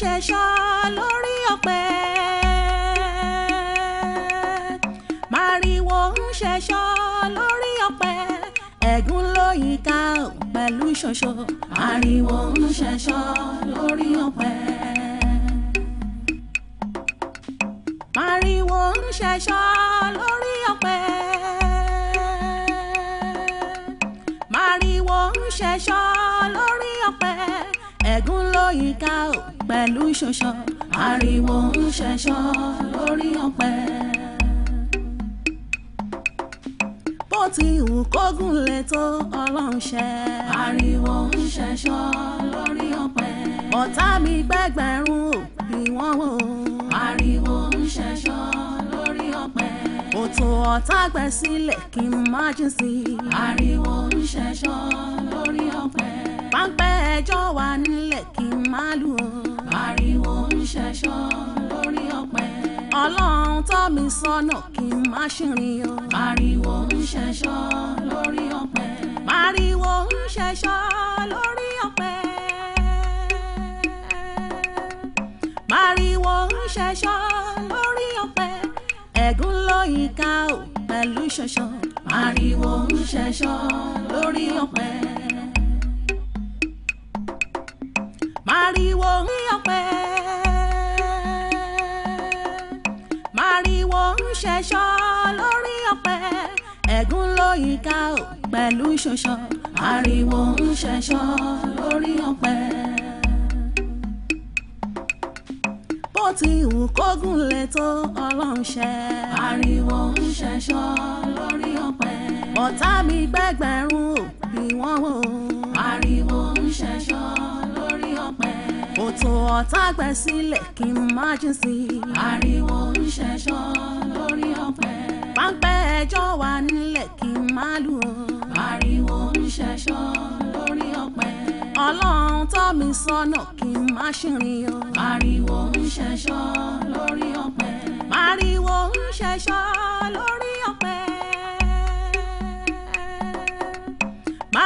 ṣẹ̀ṣọ́ lórí ọ̀pẹ. màrìwò ń ṣẹ̀ṣọ́ lórí ọ̀pẹ. ẹ̀gún ló yí ká pẹ̀lú ṣoṣo. màrìwò ń ṣẹ̀ṣọ́ lórí ọ̀pẹ. màrìwò ń ṣẹ̀ṣọ́ lórí ọ̀pẹ. màrìwò ń ṣẹ̀ṣọ́ lórí ọ̀pẹ. ẹ̀gún ló yí ká o pẹ̀lú ṣoṣo ariwo ń ṣẹ̀ṣọ́ lórí ọ̀pẹ. bó ti wù kógun lè tó ọlọ́run ṣẹ́. ariwo ń ṣẹ̀ṣọ́ lórí ọ̀pẹ. ọ̀tá mi gbẹgbẹ̀rún ìwọ̀n wò. ariwo ń ṣẹ̀ṣọ́ lórí ọ̀pẹ. òtò ọ̀tá gbẹ sílẹ̀ kí n má jìn sí ariwo ń ṣẹ̀ṣọ́ lórí ọ̀pẹ. páńpẹ́ ẹjọ́ wà nílẹ̀ kí n má lù ú ariwo ń ṣẹ̀ṣọ́ lórí ọ̀pẹ. ọlọ́run tọ́ mi sọ́nà kí n má ṣìrìn o. ariwo ń ṣẹ̀ṣọ́ lórí ọ̀pẹ. ariwo ń ṣẹ̀ṣọ́ lórí ọ̀pẹ. ariwo ń ṣẹ̀ṣọ́ lórí ọ̀pẹ. ẹ̀gún ló yí ká o pẹ̀lú ṣọ̀ṣọ̀. ariwo ń ṣẹ̀ṣọ́ lórí ọ̀pẹ. Màrìwò ń yọ̀pẹ̀. Màrìwò ń ṣẹ̀ṣọ́ lórí ọ̀pẹ̀. Ẹ̀gún ló yíká o pẹ̀lú ṣoṣọ. Màrìwò ń ṣẹ̀ṣọ́ lórí ọ̀pẹ̀. Bó ti wù kógun lè tó ọlọ́run ṣẹ. Màrìwò ń ṣẹ̀ṣọ́ lórí ọ̀pẹ̀. Bọ̀tá mi gbẹgbẹ̀rún bí wọ́n wò. Màrìwò ń ṣẹ̀ṣọ́ lórí ọ̀pẹ̀ kòtò ọ̀tá gbẹ sílẹ̀ kí n má jìn sí i. ariwo ń ṣẹ̀ṣọ́ lórí ọ̀pẹ. pápẹ́ ẹjọ́ wà nílẹ̀ kí n má lù ú. ariwo ń ṣẹ̀ṣọ́ lórí ọ̀pẹ. ọlọ́run tọ́ mi sọ́nà kí n má ṣìrìn o. ariwo ń ṣẹ̀ṣọ́ lórí ọ̀pẹ. ariwo ń ṣẹ̀ṣọ́ lórí ọ̀pẹ.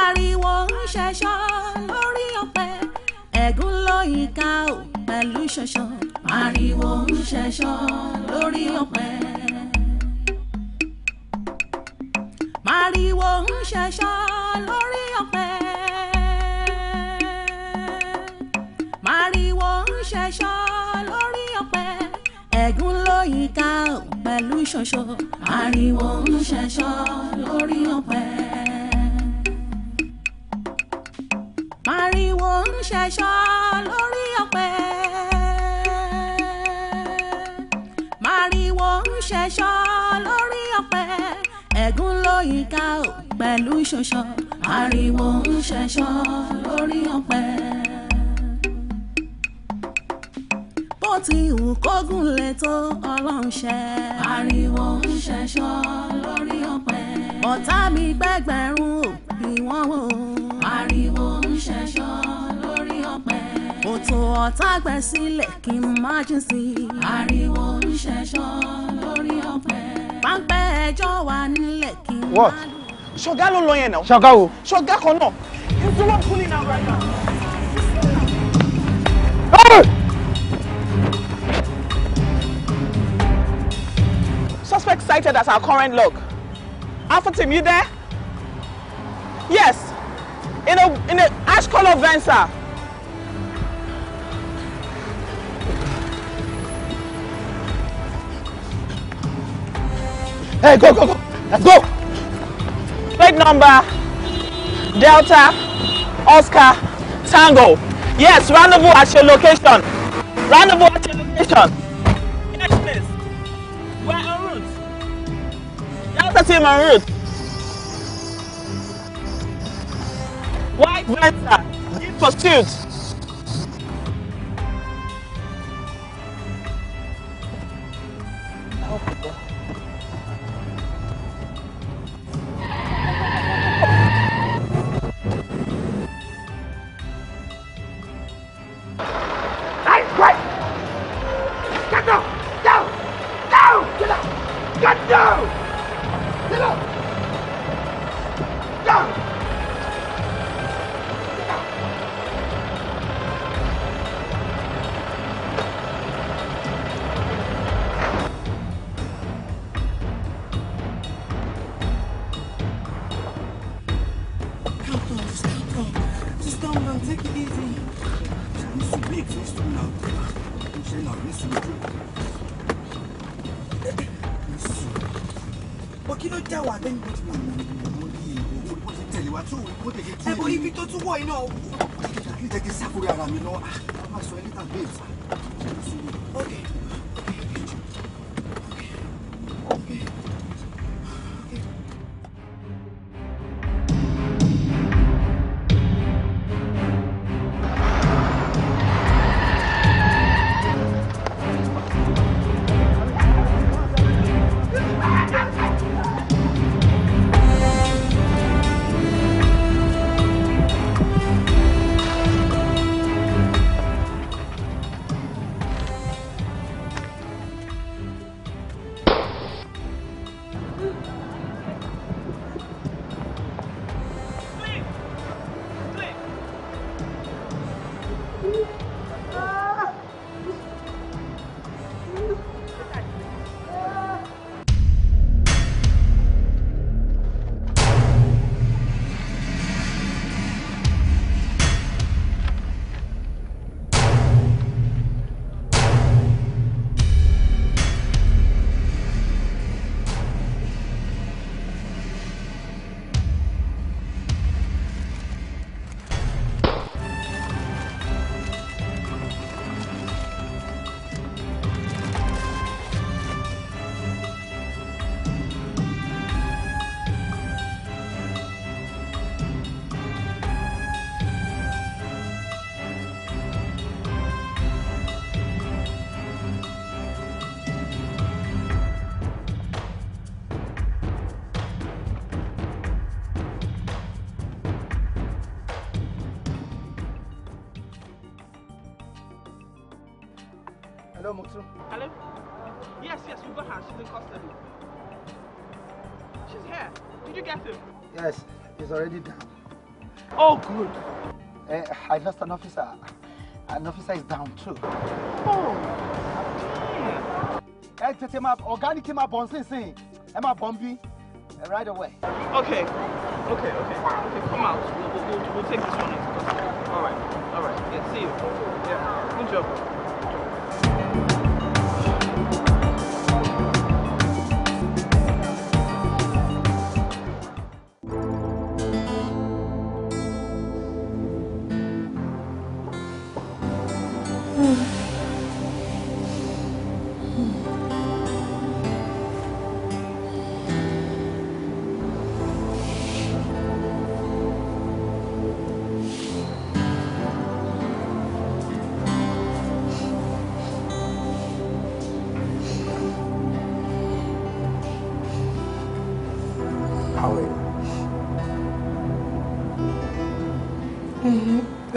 ariwo ń ṣẹ̀ṣọ́ lórí ọ̀pẹ yíká o pẹ̀lú ṣọ̀ṣọ̀. ariwo ń ṣẹ̀ṣọ̀ lórí ọ̀pẹ. ariwo ń ṣẹ̀ṣọ̀ lórí ọ̀pẹ. ariwo ń ṣẹ̀ṣọ̀ lórí ọ̀pẹ. ẹ̀gún ló yíká o pẹ̀lú ṣọ̀ṣọ̀. ariwo ń ṣẹ̀ṣọ̀ lórí ọ̀pẹ. ariwo ń ṣẹ̀ṣọ́ lórí ọ̀pẹ. Màrìwò ń ṣẹ̀ṣọ́ lórí ọ̀pẹ. Ẹ̀gún ló yíká o pẹ̀lú ṣoṣọ. Màrìwò ń ṣẹ̀ṣọ́ lórí ọ̀pẹ. Bó ti hù kógun lè tó ọlọ́run ṣẹ. Màrìwò ń ṣẹ̀ṣọ́ lórí ọ̀pẹ. Ọ̀tá mi gbẹgbẹ̀rún o bí wọ́n wò. ariwo ń ṣẹ̀ṣọ́ lórí ọ̀pẹ. òtò ọ̀tá gbẹ sílẹ̀ kí n má jìn sí i. ariwo ń ṣẹ̀ṣọ́ lórí ọ̀pẹ. pápẹ́ ẹjọ́ wà nílẹ̀ kí n má lù. ṣọ̀gá ló lọ yẹn náà. ṣọ̀gá wo. ṣọ̀gá kan náà. it's the one pulling out right now. Suspect cited as our current log. Alpha team, you there? Yes, in a in a ash color Venza. Hey, go, go, go. Let's go. Plate number Delta Oscar Tango. Yes, rendezvous at your location. Rendezvous at your location. Yes, please. We're en route. Delta team en route. Greta, Infosys, an officer. An officer is down too. Oh, ẹ tètè máa ọ̀gá ní kí máa bọ̀ nísinsìnyí ẹ máa bọ̀ right away. okay okay okay okay come out we'll, we'll, we'll take this one.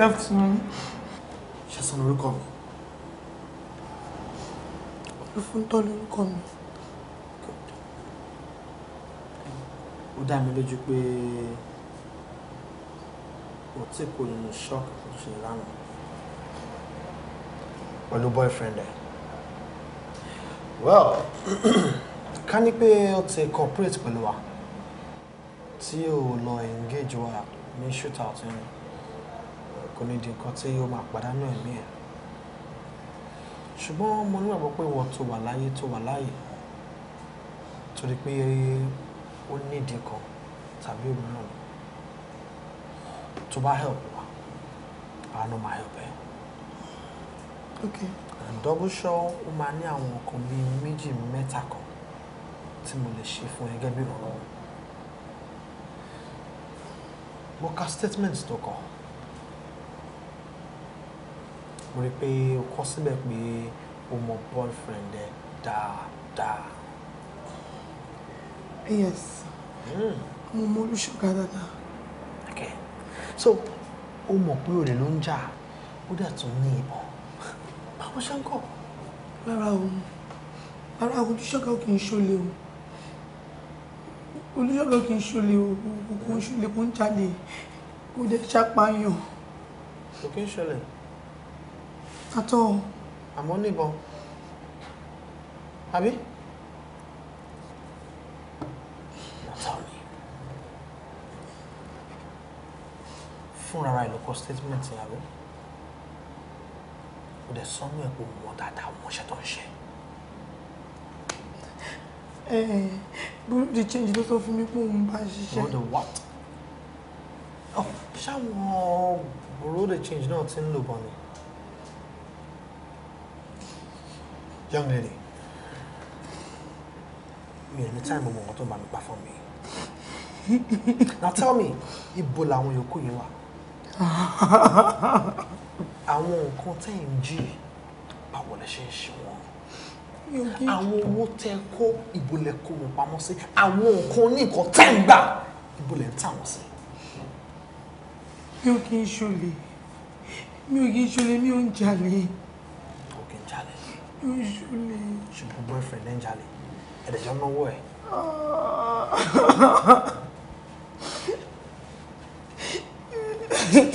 Good afternoon. Ṣẹ̀san orúkọ mi. Olúfúntọ́ lórúkọ mi. Ó dá mi lójú pé o tí kò nínú ṣọ́ọ̀kì tó ṣe lánàá pẹ̀lú boyfriend ẹ̀. Well, ká ní pé o ti cooperate pẹ̀lú wa tí o lọ engage wa ní shootout yẹn kò ní di nǹkan tí ó máa pàdánù ẹ̀mí ẹ̀ ṣùgbọ́n mo nígbàgbọ́ pé ìwọ tó wà láyé tó wà láyé torí pé ó nídìí kan tàbí òmíràn tó bá help wa àánú máa help ẹ. okay. double sure ó máa ní àwọn nǹkan bíi méjì mẹ́ta kan tí mo lè ṣe fún ẹ gẹ́gẹ́ bí ìrànlọ́wọ́. mo ka statement tó kàn mo rí i pé o kọ síbẹ̀ pé o mọ boyfriend ẹ dáadáa. yes hmm. mo mọ olùṣọ́gà dáadáa. okay so o mọ̀ pé olè ló ń jà ó dẹ̀ tún ní ìbọn báwo ṣe ń kọ̀. rárá o rárá o olùṣọ́gà kì í ṣọlẹ̀ o olùṣọ́gà kì í ṣọlẹ̀ o kò ń ṣọlẹ̀ kò ń jalè kò dẹ̀ ṣàpàyàn. kò kí ń ṣọlẹ̀ at all. àmọ́ níbọn àbí. fúnra ẹ ló kọ statement yẹn àbí kò dẹ̀ sọ́nú ẹ̀ pé mọ̀ dáadáa mọ̀ṣẹ́ tó ń ṣe. burúkú change ló sọ fún mi pé òun bá ṣiṣẹ́. burúkú what? Oh. ṣáwọn burúkú change náà ti ń lò bọ̀ ni. young lady me ò ní táìmù mọ̀ wọ́n tó máa mi pa fún now tell me ibo làwọn yòókù yìí wà àwọn nǹkan tẹ́ ń jí báwo lẹ ṣe ń ṣe wọ́n àwọn owó tẹ́ kó ibo lẹ kó wọn pamọ́ sí àwọn nǹkan oníkan tẹ́ ń gbà ibo lẹ ń tà wọ́n sí. mi lóṣù ni. ṣùgbọ́n boyfriend ẹ̀ ń jalè ẹ̀dẹ̀jọ́ náwó ẹ̀. Don't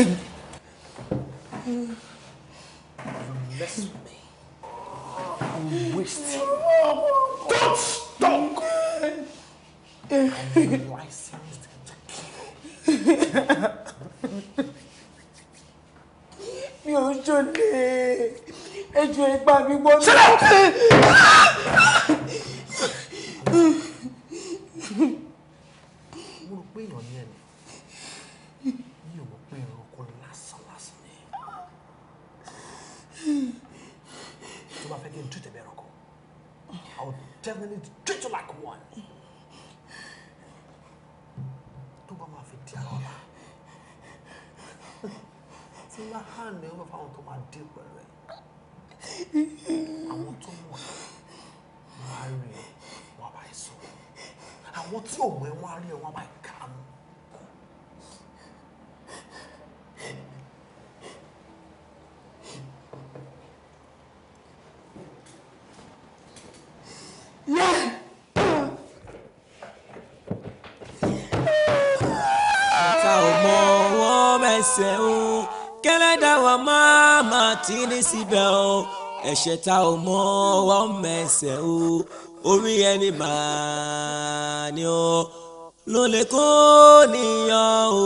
talk. I'm licensed to kill. Mi ò jọ lè ejò ìgbà mi gbọ́ mi. ṣẹlẹ̀ mo rò pé èèyàn ní ẹ̀mí mi ò mọ̀ pé ẹranko lásán lásán ni tó bá fẹ́ kí n tú tẹ̀mí ẹranko I will definitely treat you like one tó bá máa fi di àrọ́lá tí n bá hàn ní ọmọ fáwọn tó máa dé pẹ̀lú àwọn tó mọ̀ wọ́n á rí ẹ bá sọ àwọn tí ò mọ̀ ẹ á rí ẹ á bá ẹ kà á mú. Ọ̀tá ò mọ̀ wọ́n mẹ́sẹ̀ o kẹlẹ́dà wa máa máa tí ní síbẹ̀ o ẹ̀ṣẹ̀ tá ò mọ̀ wọ́n mẹ̀sẹ̀ o orí ẹni màá ni o ló kó nìyàn o.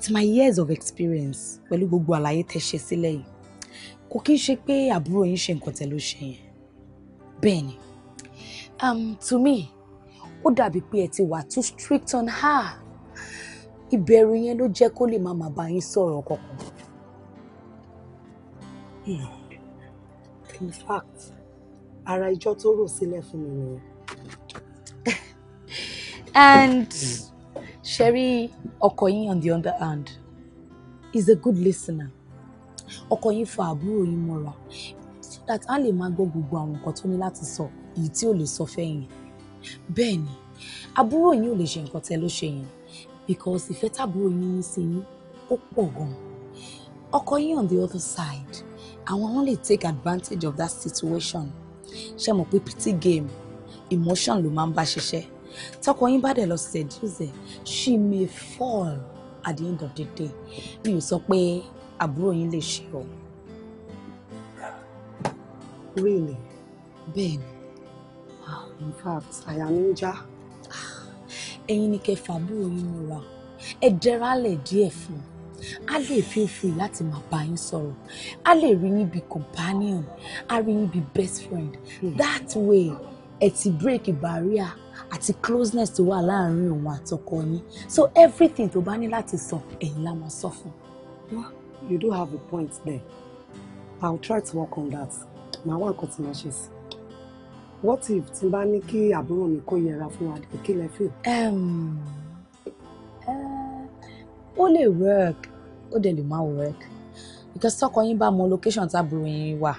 with my years of experience pẹ̀lú gbogbo àlàyé tẹ́ ṣe sílẹ̀ yìí kò kí n ṣe pé àbúrò yín ṣe nǹkan tẹ́ ló ṣe yẹn bẹ́ẹ̀ ni um, to me ó dàbí pé ẹ ti wà too strict on her ìbẹ̀rù yẹn ló jẹ́ kó lè má máa bá yín sọ̀rọ̀ kankan. Hmm. in fact ara ìjọ tó rò sílẹ̀ fún mi nìyẹn. and. Mm. Sherry, Okoyin on the other hand is a good listener Okoyin yín fa àbúrò yín mọ́ra so that a lè máa gbọ́ gbogbo àwọn nǹkan tó ní láti sọ èyí tí ò lè sọ fẹ́yìn bẹ́ẹ̀ ni àbúrò yín ò lè ṣe nǹkan tẹ́ ló ṣe yẹn because ìfẹ́ tàbúrò yín ní sí yín ó pọ̀ gan-an on the other side àwọn wọn lè take advantage of that situation ṣe mọ̀ pé pity game emotion ló máa ń bá ṣiṣẹ́ tọkọ yín bá dẹ̀ lọ seduce ẹ̀ she may fall at the end of the day mi ò sọ pé àbúrò yín lè ṣe o. really Ben? ah, in fact àyà mi ń já. ẹ̀yin ni kẹfà àbúrò yín múra ẹ dẹrálẹ̀ díẹ̀ fún un a lè feel free láti máa bá yín sọ̀rọ̀ a lè rí yín bí companion a rí yín bí best friend hmm. that way ẹ ti break barrier àti closeness tó wà láàárín òun àtọkọ yín so everything tó bá ní láti sọ ẹ̀yin la máa sọ fún. you do have a point there i will try to work on that na one cotton ashes what if tí n bá ní kí àbúrò mi kó yẹra fún wa kí lè fi. Eh, ó lè work ó dẹ̀ lè má work because tọkọ yín bá mọ location tábúrò yín wà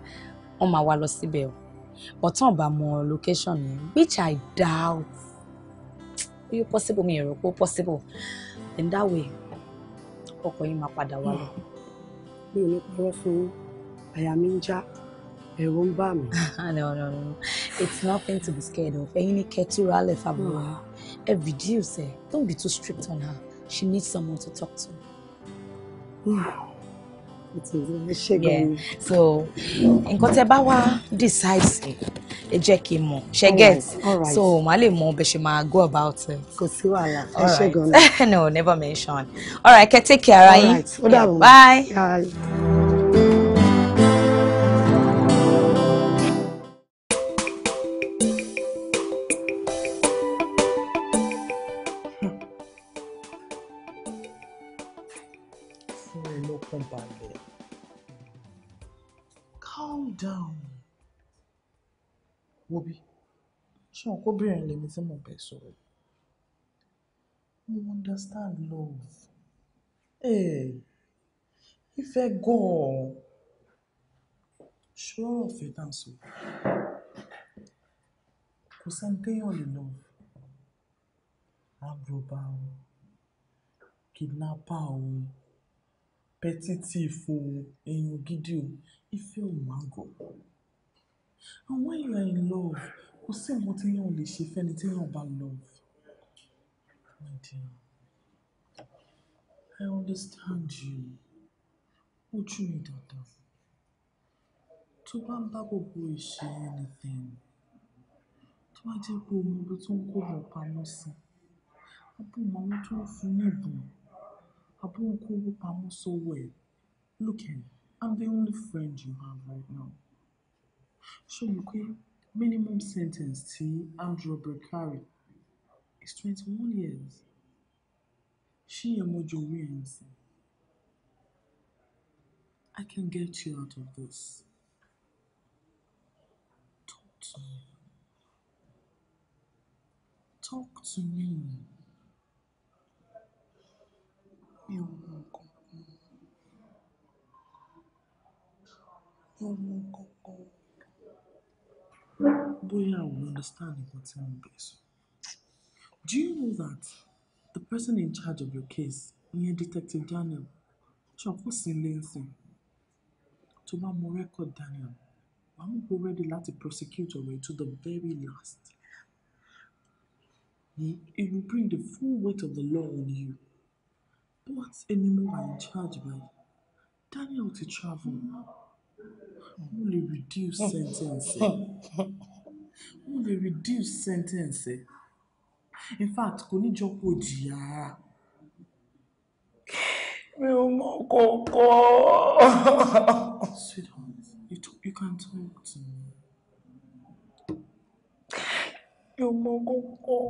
wọ́n máa wá lọ síbẹ̀ o but tán bá mọ location yẹn which i doubt ó yẹ possible mi èrò pé ó possible in that way ọkọ yín máa padà wá lọ. Hmm. mi ò ní parọ́ fún yín àyà mi ń já ẹ̀rù ń bà mí. no no no it's nothing to be scared of ẹ̀yin ní kẹ́túrà lẹ̀ fàbúrò hmm. ẹ̀ reduce ẹ̀ don't be too strict on her she needs someone to talk to. Hmm so nǹkan tẹ bá wá decide sí ẹ jẹ́ kí n mọ̀ ṣe get so màá lè mọ bẹ ṣe máa go about it. kò sí wàhálà ẹ ṣe gan-an. no never mention all right kẹ́ take care ara yín bye. bye. calm down Wobi. bí ṣé wọn kó bìrìn lèmi tí mo bẹ sọ̀rọ̀ You understand love ee eh, ìfẹ́ gan-an ṣọ́rọ̀ ọ̀fẹ́ tá à ń sọ kò sẹ́ni téèyàn lè lọ agbóba o kidnapper o pẹ́títì fún èèyàn gidi o if you mago and when you are in love kò sí nǹkan tí èèyàn ò lè ṣe fẹ́ni tí èèyàn bá love my dear i understand you ojú mi dandan tó bá ń bá gbogbo ìṣe anything tó bá jẹ́ pé omi ibi tó ń kó wọ̀ pamọ́ sí abú màmú tó ń fún ní ìbùn abú ń kó wọ̀ pamọ́ sọ́wọ́ ẹ̀ lókè yìí. I'm the only friend you have right now. So you can minimum sentence to Andrew Bakari is twenty one years. She and Mojo jọ I can get you out of this. Talk to me. Talk to me. You're mọ ọmọ kankan. Bóyá o understand nǹkan tí mo bẹ̀ sọ. Do you know that the person in charge of your case, ìyẹn Detective Daniel, ṣé kò sí nílé ńsìn? Tó bá mọ record Daniel, wàá mọ̀ pé ó ready láti prosecute ọ̀rọ̀ yìí to the very last. He will bring the full weight of the law on you. But èmi mo wà in charge báyìí. Daniel to travel. Only reduce sentence Only reduce sentence In fact, kò ní jọ kó jìyà rárá. Mi ò mọ kọ̀ọ̀kan. Sweetheart, you, you can talk to me. Mi ò mọ kọ̀ọ̀kan.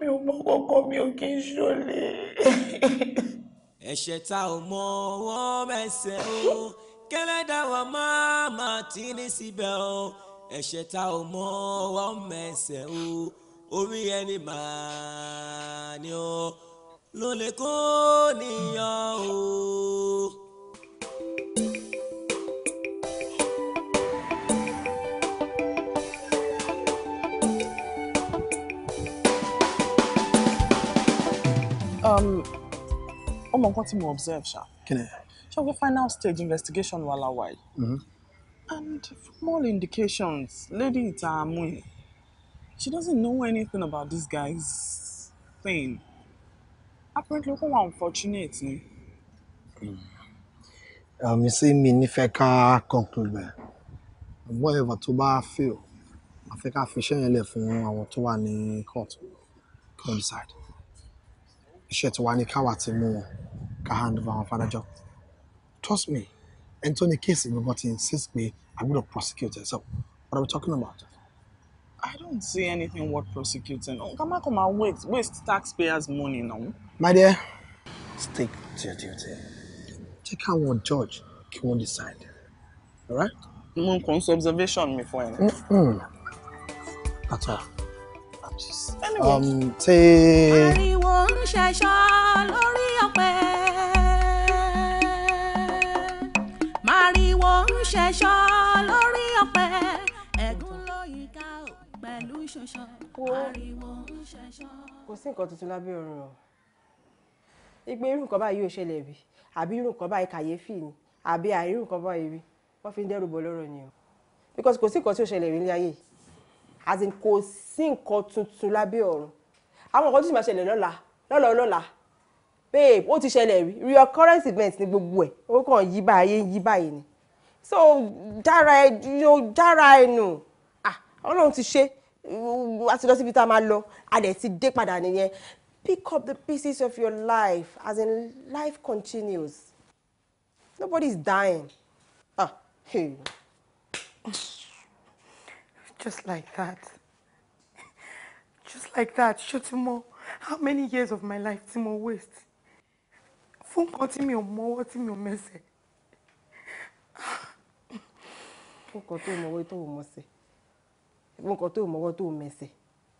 Mi ò mọ kọ̀ọ̀kan, mi ò kí ń ṣọlẹ̀. Ẹ̀ṣẹ̀ ta ò mọ wọ́n mẹ́sẹ̀ o kẹlẹ́dà wa máa máa tí ní síbẹ̀ o ẹ̀ṣẹ̀ tá ò mọ̀ wọ́n mẹ̀sẹ̀ o orí ẹni màá ni o ló lè kó nìyàn o. um ọmọ nǹkan tí mo observe ṣá. kí ni the final stage investigation wà láwa Mm-hmm. And from all indications, lady Itamui, she doesn't know anything about this guy's thing. Apparently, ó kàn wá unfortunate ni. Àmì mm. um, sí mi nífẹ̀ẹ́ ká conclude Whatever tó bá fail, a fẹ́ ká fi iṣẹ́ yẹn lẹ̀ fún àwọn tó wà ní court. Come inside. Iṣẹ́ tí wàá ní káwá ti mú wọn ká hand over àwọn fàdájọ́ trust me ẹni tó ní kéèsì gbogbo ti insist me. I gbọ́dọ̀ prosecute ẹ̀ so what are we talking about. I don't see anything worth prosecuting nǹkan má kò máa waste waste taxpayers money now. my dear stick to your duty jẹ́ káwọn judge kí wọ́n decide alright. mo n kàn sọ observation mi fún Hmm. that's all. Anyway. Um, Say. ṣẹ̀ṣọ́ lórí ọ̀pẹ ẹ̀gún ló yí ká pẹ̀lú ṣoṣọ ariwo ń ṣẹ̀ṣọ́. kò sí nǹkan tuntun lábẹ́ ọ̀run o igbe irú nǹkan báyìí ò ṣẹlẹ̀ bí àbí irú nǹkan báyìí kàyéfì ni àbí àìrí nǹkan báyìí rí wọ́n fi ń dẹ́rù bọ̀ lọ́rọ̀ ni o because kò sí nǹkan tí ò ṣẹlẹ̀ rí ní ayé as in kò sí nǹkan tuntun lábẹ́ ọ̀run àwọn nǹkan tó sì máa ṣẹlẹ̀ lọ́la lọ́la lọ́la babe ó ti ṣẹlẹ̀ rí reoccurrence event ni gbogbo ẹ̀ ó kàn yí báyé yí báyìí ni so dára ẹ dára ẹ nù ah, ọlọ́run ti ṣe a ti lọ síbi tá a máa lọ a dẹ̀ ti dé padà nìyẹn pick up the pieces of your life as in life continues nobody is dying. Ah, hey. Just like that. Just like that, Shotimo. How many years of my life tí mo waste? Fún nǹkan tí mi ò mọwọ́ tí mi ò mẹsẹ̀. fún nǹkan tó mọwọ́ tó mọsẹ̀ fún nǹkan tó mọwọ́ tó mẹsẹ̀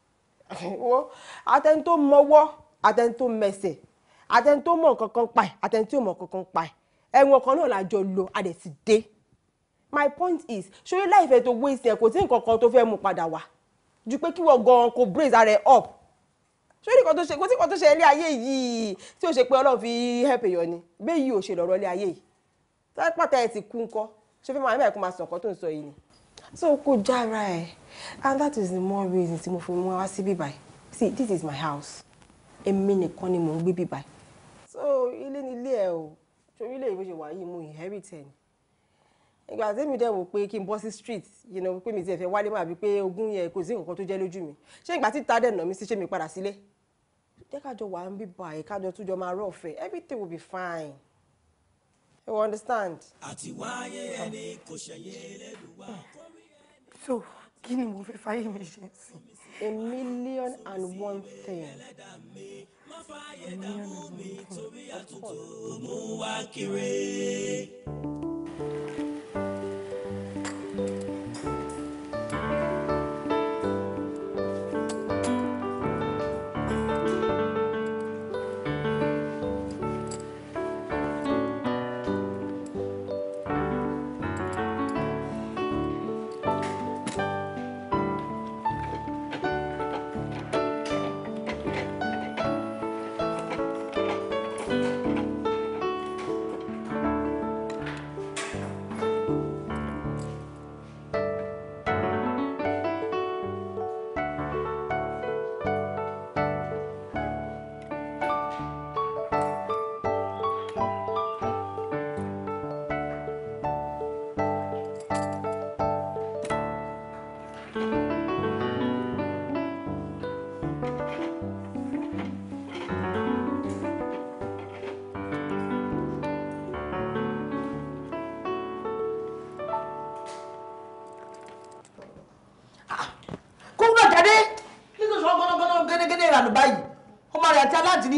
wọ́n àtẹni tó mọwọ́ àtẹni tó mẹsẹ̀ àtẹni tó mọ̀ kankan pa ẹ̀ àtẹni tí ò mọ̀ kankan pa ẹ̀ ẹ̀wọ̀n kan náà lájọ lọ a ti dé my point is ṣóyè láìfẹ́ tó wé ìsìn ẹ̀ kò tí nǹkan kan tó fẹ́ mú padà wá ju pé kí wọ́n gan kò brace ara ẹ̀ up ṣóyè nǹkan tó ṣe kò tí nǹkan tó ṣe ilé ayé yìí tí ò ṣe pé ọlọ́run fi help èèyàn ni bẹ́ẹ̀ yìí ò ṣe lọ́rọ̀ ilé ayé yìí tápàtà ẹ̀ ti kú ńkọ́ ṣé fí máa ń bẹ̀rẹ̀ kó máa sọ nǹkan tó ń sọ yìí ni. so kò jára ẹ and that is the more reason tí mo fi mú wá sí bíbáyìí see this is my house èmi nìkan ni mò ń gbé bíbáyìí. so ilé ni ilé ẹ o torí ilé ìwé ṣe wà yìí mo inherit ẹ ni ìgbà tẹ́mi dẹ̀ wò pé kí n bọ́ sí street you know pé mi ti ẹ̀fẹ̀ wálé máa bí pé ogún yẹn kò sí nǹkan tó jẹ́ lójú mi ṣé ìgbà tí tá dẹ̀ nà mí sí ṣé mi padà sílé jẹ́ kájọ wà ń bíbáyìí kájọ túnjọ máa rọ̀ ọ̀fẹ́ everything will be fine you understand. àti wáyé ẹni kò ṣẹyẹ ẹlẹ́dùnwá. so kí ni mo fẹ́ fàyè mi ṣe sí. a million and one thing. a million and one thing. of course.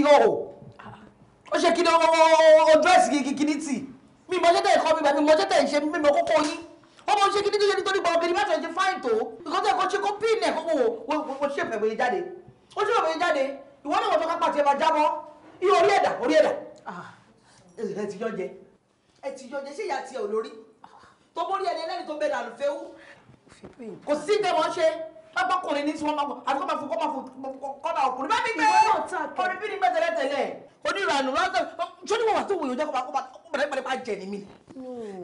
ní òhò ó ṣe kíni ojú ẹ̀sìn kíkíní tì mi mọ̀ ṣẹ́tẹ̀ ìkọ́ mi gbà mi mọ̀ ṣẹ́tẹ̀ ìṣe mi mọ̀ kókó yín ọmọ ṣe kíni tó ṣe nítorí gbọ́n kiri mẹ́tọ̀ ṣe fáìn tó nǹkan tó ẹ̀kọ́ ṣe kó pín ẹ̀ kókó wo ṣe pẹ̀wé jáde ó ṣe pẹ̀wé jáde ìwọ náà wọ́n tó kápá tiẹ̀ máa jábọ́ iye orí ẹ̀dà orí ẹ̀dà ah. ẹ ti yọ jẹ ẹ ti yọ jẹ ṣé ìyá tiẹ̀ olórí tó bórí ẹni ẹlẹ́ni tó bẹ dànù fẹ́wú kò pápákùnrin ní tí wọ́n máa fún àti kọ́ máa fún kọ́ máa fún kọ́dà ọkùnrin bá mi gbé orin bí ni gbé tẹ́lẹ̀tẹ́lẹ̀ onírànù ránṣẹ́ jóni wọ́n wà tó wòye jẹ́ kó bàtẹ́ pàdé pàjẹ́ ni mi.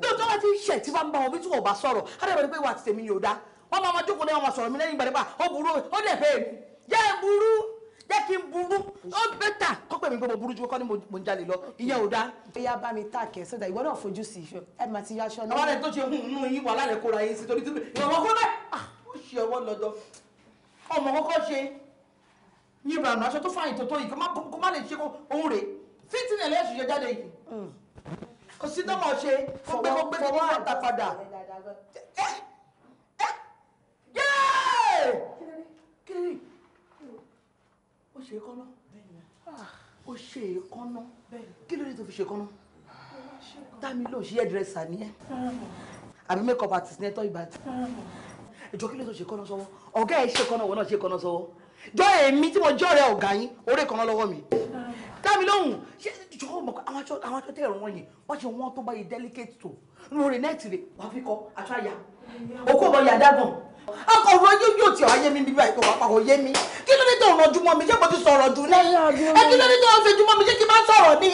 ní ọjọ́ wa ti ń ṣe tí wọ́n bá wọn bí tí wọ́n bá sọ̀rọ̀ adébẹ̀rẹ̀ pé ìwà àti tèmi yóò dá wọ́n máa máa jókòó ní àwọn sọ̀rọ̀ mi lẹ́yìn gbàdébà ó burú ó dẹ̀ fẹ́ mi jẹ́ burú jẹ́ kí n burú ó bẹ́tà kó pè mí pé mo burú ju kọ́ ni mo ń jalè lọ ìyẹn ò dáa. ìyá bá mi tààkẹ́ sódà ìwọ náà fojú sí i ẹ máa ti yá aṣọ náà. àwọn ẹ̀ tó ṣe hùn nínú yín wà lálẹ́ kóra yín sí torí tí ìwọ̀n ó ṣe ọwọ́ lọ́dọ̀ ọmọ kọ́kọ́ ṣe ní ìrànà aṣọ tó fàyìn tó tó yìí kó má lè ṣe ohun rẹ̀ fítìnì ẹlẹ́sùn ṣe jáde yìí hmm. kò sí tó mọ̀ ṣe kó gbé kó gbé kó má ta padà eh, eh, eh, kiri ó ṣe kọ́nà ah, ó ṣe kọ́nà kí ló dé tó fi ṣe kọ́nà dámi ló ṣe hairdresser ni ẹ àbí makeup artist ní ẹtọ́ ìbàdàn ìjọ kí ló tó ṣe kọ́nà sọ́wọ́ ọ̀gá ẹ̀ ṣe kọ́nà wọn náà ṣe kọ́nà sọ́wọ́ jọ èmi tí mo jọ rẹ ọ̀gá yín orí kan lọ́wọ́ mi dámi lóhùn ṣé jọ mọ̀ àwọn aṣọ tẹ̀ ẹ̀rọ wọ̀nyí wọ́n ṣe wọ́n tó bá delicate tó lórí nẹ́ẹ̀tì rẹ̀ wàá fi kọ́ aṣọ àyà òkú ọ̀bọ yà dágbọ̀n ọkọ̀ ọ̀rọ̀ yóò yóò tí ọ̀ ayé mi bí báyìí kò wá pàwọ̀ yé mi kí ló dé tó rọ̀jú mọ́ mi ṣé mo ti sọ̀rọ̀ jù ní ẹ kí ló dé tó ṣojú mọ́ mi ṣé kí n má sọ̀rọ̀ ni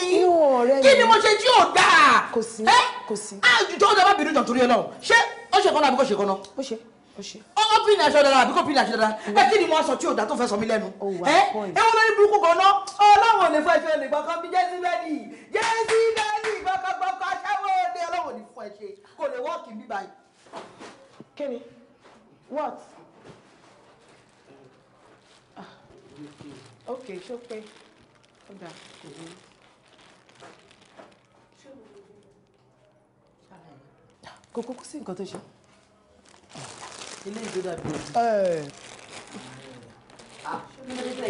kí ni mo ṣe tí ò dáa kò sí kò sí. àjùjọ́ ọ̀dọ́ bá bìnrin jàn torí ẹ náà ṣé ó ṣe kan àbí kò ṣe kan ó ṣe ọmọ pin aṣọ dada àbí kò pin aṣọ dada ẹ kí ni mo aṣọ tí o dá tó fẹ́ sọ mí lẹ́nu ẹ ẹ lórí burúkú kan náà ọlọ́run ò lè fọ ẹṣẹ olùgbọ́n kan bí jẹ́sí bẹ́ẹ̀lì jẹ́sí bẹ́ẹ̀lì gbọ́kọ̀gbọ́kọ̀ aṣẹ́wó ni ọlọ́run ò ní fọ ẹṣẹ kò lè wọ́ọ̀kì bí báyìí. kí what ah ok ṣó pé ó dà kò ní. kò kúkú sí nǹkan tó ṣe ilé ìjọba bí o.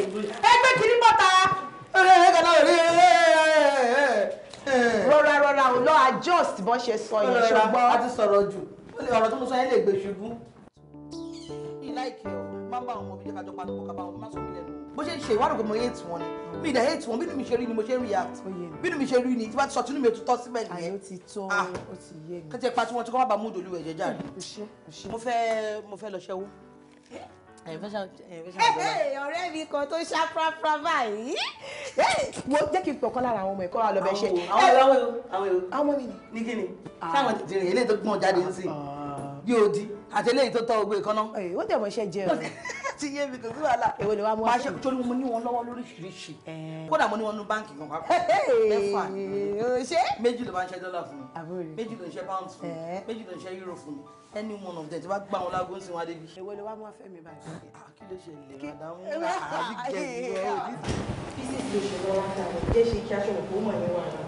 ẹgbẹ́ kìíní bọ́ta. rọra rọra ò lọ adjust bó ṣe sọ yẹn ṣùgbọ́n. a ti sọ̀rọ̀ jù ọ̀rọ̀ tí mo sọ yẹn lè gbé ṣubú. mi láìkẹ́ ọ má bá àwọn ọmọ mi jẹ́ ká jọ pa lọ́pọ̀ ká bá àwọn ọmọ má sọ mí lẹ́nu bó ṣe ń ṣe ìwádìí kò mọ hate wọn ni mi ìdá hate wọn bínú mi ṣe rí ni mo ṣe ń react bínú mi ṣe rí ni tí bá ti sọ tinú mi ò tún tọ́ síbẹ̀ nìyẹn. àyè ó ti tọ́ ah! ó ti yé mi. kẹ́tẹ́ pa tí wọ́n ti kọ́ bá mú ìdòlú ẹ̀jẹ̀ jáde. mo fẹ́ mo fẹ́ lọ ṣẹ́wó. ọ̀rẹ́ mi kan tó ṣá fúráfúrá báyìí. wo jẹ́ kí n pọ̀ kọ́ lára àwọn ọmọ ẹ̀kọ́ wa lọ́bẹ̀ ṣe. àwọn ọmọ mi ni. ní kí ni? sáwọn ti dìrín eléyìí tó gbọ́n jáde ń sìn ah. bí ó di àti eléyìí tó tọ́ ogbe kaná. ẹ ó dẹ̀ mọ iṣẹ́ jẹ o. ti yé mi kò sí wàhálà. èwo ni wàá mú wa. torí mo ní wọn lọ́wọ́ lóríṣiríṣi. kódà mo ní wọn ní báǹkì kan papọ̀. mẹ́fà ṣe. méjì ló máa ń ṣe dọ́là fún mi méjì ló ń ṣe pound fún mi méjì ló ń ṣe euro fún mi any one of them tí wàá gbà wọn lágbo ń sin wọn adébí. èwo ni wàá mú wa fẹ́ mi báyìí. Ah, kí ló ṣe lè màdàmú ah, àbí jẹ́ ìwọ òdì. físíìsì ló ṣe lọ́wọ́ ń ta ẹ̀ jẹ́ ṣe kí aṣọ òkú mọ̀ ní wàhálà.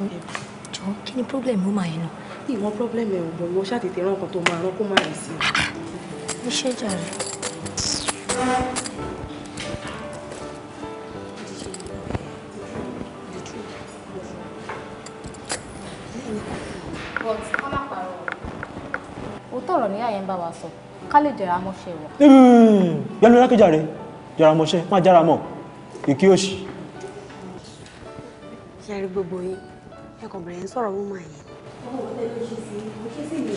Ah, jọ kí ni problem ó máa yẹn nà. ìwọ̀n problem ẹ̀ ò bọ̀ wọ́n ṣàtètè rán nǹkan tó máa rán kó má rìn sí i. iṣẹ́ jàre. òótọ́ ọ̀rọ̀ ní àyẹ̀ ń bá wa sọ ká lè jẹ̀rà mọ́ṣẹ́ wa. yẹnu lákèjà rẹ jẹ̀rà mọ́ṣẹ́ má jára mọ́ ìkí òṣì. ṣe rí gbogbo yín ẹ kàn bẹ̀rẹ̀ ń sọ̀rọ̀ mọ́ màá yẹn. ọmọ òun tẹ́lẹ̀ ṣe sí mo ṣe sí mi.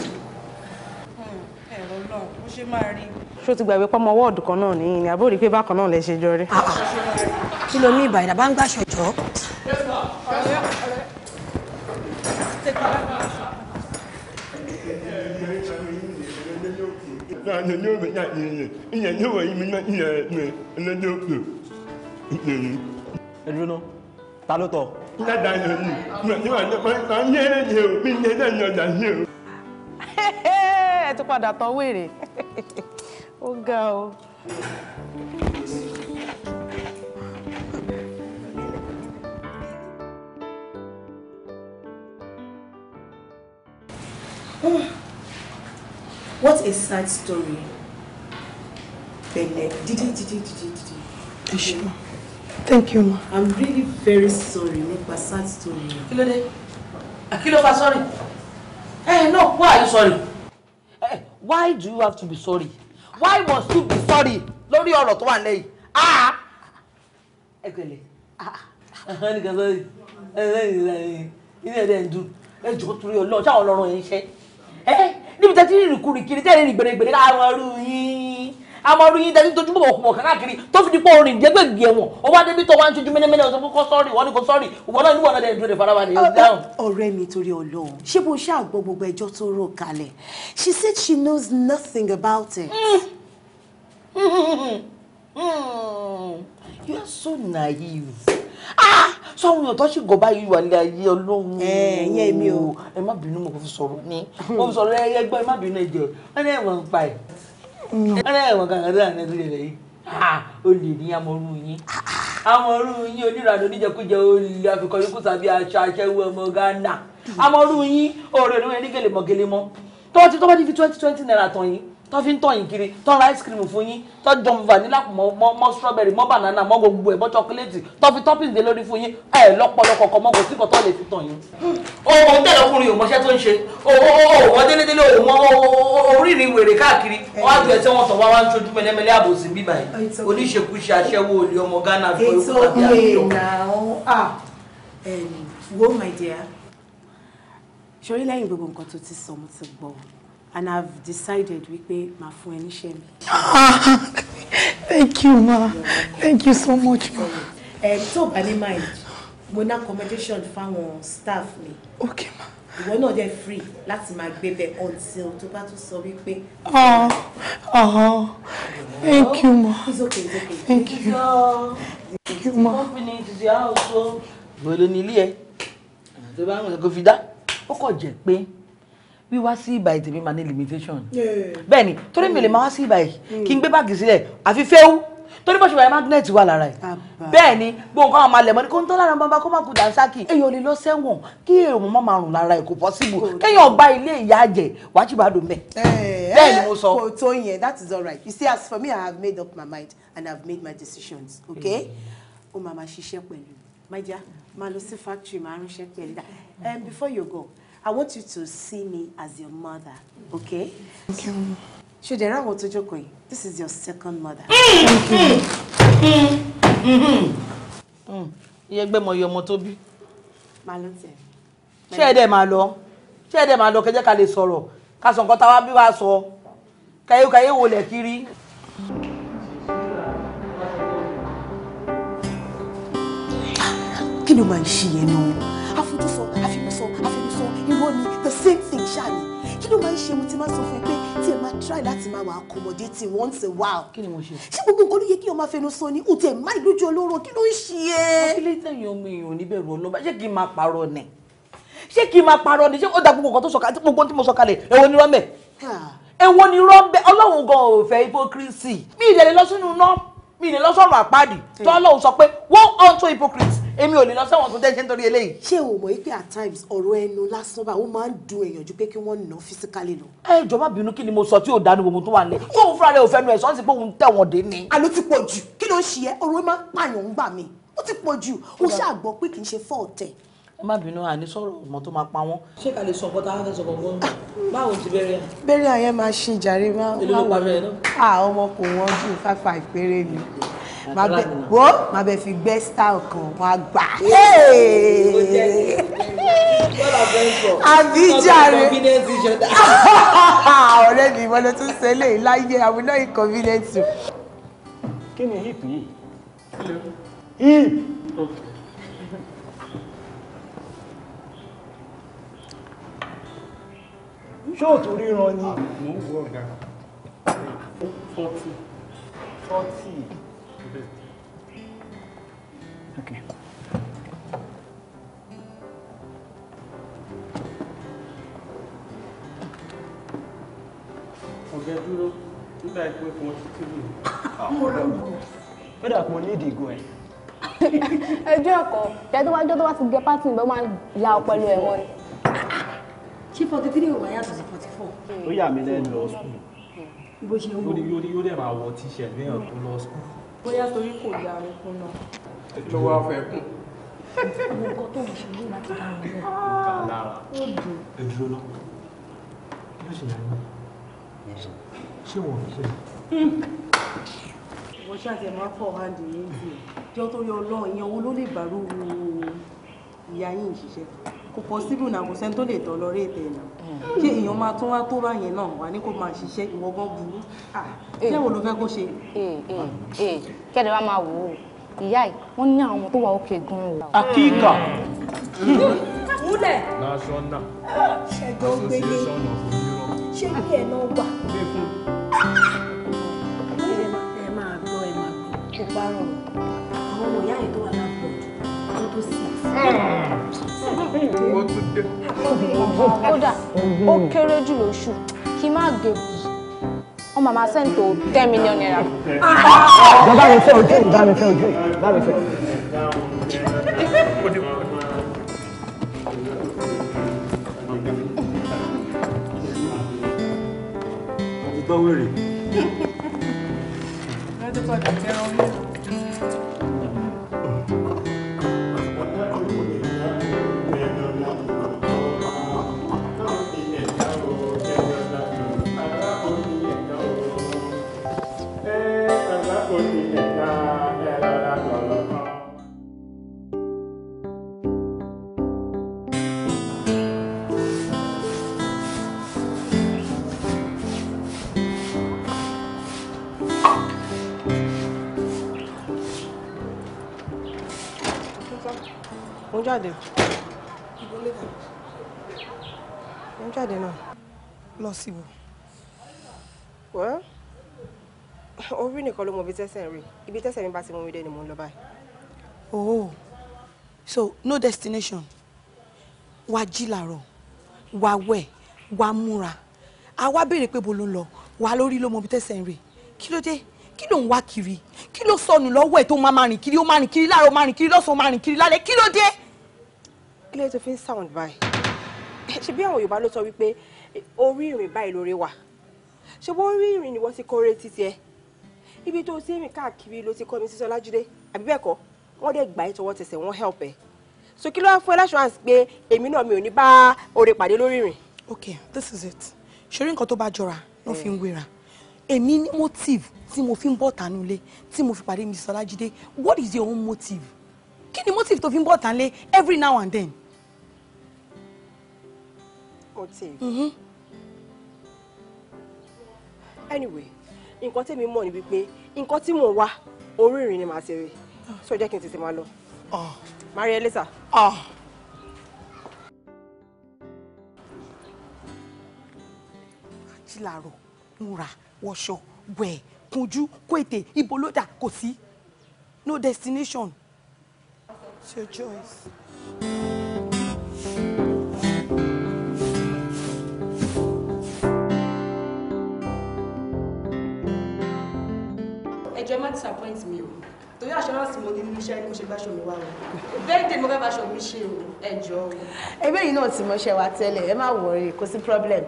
Hmm, ẹ̀rọ náà ó ṣe máa rí. ṣó ti gbàgbé pọ́nmọ wọ́ọ̀dù kan náà nìyí ni àbúrò rí pé bákan náà lẹ ṣe jọ rí. Ah, ah. kí ló ní ìbàdàn bá ń gbà ṣọjọ́. láàrin ní òbí náà yìnyín ìyẹn ní òwò yìí mi náà ìyẹn ní ẹlẹ́dẹ́ òkè. ẹ dúró náà ta ló tọ̀. 那当然是，那你晚上晚上夜的酒，明天的牛杂酒。ẹ tún padà tán wèrè ó ga o. What a sad story. Bẹ̀lẹ̀ dídí dídí dídí dídí. Ẹ ṣeun thank you ma. i'm really very sorry nípa sad story. kí ló dé kí ló fa sorry hey eh, no why are you sorry hey, eh, why do you have to be sorry why must you be sorry lórí ọ̀rọ̀ tó wà ah! Ah! lẹ́yìn ah sorry. ẹ gbẹ̀lẹ̀ ah nìkan sọ ilé ẹ̀dẹ̀ ń dùn ẹ jọ̀ọ́ torí ọlọ́ọ̀ ṣáà ọlọ́run ẹ̀ ń ṣe eh, ẹ níbi tẹ́tí rìnrìn kúrìkiri tẹ́rìn rìn gbèrègbèrè láwọn ọrùn yín amadu yín dẹni tójú bọ̀ ọ̀pọ̀ káàkiri tó fi di pọ̀ orin ìdẹ́gbẹ̀gbẹ̀ ẹ̀wọ̀n ó wá débi tó wá ń tójú mẹ́nẹ́mẹ́nẹ́ ọ̀sán kó sọ́ọ̀rì wọ́n ní kó sọ́ọ̀rì wọ́n náà níwọ̀n náà dẹ̀ dúró de farabalẹ̀ dáhùn. ọ̀rẹ́ mi torí Ọlọ́run ṣé bó ṣáà gbọ́ gbogbo ẹjọ́ tó rò kalẹ̀ she said she knows nothing about it. Hmm. Hmm. you are so naive. ah sọ́run èèyàn tó ṣì gọ̀ báyìí wà lé ayé ọlọ́run ẹ̀yẹ́ mi o ẹ má bínú mo fi sọ̀rọ̀ ní mo fi sọ̀rọ̀ ẹgbẹ́ ẹ má bínú ẹ̀jẹ̀ ẹ ní ẹ̀wọ̀n pa ẹ̀ ọ̀rẹ́ mm. ẹ̀wọ̀n kan kan tó dànù ẹ̀sùn lè yìí ó lè ní amọ̀rú yín amọ̀rú yín onírànà oníjẹkújẹ olè àfikọ́ yín kú tàbí aṣọ aṣẹ́wó ọmọ Ghana amọ̀rú yín ọ̀rẹ́ ìlú ẹni gèlèmọ̀gèlèmọ̀ tó ti tó bá ti fi twenty twenty naira tán yín tó fi ń tọ̀ yín kiri tó ra ice cream fún yín tó jọ vanilla mọ́ mọ́ strawberry mọ́ banana mọ́ gbogbo ẹ̀ mọ́ chocolate tó fi toppings dé lórí fún yín ẹ̀ lọ́pọ̀lọ́ kọ̀ọ̀kan mọ́ kò sí kò tó lè fi tọ̀ yín. ohun tẹ̀lé ọkùnrin ò mọṣẹ́ tó ń ṣe òwò délédélé òwò oríire wèrè káàkiri wọ́n á ju ẹsẹ̀ wọn tọ̀ wá wá ń ṣojú mẹ́lẹ́mẹ́lẹ́ àbòsí bíbá yìí oníṣekúṣe aṣẹ́wó olè ọmọ Ghana fún ewu àti àbíyọ. Ah, um, wo my dear ṣorí lẹ́yìn gbogbo nǹkan tó ti sọ and I've decided wípé pay my ẹ níṣẹ́ mi. thank you ma thank you so much ma. ẹ so bá ní mind mo ná accommodation fáwọn staff mi. Okay, ma. We're not there free That's my baby on sale. To bá tún sọ wípé. Ah, ah ah thank you ma it's okay it's okay thank you thank you ma. company to the house o. ìwé ló ní ilé ẹ going to go sọ kó fi dá ó kọ̀ wíwá sí ìbàyí tèmi máa ní limitation bẹ́ẹ̀ ni torí mi lè máa wá sí ìbàyí kí n gbé báàgì sílẹ̀ àfi fẹ́wú torí bó ṣe wà magnet wà lára ẹ̀ bẹ́ẹ̀ ni gbogbo nǹkan àwọn alẹ̀mọ́ ni kò ń tán lára bàbá kó má kú dànsákì èèyàn lè lọ sẹ́wọ̀n kí èrò mọ́ máa rùn lára ẹ̀ kò possible kéèyàn gba ilé ìyá jẹ wàá jìbá dùn bẹ́ẹ̀ eh, bẹ́ẹ̀ ni eh, mo sọ. kò tó yẹn that is all right you see as for me i have made up my mind and i have made my decisions okay hmm. ó máa ma ṣiṣẹ́ pẹ̀lú májá máa lọ sí factory máa ránṣẹ́ pẹ̀lú that eh, before you go I want you to see me as your mother, okay? Thank you. Ṣòdẹ̀rẹ́ àwọn tó this is your second mother. Iye gbẹ́mọ iye ọmọ tó bí. Màá lọ tẹ̀. Ṣé ẹ̀dẹ̀ máa lọ? Ṣé ẹ̀dẹ̀ máa lọ kẹjẹ́ ká lè sọ̀rọ̀? Ká sọ nǹkan táwa bí wàá sọ. Kàyékàyé wo lẹ̀ kiri? Kí ló máa ń ṣe yẹn náà? Afojúsọ, àfimúsọ, àfimúsọ irọ́ the same thing ṣáà ni kí ló máa ń ṣe mo ti máa sọ fún ẹ pé tí ẹ máa try láti máa wà accommodating once a while. kí ni mo ṣe. ṣé gbogbo nǹkan ló yẹ kí o máa fẹnu sọ ni o tẹ má ìlójú olóró kí ló ń ṣe é. wọ́n kí lè tẹ̀yìn ọmọ èèyàn níbẹ̀rù ọlọ́ba ṣé kí n máa parọ́ ni ṣé kí n máa parọ́ ni ṣé ó da gbogbo nǹkan tó sọ kalẹ̀ gbogbo tí mo sọ kalẹ̀ ẹ̀wọ̀n ni rọ́ọ̀mẹ̀ ẹ̀wọ̀n ni rọ́ọ̀mẹ̀ ọlọ́run gan ò fẹ́ hypocrisy mi ìdẹ̀lẹ̀ lọ sínú náà mi ìdẹ̀lẹ̀ lọ sọ̀rọ̀ àpáàdì hmm. tó ọlọ́run sọ pé hypocrisy èmi ò lè lọ sẹ́wọ̀n tó tẹ́ ṣe nítorí eléyìí. ṣé o mọ̀ pé at times ọ̀rọ̀ ẹnu lásán bá ó máa ń dùn èèyàn ju pé kí wọ́n nà physically lọ. ẹ jọba bínú kí ni mo sọ tí ò dánú gbogbo tó wà nílẹ̀ fóun fúnra rẹ̀ ò fẹnu ẹ̀ sọ́n sí pé òun tẹ̀ wọ́n dé ni. àló ti pọ̀ jù kí ló ń ṣe ẹ ọ̀rọ̀ máa ń pààyàn ń gbà mí ó ti pọ̀ jù ó ṣàgbọ́ pé kì í ṣe fọ́ọ̀tẹ̀ ẹ má bínú àní sọ̀rọ̀ ọmọ tó máa pa wọ́n. ṣé ká lè sọ ọkọ tá a fẹ́ báwo ti bẹ̀rẹ̀. bẹ́rẹ̀ àyẹ̀ máa ṣe jàre máa wọ̀ ọ́ ọmọ kò wọ́n ju five five péré wo màá bẹ fi gbẹ́ style kan wọn á gbà. àbíjàre ọ̀rẹ́ mi ìwọ ló tún ṣe eléyìí láyé àwọn náà inconvenient. kí ni hip yìí? hip. ṣóòtù ríran ni. Ah, mo ń wọ ọ̀gá. forty. forty. Okay. Ọ̀gá dúró nígbà ìpín fún ọtí tí lù. Ah. Ó dà pọ̀ ní ìdìgún ẹ̀. Ẹjọ́ ẹ̀kọ́, ìyá tó wá jọ́ tó wá ti gẹ pátì ìbọn máa ya ọpọlọ ẹ̀wọ̀n Ṣé forty three ò wá yàtọ̀ sí forty four? Ó yà mí lẹ́nu lọ sùkúl. Bó ṣe ń wò. Yóò dẹ̀ máa wọ tíṣẹ̀ mìíràn tó lọ sùkúl. Bóyá torí kò yára kó náà ló wá fẹ́ kún. mo kọ́ tó ń ṣe ní láti bá wọn lọ. ó dùn. ẹ dúró lọ yóò ṣe yàrá ṣé wọn ò ṣe. wọ́n ṣàtẹ̀ máa fọ̀ hàndì yìí jù jọ tó yọ lọ ìyẹn owó ló lè bàrú ìyá yìí ń ṣiṣẹ́ kò pọ́sibú náà kò sẹ́ni tó lè tọ́ lọ rí ètè kí èèyàn máa tún wá tó báyẹn náà wà ní kó máa ṣiṣẹ́ ìwọ̀n burú ṣé eh, wo ló fẹ́ kó ṣe. Eh, eh, kẹ́ni wàá máa wò ó ìyá yìí wọ́n ní àwọn ọmọ tó wà òkè gan o. akíkà. wúlẹ̀. national association of europe. ṣé bí ẹ̀ náà wà. ẹ máa gbọ́ ẹ máa gbọ́ kó bá rọrùn àwọn ọmọ ìyá yìí tó wà láàbọ̀ tó tó sì. ó kéré jù lóṣù kí n má gbèbù wọ́n máa máa send to ten million naira. bàbá mi fẹ́ ojú bàbá mi fẹ́ ojú bàbá mi fẹ́. Thank jáde. Mo ń jáde náà. Lọ sí wo? Wẹ́ orí nìkan ló mọ ibi tẹ́sẹ̀ ń rí. Ibi tẹ́sẹ̀ mi bá ti mú mi dé ni mò ń lọ báyìí. Oh, so no destination. Wà á jí làárọ̀, wà á wẹ̀, wà á múra. Àwa béèrè pé bo ló ń lọ, wà á lórí ló mọ ibi tẹ́sẹ̀ ń rí. Kí ló dé? kí ló ń wá kiri kí ló sọnù lọ́wọ́ ẹ̀ tó máa rìn kiri ó máa rìn kiri láàárọ̀ máa rìn kiri lọ́sàn-án máa rìn kiri lálẹ́ kí ló dé kí ló tó fi ń sound báyìí eh, ṣe bí àwọn Yorùbá ló sọ wípé orí ìrìn báyìí lórí wà ṣe bó rí ìrìn ni wọ́n ti kórè títí ẹ ibi tó ti rìn káàkiri ló ti kọ́ mi sí Sọlájídé àbí bẹ́ẹ̀ kọ́ wọ́n dẹ̀ gbà ẹ́ tọwọ́ tẹsẹ̀ wọ́n help ẹ̀ so kí ló wá fún ẹ láṣọ àǹsí pé èmi náà mi ò ní bá oore pàdé lórí ìrìn. okay this is it ṣorí nǹkan tó bá jọra ló fi ń eh. wéra èmi ní motive tí mo fi ń bọ̀ tánú ilé tí mo fi pàdé Mrs. Ọlájídé what is your own motive kí ni motive tó fi ń bọ̀ tánú ilé every now and then Concave. Mm-hmm. Anyway, nǹkan tèmi mọ̀ ni wípé nǹkan tí mò ń wá orí ìrìn ni màá ti rí. So jẹ́ kí n tètè máa lọ. Ah. Màá rí ẹ later. Àjí ń ra, wọṣọ, wẹ̀, kunjú, kó ètè, ibo ló dà, kò sí. No destination. It's your choice. ẹjọ́ má disappoint mi o torí assurance mo ní nínú iṣẹ́ ni mo ṣe gbáṣọ mi wá o bẹ́ẹ̀dẹ̀ mo fẹ́ bá aṣọ mi ṣe o ẹjọ́ o. ẹgbẹ́ yìí náà ti mọṣẹ́ wa tẹ́lẹ̀ ẹ má worry kò sí problem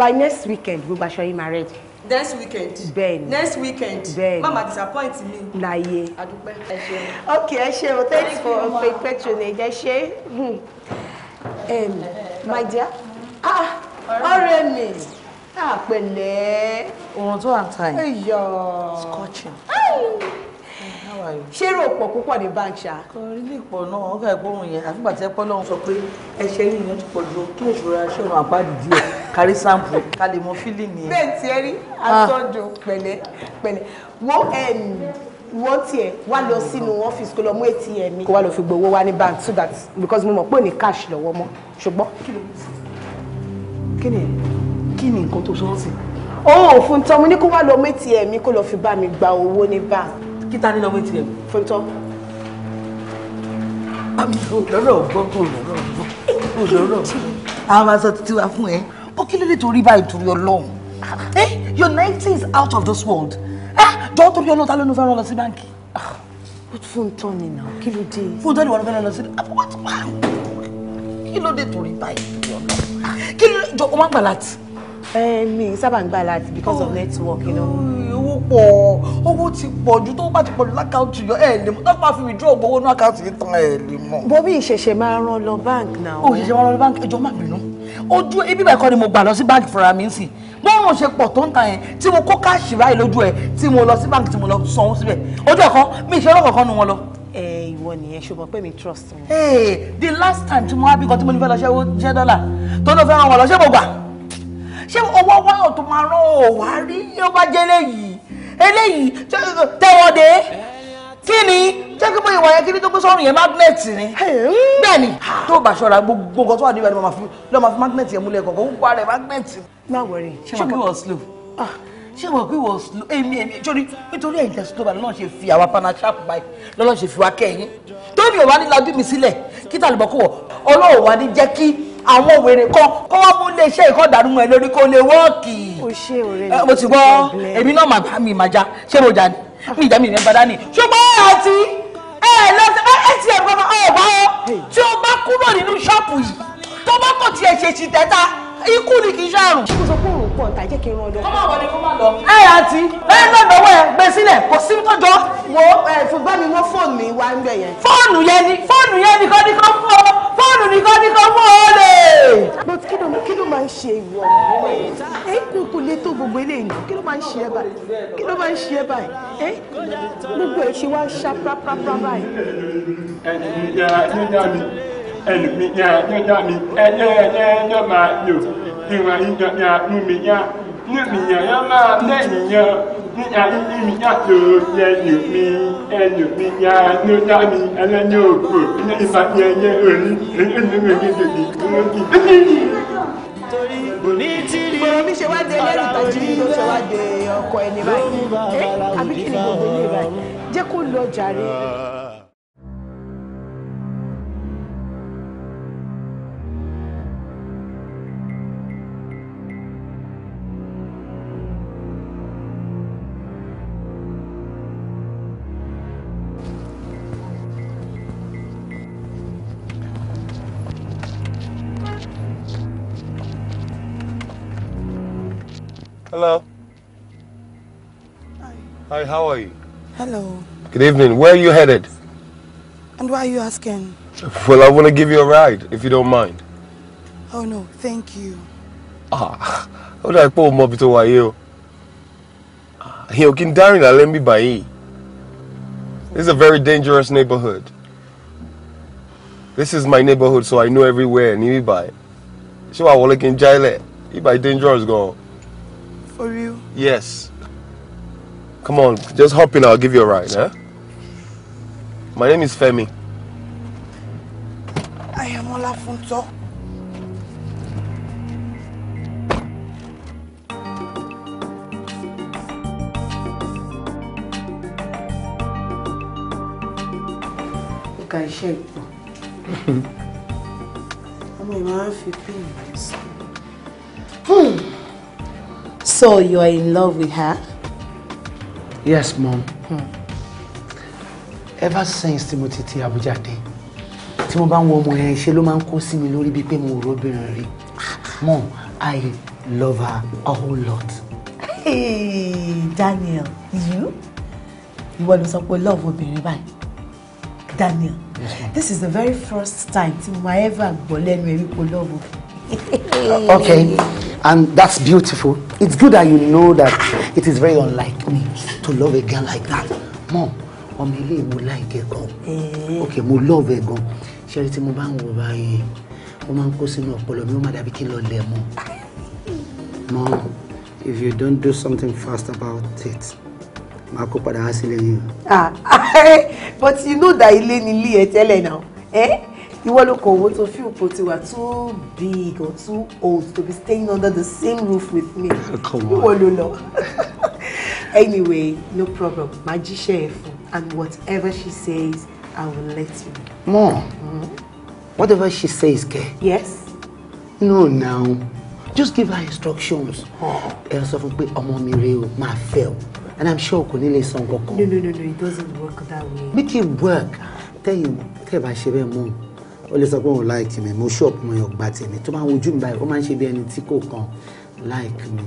by next weekend gbogbo aṣọ yìí máa ready next weekend Ben. next weekend Ben. mama disappoint me láyé adúpẹ́ ẹ ṣe ok ẹ ṣe o thanks for patronage ẹ ṣe hmm. my dear ah ọ̀rẹ́ mi àpẹlẹ. oorun tó wà ń ta yìí. ẹyọ. scorching. ṣé rò pọ̀ púpọ̀ ní bank ṣá. kò rí lè pọ̀ náà ó kà gbóhùn yẹn àfìgbà tí ẹ pọ́ lọ́hún sọ pé ẹṣẹ́ yìí yẹn ti pọ̀ ju kí òṣùra ṣé òun àpáàdì díẹ̀ kárí sampo ká lè mọ fílìmù yẹn. bẹ́ẹ̀ tí ẹ rí asọ́jọ ah. pẹ̀lẹ́ pẹ̀lẹ́ wọ́n wọ́n tiẹ̀ wá lọ sínú ọ́fíìsì kó lọ mú ATM mi. kó wá lọ fi gbowó wá ní bank so that because mo mọ̀ pé ò ní cash lọ́wọ́ mọ́ ṣùgbọ́n. kí ni kí ni nǹkan tó sọ́ọ́ sí. ó ò fún tán mo ní kó wá lọ mẹ́tì ẹ̀mí kó lọ fi bá mi gba owó ní bá. kí ta ni lọ mẹ́tì ẹ̀mí. fún tán. lọ́rọ̀ gbọ́ kò lọ́rọ̀ gbọ́ kò lọ́rọ̀ àwọn máa sọ títí wa fún ẹ bó kí ló dé torí báyìí torí ọlọ́run eh, your ninety is out of this world eh, jọ torí ọlọ́run ta ló ń fẹ́ràn lọ sí báńkì. fún tán ni náà kí ló dé. fún tán ni wọn fẹ́ràn lọ sí ah, kí ló dé torí báyìí torí ọlọ́run kí ló dé jọ ọmọ àgbàlá tì. Eh, mi sábà ń gbà láti because of oh, network you know. owó pọ̀ owó ti pọ̀ ju tó bá ti pọ̀ ju lákàtúntì yọ ẹ̀ lè mọ̀ tó bá fi withdraw owó náà àkáǹtì yìí tán ẹ̀ lè mọ̀. bóbí ìṣẹ̀ṣẹ̀ máa rán lọ bank náà. o oh, ìṣẹ̀ṣẹ̀ máa rán lọ bank ẹjọ́ má bínú ojú ibi bẹ́ẹ̀ kọ́ ni mo gbà lọ sí bank fúnra mi sí bọ́ọ̀rùn ṣe pọ̀ tó ń ta yẹn tí mo kó káàṣì báyìí lójú ẹ̀ tí mo lọ sí bank tí mo lọ sanwó síbẹ̀ ojú ẹ̀kọ́ mi ìṣe ọlọ́kọ̀ọ́kan nu wọn lọ ẹ eh, ìwọ nìyẹn ṣùgbọ́n pé mi trust wọn. ee eh, the last time tí mo wá bí kan tí mo ní fẹ́ lọ ṣẹ́wó jẹ́ dọ́là tó ló fẹ́ràn wọn lọ ṣé mo gbà ṣé owó wáyọ̀ tó máa rán ò wá rí ló bá jẹ́ eléyìí eléyìí tẹ̀wọ̀dé kí ni jẹ́ kí mo ìwà yẹn kí ni tó gbé sọ́run yẹn mágínẹ́ẹ̀tì ni bẹ́ẹ̀ ni tó bá ṣọ́ra gbogbo nǹkan tó wà níbẹ̀ ni lọ́ọ́ máa fi mágínẹ́ẹ̀tì yẹn múlẹ̀ kọ̀ọ̀kan gbogbo rẹ̀ mágínẹ́ẹ̀tì. má wọrí ṣé mo kí wọ́n slow ah. ṣé mo kí wọ́n slow èmi èmi torí nítorí ẹ̀yìn tẹ̀sí tó bá lọ́nà ṣe fi àwa panachap báyìí lọ́nà ṣe fi wá kẹ́yìn tóbi ò wá ní lajú mi sílẹ̀ kí tàlùbọ̀ kò wọ̀ ọlọ́ọ̀ wá ní jẹ́ kí àwọn wèrè kan kó wọ́n mú iléeṣẹ́ ìkọ́dàrúmọ̀ ẹ lórí kó lè wọ́ọ̀kì. o ṣe ọ̀rẹ́ mi mo ti gbọ́ èmi náà màá mi màá já ṣé mo jà ní mi ìjà mi ìrìn bàdá ni ṣùgbọ́n àti ẹ lọ́sẹ̀ ẹ ti ẹ̀rọ kan ọ̀bá ọ tí o bá kúrò nínú ṣọ́ọ̀pù yìí tó bá kọ̀ tiẹ̀ ṣe ṣì tẹ́ta ikú ni kì í ṣàrùn. kí ló sọ fún òun pọ̀ nta jẹ́ kí n rán lọ. ọmọ wọlé kó má lọ. ẹ yà á ti ẹ náà lọ́wọ́ ẹ gbé sílẹ̀ kò sí tọ́jọ́. wo ṣùgbọ́n mi mọ fóònù mi wá ń bẹ̀ yẹn. fóònù yẹn ni fóònù yẹn nìkan ni kò fún ọ fóònù nìkan ni kò fún ọ lè. but kí ló kí ló máa ń ṣe ìwọ ẹ kò kò lè tó gbogbo eléyìí kí ló máa ń ṣe ẹ báyìí kí ló máa ń ṣe ẹ báyìí ẹ gbogbo ẹ ṣe wá ṣá pàápàá báyìí. ẹ ẹ ẹ ẹ ẹ ẹnùmí yá yọjá mi ẹyẹ ẹyẹ yọ máa lò ìwà ìjọ ya. nùmí yá nùmí yá yọ máa lẹ́yìn yọ ní àyíkí mi ya. tó lẹ́nu mi ẹnùmí yá yọjá mi ẹlẹ́ni òkú ní ìbàdí ẹyẹ òní ẹnu òní tòbí lókì. torí bòní tí rí bòní ṣe wá dé lẹ́rù tàjí ló ṣe wá dé ọkọ ẹni báyìí ẹ àbí kí ni gbogbo ilé báyìí jẹ́ kó lọ jàre. Hello. Hi. Hi, how are you? Hello. Good evening. Where are you headed? And why are you asking? Well, I want to give you a ride, if you don't mind. Oh, no, thank you. Ah, how dà I pull more ibi Why you? You o. dare in í dárìn This is a very dangerous neighborhood. This is my neighborhood, so I know everywhere ní bíbáyìí. Ṣé wàá wọlé kí n já ilẹ̀? Bíbáyìí dangerous gan For real? Yes. Come on, just hop in, I'll give you a ride, eh? My name is Femi. I am Olafunto. Ọ̀gá iṣẹ́ ìpọ̀. Ọmọ ìmọ̀ á fi pín ìrìn sí. Hmm. So you are in love with her? Yes, mom. Hmm. Ever since Timothy ti Abuja dé, tí mo bá ń wo ọmọ yẹn ṣe mi lórí bíi pé mo rò obìnrin Mom, I love her a whole lot. Hey, Daniel, you? you want to sọ pé love obìnrin báyìí. Daniel, yes, this is the very first time Timothy ever gbọ́ lẹ́nu ẹ̀rí pé love obìnrin. Okay and that's beautiful it's good that you know that it is very unlike me to love a girl like that mom ọmọ ilé mo láìkẹ gan eh. Okay, mo love ẹ gan ṣẹlẹ tí mo bá ń wò báyìí ó máa ń kó sínú ọpọlọ mi ó máa dàbí kí n lọ lẹ mọ mọ if you don't do something fast about it máa kó padà wá sílé yìí. Ah, eh, but you know that ilé ni ilé ẹ tẹ́lẹ̀ náà. Eh? ìwọ ló kọ owó tó fi òpó ti wà too big or too old to be staying under the same roof with me ìwọ ló lọ anyway no problem màá jíṣẹ́ ẹ̀ fún and whatever she says I will let you know. Mom, mm-hmm. whatever she says, Ke. Yes? No, now. Just give her instructions. Oh. Ẹ sọ fún pé ọmọ mi rèé o, máa fẹ́ o. And I'm sure kò ní lè san kankan. No, no, no, no, it doesn't work that way. Make it work. Tell you, tell ẹ bá ṣe bẹ́ẹ̀ ó lè sọ pé òun láìkì mi mo ṣú ọ̀pọ̀ èèyàn gba tèmi tó máa ń wojú mi báyìí ó máa ń ṣe bí ẹni tí kò kàn láìkì mi.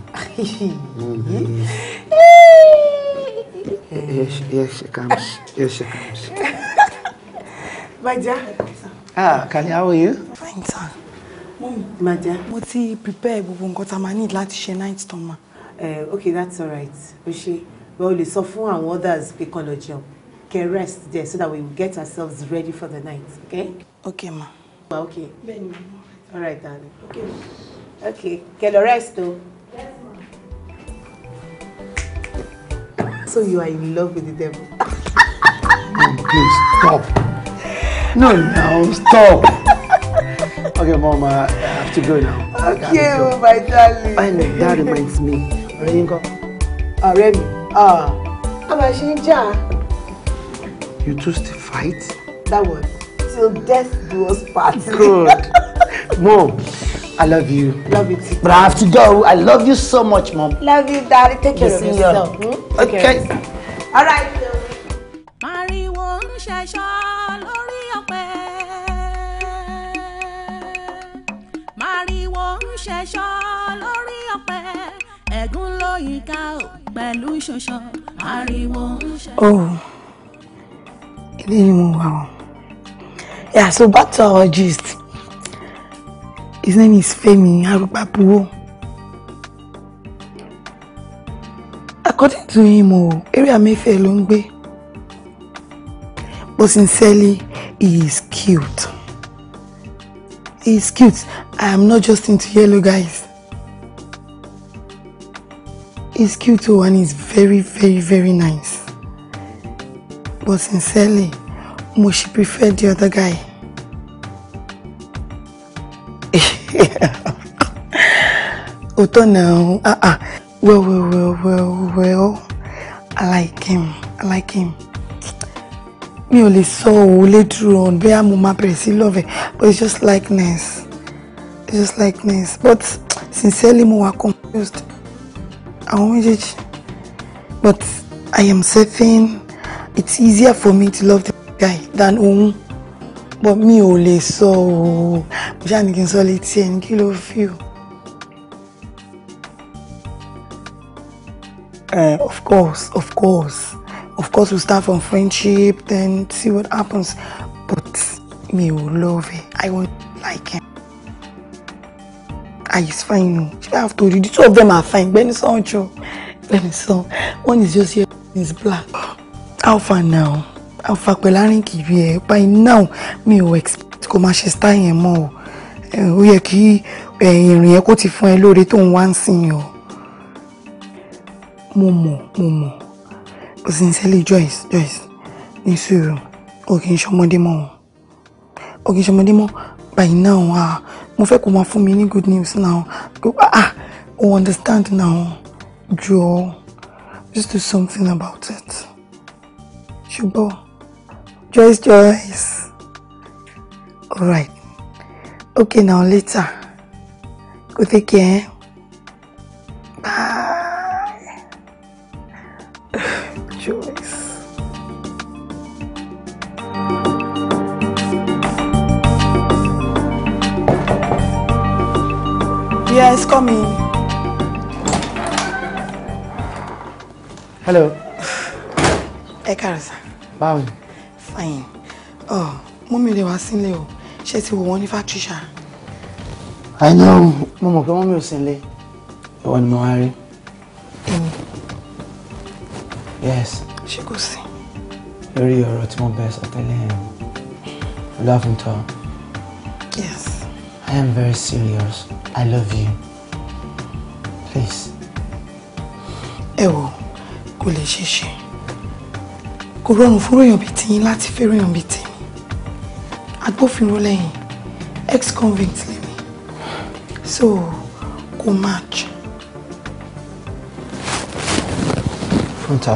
ẹ Ah, Kali, how are you? Fine, sir. Maja. Mo ti prepare gbogbo nǹkan tá a máa need láti ṣe night turn eh, Okay, that's all right. O ṣe. But o lè sọ fún àwọn others pé kán lọ jẹun. Can rest there so that we will get ourselves ready for the night, okay? okay ma. ma ok bẹ́ẹ̀ni ma. all right darling. Okay. Okay. Get the rest though. yes ma. so you are in love with the devil. no please stop no now stop. okay mama i have to go now. okay go. my darling. i know that reminds me ọ̀rẹ́ yín kọ́. ọ̀rẹ́ mi a I'm a Shinja. you two still fight. that one till death do us part. Good. Mom, I love you. Love you too. But I have to go. I love you so much, Mom. Love you, Daddy. Take care of yourself. Hmm? Take okay. Care of yourself. All right. Màrìwò ń ṣẹ̀ṣọ́ lórí lórí ọ̀pẹ. Ẹ̀gún ló yíká pẹ̀lú ṣoṣọ. Màrìwò ń ṣẹ̀ṣọ́. Oh, ni mo wà o. Yeah, so back to our gist. His name is Femi Arugbapuwo. According to him, oh, area Mayfair ló ń gbé. But sincerely, he is cute. He is cute. I am not just into yellow guys. He's cute oh, and he's very, very, very nice. But sincerely, mo she prefer the other guy. Oto now, ah ah well well well well well I like him I like him Me only saw sọ òun later on a mama, máa bẹ̀rẹ̀ love it, but it's just likeness it's just likeness but sincerely mo wà confused àwọn méjèèjì but I am surfing. it's easier for me to love the guy than òun but mi ò lè sọ ooo mo ṣáà ní kí n sọ létí ẹni kí ló fi o. Uh, of course, of course, of course, we start from friendship, then see what happens. But me will love it. I won't like him. Ah, I is fine. No, I have told you, the two of them are fine. Benny Sancho, Benny Son. One is just here, one is black. How far now? afapẹ̀lárin kì í bí ẹ by now mi ò expect kó máa ṣe style yẹn mọ́ o eh, ó yẹ kí eh, ìrìn yẹn kó ti fún ẹ lóore tó ń wá ń sìn o mo mọ̀ mo mọ̀ kò sí ní sẹ́lẹ̀ Joyce Joyce ní sùúrù o kì í ṣọmọdé mọ́ o o kì ṣọmọdé mọ́ by now ah mo fẹ́ kó máa fún mi ní good news now ah, ah o understand now jọ̀ọ́ just do something about it ṣùgbọ́n. Joyce, Joyce. All right. Okay, now later. Go take care. Bye. Joyce. Yes, come in. Hello. Ẹ káàárọ̀ sà fine oh mọ́mí ò lè single. She said ṣé ti wò wọ́n ní fáktírì ṣá. i know mo mọ̀ pé mọ́mí ò sílé ìwọ ni mo wá rí. èmi. yes. ṣé kò sí. lórí ọ̀rọ̀ tí mo bẹ sọ tẹ́lẹ̀ ẹ̀ ọláfúntọ́. yes. i am very serious i love you please. ẹ wo kò lè kò rọrùn fún èèyàn bíi tiyín láti fẹ́ èèyàn bíi tiyín agbófinró lẹ́yìn ex-convict lèmi so kò match. fúntà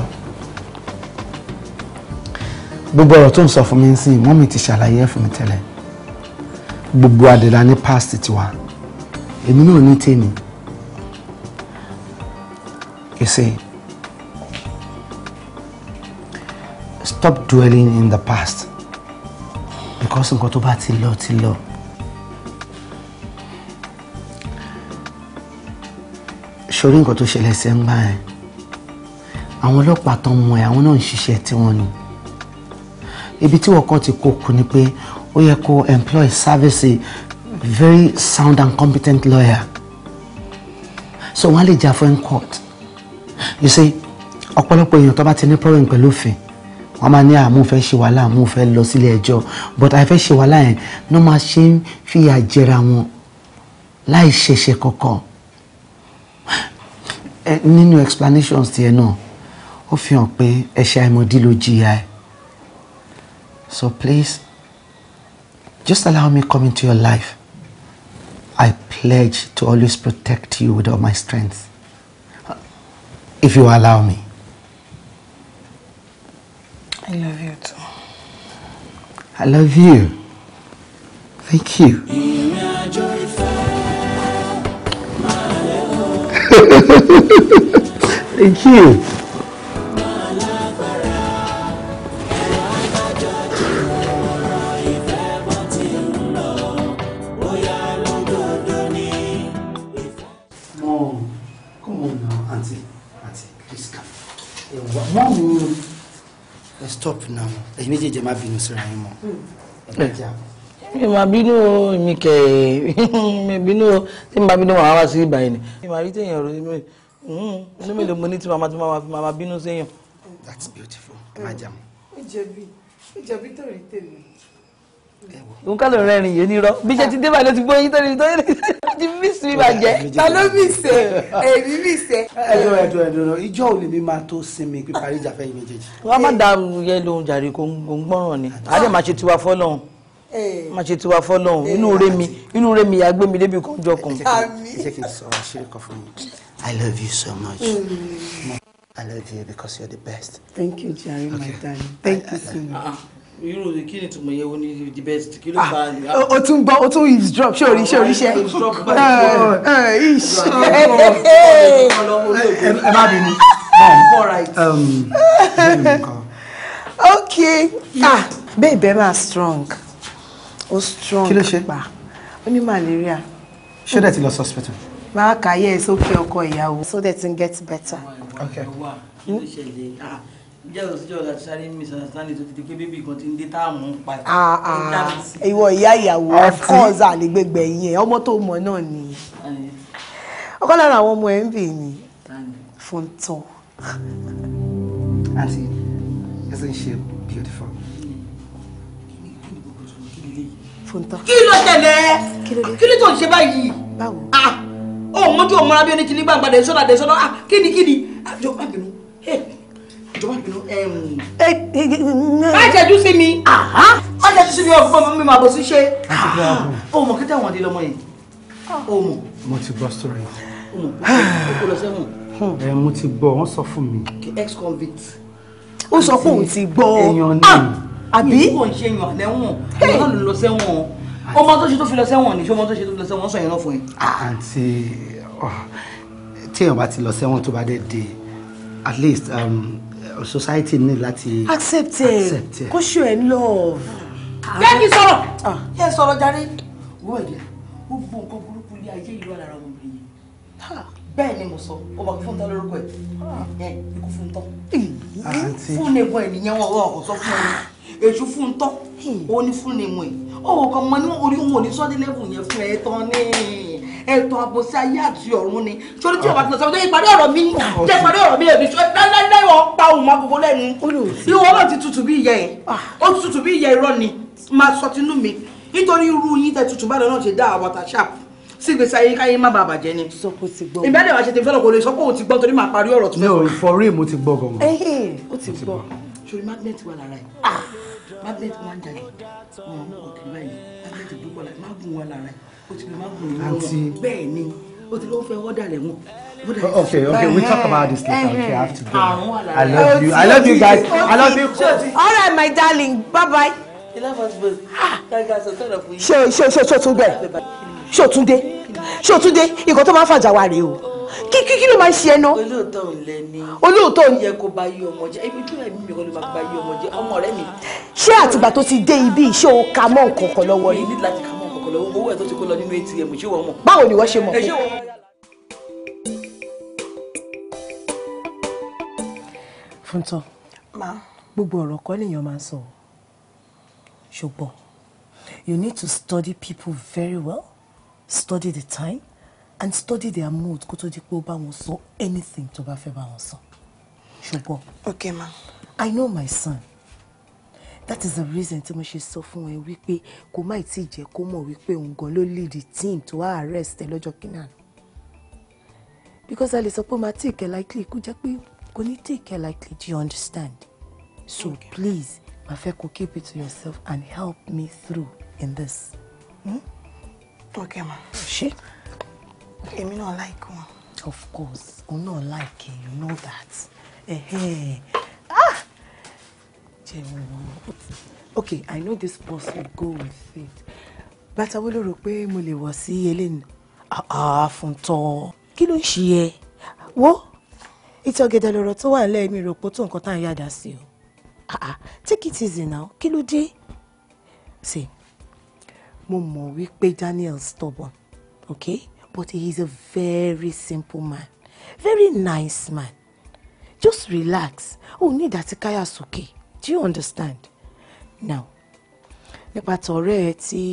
gbogbo ọ̀rọ̀ tó ń sọ fún mi sí i mọ́mì ti ṣàlàyé ẹ̀ fún mi tẹ́lẹ̀ gbogbo àdìlà ní past tiwa èmi náà ní tèmi you see stop dwelling in the past because nǹkan tó bá ti lọ ti lọ. sórí nǹkan tó ṣẹlẹ̀ sí ń gbà ẹ́ àwọn ọlọ́pàá tán mú ẹ àwọn náà ń ṣiṣẹ́ tiwọn ni ibi tí wọ́n kàn ti kó kú ni pé ó yẹ kó employ service a very sound and competent lawyer so wọ́n á lè jà fún court you see ọ̀pọ̀lọpọ̀ èèyàn tó bá ti ní problem pẹ̀lú òfin wọ́n máa ní àmú fẹ́ ṣe wàhálà àmú fẹ́ lọ sílé ẹjọ́ but àìfẹ́ ṣe wàhálà yẹn ló máa ṣe ń fìyà jẹra wọn láì ṣẹ̀ṣẹ̀ kankan nínú explanations tiẹ̀ náà ó fi hàn pé ẹ̀ṣẹ̀ àìmọ̀dí ló jìyà ẹ̀ so please just allow me come into your life I pledge to always protect you with all my strength if you allow me. I love you too. I love you. Thank you. Thank you. Mom, come on now, Auntie. Auntie, please come. Mom, stop now ẹ̀yin méjèèjì má bínú síra yín mọ́ mi hmm. ma bínú o mi kẹ mi bínú o tí mi bá bínú màá wá sí ìbàyìí ni. mi máa rí téèyàn rò mí hmm, inú mi lè mo ní tí màmá tí màmá máa bínú séèyàn. that's beautiful ẹ má jà mọ́. ó jẹ̀bi ó jẹ̀bi tó rí tèmi òun kálọ̀ rẹ́rìn yìí nírọ́ bí ṣe ti dé báyìí ló ti gbóyin tó ní tó ní ti mísì mi bàjẹ́ ta ló mísè èmi mísè. ẹjọ ẹjọ ẹjọ ìjọ ò lè mi máa tó sinmi píparí ìjà fẹyìn méjèèjì. wọn má dá yẹ lóhun jàre kó ń gbọ́ràn ni àdé ah, ah. máa ṣe tiwa fọlọ́hún eh. máa ṣe tiwa fọlọ́hún eh, inú rẹ mi inú rẹ mi yà gbé mi débi kan jọ kan. ẹ jẹ́ kí n sọ I love you so much. Mm. I love you because you're the best. Thank you, Jerry, my darling. Thank you so much. Uh-uh irú kí ni tùmọ̀ yẹn wo ni the best kí ló ah, fa. o tún gbọ́ o tún is drop ṣé orí ṣé orí ṣe. Eh, eh, eh, ẹ má bínú. Um, um, ok ah babe ẹ máa strong o strong kí ló ṣe pa ó ní malaria. ṣé dẹ̀ ti lọ hospital. máa kà yẹ ẹ sókè ọkọ ìyàwó so that it get better. okay. okay. Ah, mm? Ah, ah, ìwọ ìyá ìyàwó ọkọọza àlégbègbè yẹn ọmọ tó mọ náà ni ọ̀kan lára àwọn ọmọ ẹ ń bì ní fún tán. àǹtí isn't she beautiful. fún tán. kí ló tẹ̀lé kí ló tó ń ṣe báyìí. báwo. Ah, ó mọ́jú òun mọ́ra bí oníkìní gbàgbà dẹ̀ sọ́dà dẹ̀ sọ́dà kí ni kí ni àjọ pàbínú jọ̀wọ́ ìpinnu ẹ̀hún. má jẹ́jú sí mi. má jẹ́jú sí mi ọgbọ́n mi máa bọ̀ sí ṣe. o mọ̀ kíta àwọn adélọ́mọ yẹn. o ah. mọ̀. mo ti gbọ́ sórí. o mọ̀ mo ti gbọ́ wọ́n sọ fún mi. ex convict. ó sọ pé òun ti gbọ́ èèyàn náà. Ah, àbí ìwọ ń ṣe èèyàn lẹ́wọ̀n èèyàn náà ló lọ sẹ́wọ̀n o mọ tó ṣe tó fi lọ sẹ́wọ̀n ní ṣé o mọ tó ṣe tó fi lọ sẹ́wọ̀n sọ yẹn náà fún yẹn. Ah, àǹtí oh, tí èèyàn bá ti lọ sẹ́wọ̀n tó bá dé dé at least um, society ní láti. accept ẹ kó ṣù ẹ love. Ah. jẹ́ kí n sọ̀rọ̀ yẹ ah. sọ̀rọ̀ jáde wọ́n ẹ̀jẹ̀ gbogbo nǹkan burúkú ilé ayé ìlú àlàra ọmọbìnrin yẹn ah. bẹ́ẹ̀ ni mo sọ o mọ̀ kí fún tán lórúkọ ẹ̀ ikú fún tán fún nìkan ẹ̀ nìyẹn wọn ọkọ̀ sọ fún ẹ èṣù fún tán ó ní fún nìwọ̀n ẹ̀ ọ̀kan mọ ní orí wọn ò ní sọ́dí lẹ́bùn yẹn fún ẹ tán ní ẹ̀tàn àbòsí ayé àti ọ̀run ni sórí tí o bá ti lọ sọ́kọ́ tó ìpàdé ọ̀rọ̀ mi jẹ́ ah, ìpàdé ọ̀rọ̀ mi èmi sọ láíláí wọn pa òun máa gbogbo lẹ́nu ìwọ náà ti tutù bí ìyẹ́ ẹ̀ ah. ó ti tutù bí ìyẹ́ irọ́ ni máa sọ tinú mi nítorí irú yín tẹ tutù báyìí náà ṣe dá àwọn àtàṣàp sí ayé káyé má bàa bàjẹ́ ni. ìbẹ́lẹ̀ wa ṣe tèmi sọ́nà kò lè sọ pé o ti gbọ́ torí màá parí ọ̀rọ̀ tó fẹ́ mi ò fọ rí mo ti gbọ́ gan-an. ti gbọ́. sori magnet wà lára yìí ah. magnet máa ń jalè ọ̀hún báyìí magnet gbé pọ̀ láì wà lára yìí àǹtí bẹ́ẹ̀ o ti lọ fẹ́ ọ́dà lẹ́wọ̀n. Okay, okay, we talk about this later. Okay, I have to go. I love you. I love you guys. I love you. All right, my darling. Bye bye. Ah, ṣé ṣé ṣé ṣé tún bẹ́ẹ̀? Ṣé o tún dé? Ṣé o tún dé? Ìkọ́ tó máa ń fàjà wa rèé o kí kí kí ló máa ń ṣe ẹnu. olóòótọ́ ń lẹ ni. olóòótọ́ ń. yẹ kó bá yí ọmọ jẹ ibi tí ẹ̀mí mi kọ́ ló máa bá yí ọmọ jẹ ọmọ rẹ mi. ṣé àtìgbà tó ti dé ibi iṣẹ́ o ka mọ́ nǹkan kan lọ́wọ́ yìí. mi ní láti kà ọpọlọ owó ẹ̀ tó ti kó lọ nínú atm ṣé wọ́n mọ̀. báwo ni wọ́n ṣe mọ̀ pé. gbogbo ọ̀rọ̀ kọ́ lèèyàn máa ń sọ ṣùgbọ́n you need to study people very well study the time and study their mood kó tó di pé ó bá wọn sọ anything tó bá fẹ́ bá wọn sọ ṣùgbọ́n. okay ma. I know my son that is the reason tí mo ṣe sọ fún ẹ wípé kó má tí ì jẹ́ kó mọ̀ wípé òun gan ló lead the team to wá arrest ẹ lọ́jọ́ kínní àná because a lè sọ pé ó máa likely kó jẹ́ pé kò ní take ẹ likely do you understand so okay. please ma fẹ́ kó keep it to yourself and help me through in this. Hmm? okay ma. ṣe. èmi náà like wọn. of course òun náà like you know that. Eh, eh. ah tiẹ̀ wò wọ́n okay i know this boss will go with it bàtà wo ló rò pé mo lè wọ̀ sí eléyìí àfùntọ̀ kí ló ń ṣe ẹ wọ́ ìtì ọ̀gẹ̀dẹ̀ lọ̀rọ̀ tó wà nílẹ̀ mi rò pé tó nǹkan tá à ń yàdá sí o take it easy now kí ló dé sí mo mọ̀ wípé Daniel stubborn okay but he is a very simple man very nice man just relax o ní ìdá tí káyà sókè. Okay? do you understand now nípa tọ̀rẹ́ ẹ tí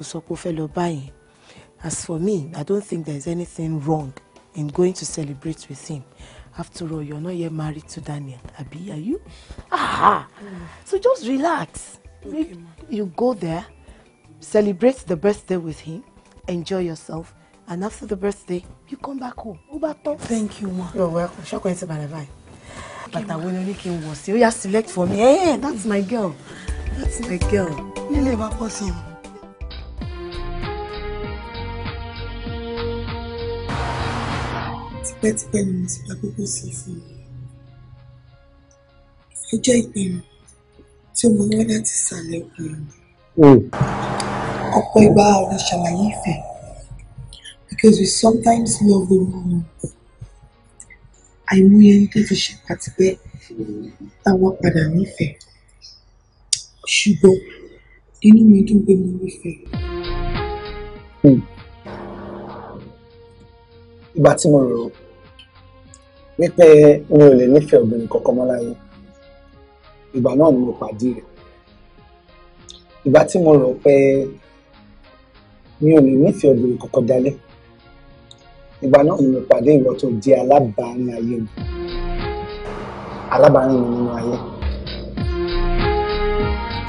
o sọ pé o fẹ́ lọ báyìí as for me i don't think there is anything wrong in going to celebrate with him after all you're not yet married to Daniel abi are you ah mm. so just relax okay, you, go there celebrate the birthday with him enjoy yourself and after the birthday you come back home thank you ma. you're welcome ṣọkọ ẹ ti bàrẹ̀ báyìí bàtà wo ni o ní kí n wọ̀ sí ó yá select for me ẹ̀ eh, that's my girl that's my girl. nílé wa pọ̀ sí i. tipẹ́tipẹ́ ni mo ti gba gbogbo sí fún mi. Ìfẹ́ jẹ́ ìpinnu tí mo ní láti sàlẹ̀ ìpinnu. Ọ̀pọ̀ ìgbà ọ̀rọ̀ ṣàlàyé ìfẹ́ because we sometimes love the woman àìmọye ẹni tó ti ṣe pàtìpẹ́ táwọn padà nífẹ̀ẹ́ ṣùgbọ́n inú mi dùn pé mo nífẹ̀ẹ́. Hmm. ìgbà tí mo rò wípé mi ò lè nífẹ̀ẹ́ obìnrin kankan mọ́ láyé ìgbà náà ni mo pàdé rẹ̀ ìgbà tí mo rò pé mi ò lè nífẹ̀ẹ́ obìnrin kankan dálé ìgbà náà ni mo pàdé ìwọ tó di alábàárín ayé mi alábàárín mi nínú ayé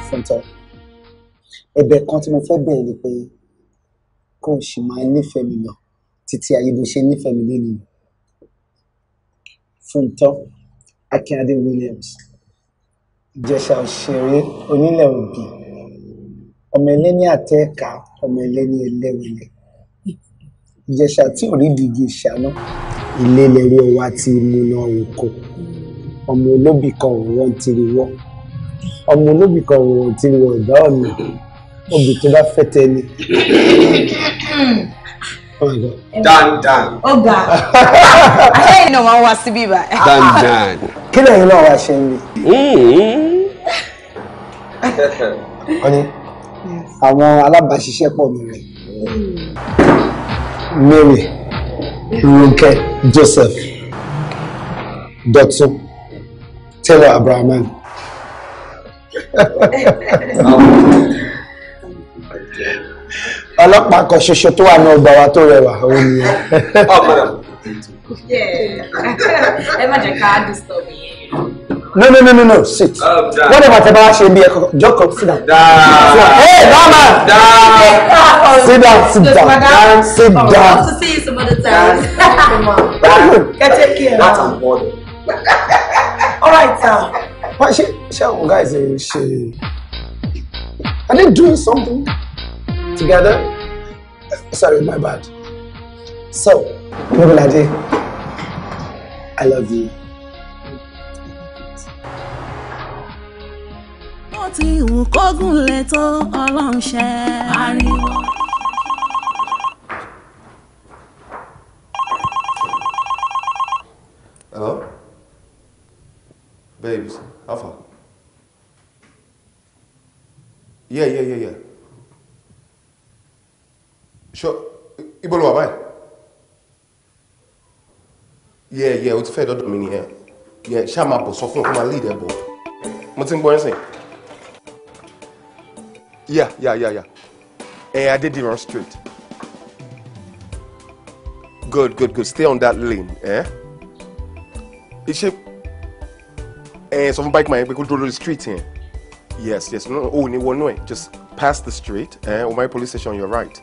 fúntọ́ ẹ̀bẹ̀ kan tí mo fẹ́ bẹ̀rẹ̀ ni pé kó o sì máa nífẹ̀ẹ́ mi lọ títí ayé bó ṣe nífẹ̀ẹ́ mi lẹ́nu fúntọ́ akínádé williams ìjẹsà òṣèré onílẹ̀ òbí ọmọ ẹlẹ́ni àtẹ́ẹ̀ka ọmọ ẹlẹ́ni ẹlẹ́wẹ̀lẹ́ ìjẹ̀ṣà tí ò rí dìgì ìṣáná ilé lẹ́rú ọwá ti mú náà oko ọmọ olóbì kan òwò tiri wọ́ ọmọ olóbì kan òwò tiri wọ́ ọ̀dá ọ̀nà obì tó bá fẹ́ tẹ́ni. dandan. ọ̀gá àtẹ̀yìn náà máa ń wá síbí dan dandan. kí lẹ́yìn náà wá ṣe ń rí. wọ́n hmm. ní àwọn alábàáṣiṣẹ́pọ̀ mi rẹ̀. Mary Ronke Joseph Dọ̀tun Taylor Abraham. ọlọ́pàá kan ṣoṣo tó wà ní ọgbà wa tó rẹwà òun nìyẹn. Oh, ẹ má jẹ́ ká disturb yẹn no no no no no sit wọ́n dẹ̀ bàtẹ́ bá ṣe be ẹ̀kọ́ jọ́kọ̀ sit down hey mama sit down sit down sit oh, down. kẹ́tẹ́ kí ẹ̀ rà. all right now. wọ́n ṣe ṣe àwọn guys ẹ̀ eh, ṣe are they doing something together? sorry my bad so Mobilade I love you. ti hùn kógun lè tó ọlọ́run ṣe Hello? Babes, how far? Yeah, yeah, yeah, yeah. Sure. Ibo lo wà Yeah, yeah, o ti fẹ́ dọ́dọ̀ mi nìyẹn. Yeah, ṣáà máa bọ̀ sọ fún ọkọ máa lead ẹ̀ bọ̀. Mo ti ń gbọ́ ẹ́ sìn yeah yeah yeah yeah eh Adediran street good good good stay on that lane eh iṣẹ eh sọ fún bike man pé go dúró the street yẹn yes yes no no. o no, wọnú no. just pass the street eh Omai police station you're right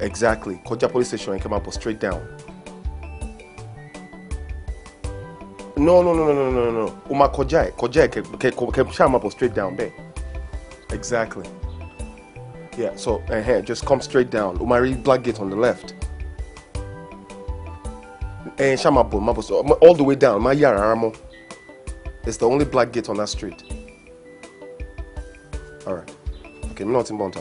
exactly kọjá police station and come up bọ̀ straight down. no no no no no no no o ma kọjá can kọjá ẹ kẹ kẹ straight down bẹ́ẹ̀. Exactly. Yeah, so uh, here, just come straight down. Umari black gate on the left. Ẹyin eh, ṣá máa bọ̀ so all the way down máa yà rárá It's the only black gate on that street. Alright. Okay, mi not in ń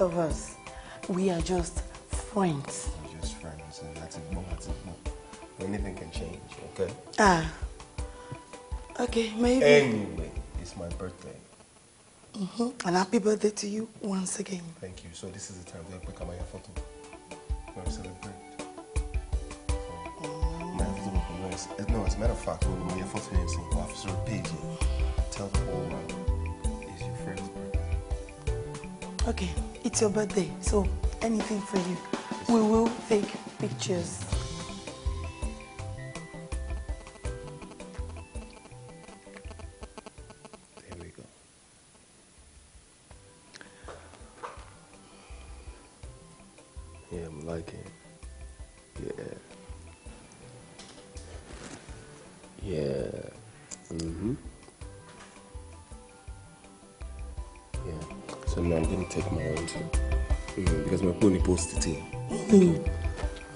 lovers. We are just friends. We're just friends, and that's it. No, that's it. No. Anything can change, okay? Ah. Okay, maybe. Anyway, it's my birthday. Mm-hmm. And happy birthday to you once again. Thank you. So this is the time where pick up my photo. We're celebrate. Eh, no, as a matter of fact, when we have photo names in Officer Page, tell the whole world is your friend's Okay, it's your birthday, so anything for you. We will take pictures. There we go. Yeah, I'm liking Yeah. Yeah. Mm-hmm. Yeah. So now I'm going to take my own too. Mm, because my pony posted it here.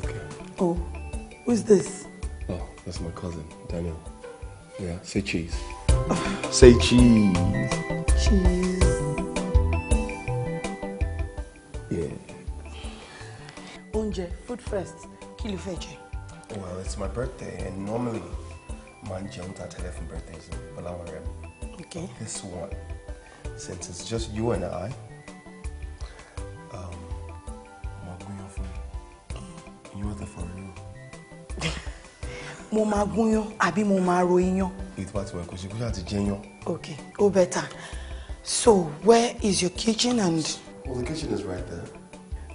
Okay. Oh, who's this? Oh, that's my cousin, Daniel. Yeah, say cheese. Oh. Say cheese. Cheese. Yeah. Unje, food first. Kilo feche. Well, it's my birthday, and normally man jumps at 11 birthdays, but I Okay. This one. since it's just you and I. Um, máa gúnyán fún mi mo máa gúnyán àbí mo máa ro iyán. èyí tí wàá ti wà kó ṣe kó ṣáà jẹ iyán. okay ó better so where is your kitchen and. well the kitchen is right there.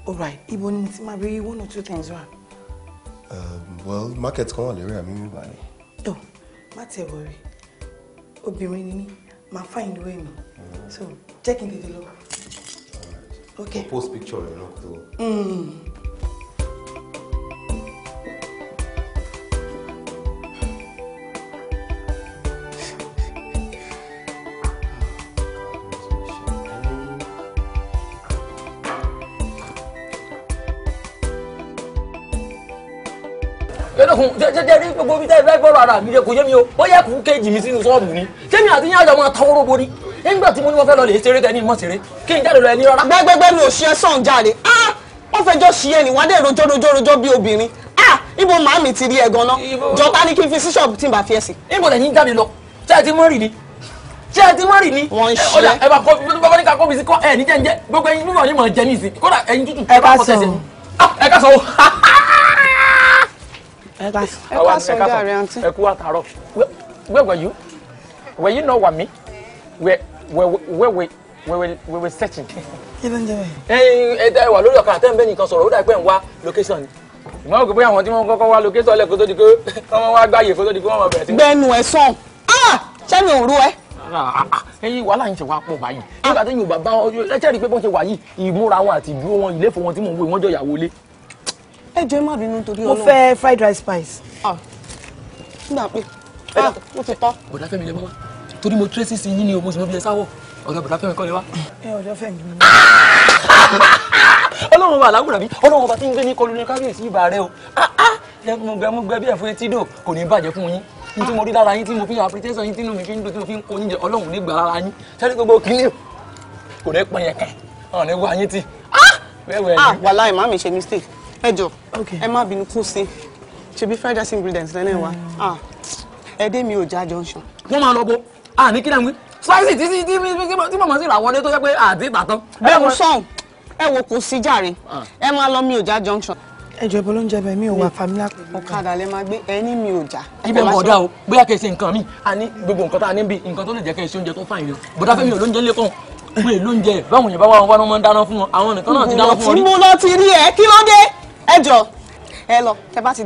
alright ibo ni mo ti máa rí one or two things wa. Um, well market kan wà lórí àmì mi báyìí. oh má tẹ̀ wọ̀rí obìnrin ni mí màá find way mi so jẹ́ kí n tètè lọ. ok o post picture rẹ náà tó. Hmm. ẹlẹ́kùn jẹjẹrẹ rí gbogbo bí tẹ́ ẹ fẹ́ gbọ́rọ̀ ara mi jẹ kò yé mi o bóyá kù kéjì mi sínú sọ́ọ̀bù ni kémi àti yín àjọ máa tọwọ́rọ́ borí nígbà tí mo ní mo fẹ́ lọ lè ṣeré tẹ́ni mọ̀ ṣeré kí n jáde lọ ẹni rárá. gbẹgbẹgbẹ ni òṣìṣẹ́ sàn jáde ah wọ́n fẹjọ́ ṣí ẹni wọ́n á dẹ̀ rojọ́ rojọ́ rojọ́ bí obìnrin ah ibo màámi ti rí ẹ gan-an jọta ni kí n fi sí ṣọ́ọ̀bù tí n bá fi ẹ̀ sí. níbo lẹ́yìn jáde lọ ṣé ẹ ti mọ́ rì ni ṣé ẹ ti mọ́ rì ni. wọ́n ń ṣe ọjà ẹ bá kọ́ bá ní ká kọ́ mi sí kọ́ ẹ ní jẹ́njẹ́ gbogbo ẹyin mímọ̀ ni mọ̀ jẹ́ ní ìsìn kódà ẹyin tútù ẹ bá sọ ẹ ká sọ o. ẹ ká sọ ẹ ká sọ ẹ kú àtàrọ wẹ́wẹ́ yìí wẹ́yìn náà wà mí we, wẹ wẹ wẹ wẹ searching. kí ló ń jẹ bẹ́ẹ̀. ẹyin ẹ̀dá ìwà lórí ọ̀kadà tẹ́ ń bẹ́ẹ̀ nìkan sọ̀rọ̀ ó dà pé ń wá location ni. ìmọ̀ òkè bóyá àwọn tí wọ́n kọ́kọ́ wá location lẹ́kọ̀ọ́ tó di pé wọ́n wá gbáyè fó tó di pé wọ́n máa bẹ̀rẹ̀ sí. gbẹnu ẹ sàn ah! ṣé mi ò rú ẹ. Ah, ah, ẹyin wàhálà yìí ṣe wá pọ̀ báyìí nígbà tí Yorùbá bá wọn lẹ́tẹ̀ rí pé bọ́n ṣe wà yìí ìmúra wọn àti ìdúró wọn ìléfò wọn tí mò ń wò wọ́n jọ ìyàwó ilé. ẹ jọ̀ọ́ ẹ má bínú torí Ọlọ́run. mo fẹ́ fried rice spice. nígbà pé mo ti tọ́. bọ̀dá fẹ́mi lè bá wa torí mo tracy sí yín ni o mo sì mọ bí ẹ sáwọ ọ̀dọ̀ bàtà fẹ́mi kọ́ ni wá. ẹ ọ̀dọ̀ fẹ́mi ni. ọlọ́run bá aláwùrán mi ọlọ́run ọba tí ń gbé ní kọlu ní kábíyèsí ibà rẹ o ah, ah, mo gbẹ mo gbẹ bí ẹ̀fọ́ etí dò kò ní bàjẹ́ fún yín ní tí mo rí lára yín tí mo fi àpètẹ́sọ̀ yín tí mo fi ń dùn tí mo fi ń kó yín jẹ ọlọ́run ní gbà lára yín sẹ́ni gbogbo kìíní kò ní pọ̀ yẹn kàn ọ̀rọ̀ ní wá yín tì. wàláì má mi ṣe mistake ẹ jọ ẹ má bínú kú sí ṣebí fried rice ingredients lẹ́nu ẹ̀ wá hmm. ah, ẹ̀ẹ́dẹ́ mi ò já junction. wọ́n máa lọ bó a ní kí náà wí spicy tí tí tí mọ̀mọ́ sì rà wọlé tó yẹ pé àti ìtàtán. ẹ wo sọ̀hún ẹ wo kò sí jàre ẹ máa lọ mi ò já junction. ẹ jọ ibo ló ń jẹ bẹ́ẹ̀ mi ò wà familiar pẹ̀lú. ọ̀kadà lè máa gbé ẹni mi ò já. ibẹ̀ mọ̀ ọ̀dà o bóyá kẹ́ ẹ ṣe nǹkan mi a ní gbogbo nǹkan tá a ní bí nǹkan tó lè jẹ́ kẹ́ ẹ ṣe oúnjẹ tó fà yín o bọ́dá fẹ́mi ò ló ń jẹ́ lẹ́kọ̀ọ́ pé ló ń jẹ báwọn yẹn bá wà wọn máa ń dáná fún wọn àwọn nìkan náà ti dáná fún wọn rí. mo lọ ti rí ẹ kí ló dé ẹ jọ ẹ lọ tẹ bá ti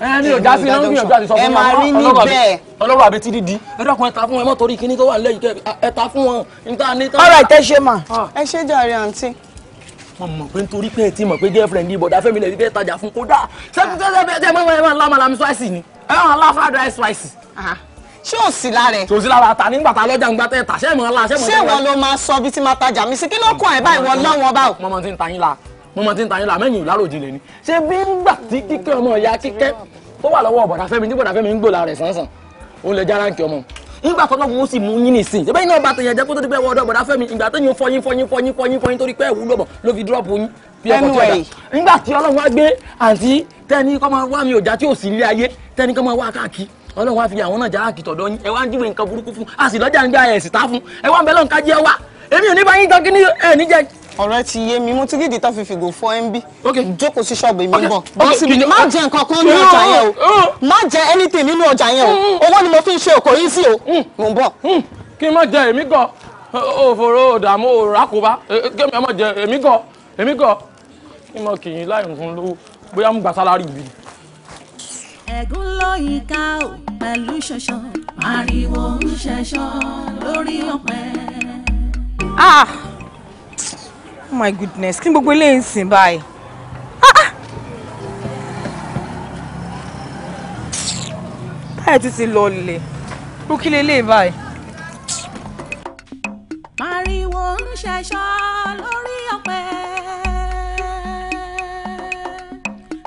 ẹ ní ọjà sí náà ń gbìyànjú àti sọ fún mi. ẹ máa rí níbẹ̀. ọlọ́run àbí ti dídí. ẹ dákun ẹ ta fún wọn ẹ mọ́ torí kíní tó wà lẹ́yìn kẹ́ ẹ ta fún wọn níta níta. ọ̀rọ̀ ìtẹ́ ṣe mà ah. ẹ ṣe jàre àǹtí. mo mọ̀ pé nítorí pé ẹ ti mọ̀ pé girlfriend ibọ̀dá fẹ́mi lẹ́bi fẹ́ tajà fún kódà ah. ah. ṣé ò sí lára ẹ. tòsí lára ta nígbà tá lọ́jà ńgbà tẹ́ ta ṣé ìmọ̀ ńlá ṣé ìmọ̀ ńlá. ṣé ìwọ ló máa sọ bí ti máa tajà mi sí kí ló kọ ẹ̀ báyìí wọ lọ́wọ́ báwo. mọ́mọ́ ti ń ta yín la mo mọ ti ń ta yín lọ àmẹ́yìn ìlárojìnlẹ̀ ni ṣé bí nígbà tí kíkẹ́ ọmọ ìyá kíkẹ́ tó wà lọ́wọ́ bọ̀dà fẹ́mi tí bọ̀dà fẹ́mi ń gbòòlà rẹ̀ sánsan òun lè jára ń kí ọmọ nígbà tó lọ́wọ́ ó sì mú yín nìsín ṣé bẹ́ẹ̀ náà bá tẹ̀yẹ̀ jẹ́ kó tó ti pẹ́ wọ́ọ́dọ̀ bọ̀dà fẹ́mi ìgbà tó yín fọyín fọyín fọyín fọyín torí pé ẹ̀wù lọ́bọ̀ ló fi dúrọ́ọ̀pù yín bí ọkọ̀ tí ọ̀dà nígbà tí ọlọ́run wá gbé àǹtí tẹ́ni kọ́ máa wá mi òjá tí ò sí ilé ayé tẹ́ni kọ́ máa wá káàkiri ọlọ́run wá fi àwọn náà jára kìtọ̀ dọ́ yín ẹ wá ń jíwèé nǹkan burúkú fún a sì lọ́jà ń gbé ayẹ̀ sì ta fún ẹ wá ń bẹ lọ́nkà jẹ́ wá èmi ò ní bá yín tán kí ní ẹ̀ níjẹ́ ọ̀rẹ́ ti yé mi mo ti gidi tó fi fìgò fọ ẹ́ ń bí jókòó sí ṣọ́ọ̀bù mi bọ̀ bọ́ síbi má jẹ nǹkan kan nínú ọjà yẹn o mm. má jẹ anything nínú ọjà yẹn o mm. owó ni mo fi ń ṣe òkò yín sí o mò mm. ń bọ̀. kí n má jẹ èmi gan òfòrò òdààmú òràkóbá kí n má jẹ èmi gan èmi gan kí n má kì í láì nǹkan lówó bóyá mo gbà sálárì mi. ẹ̀gún ló ìka ò pẹ̀lú ṣọ̀ṣọ̀ ariwo ń ṣẹ̀ṣọ̀ lórí ọ̀pẹ. ah oh my goodness kí ni gbogbo eléyìí ń sìn báyìí. Ah, ah. báyìí tún ti lọ lè ó kí lè lè báyìí. màrìwò ń ṣẹ̀ṣọ́ lórí ọ̀pẹ.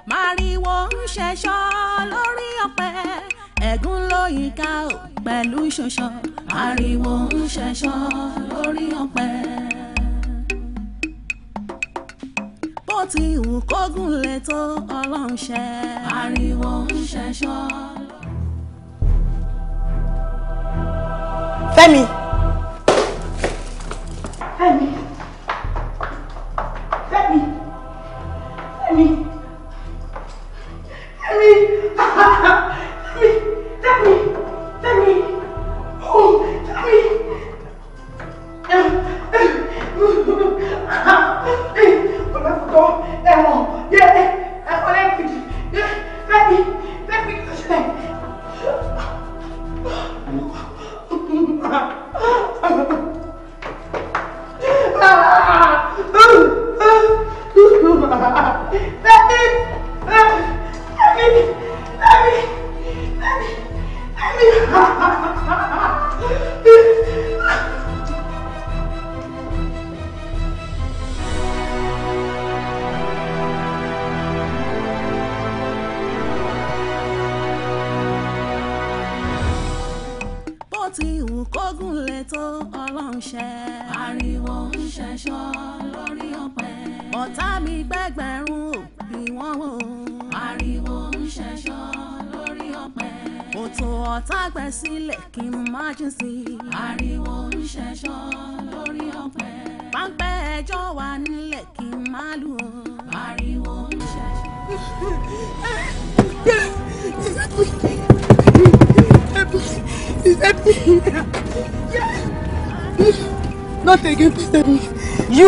màrìwò ń ṣẹ̀ṣọ́ lórí ọ̀pẹ. ẹ̀gún ló yíká pẹ̀lú ṣoṣọ. màrìwò ń ṣẹ̀ṣọ́ lórí ọ̀pẹ. bó ti hù kógùn lè tó ọlọ́run ṣe. ariwo ń ṣẹṣọ. Fẹ́mi. Fẹ́mi.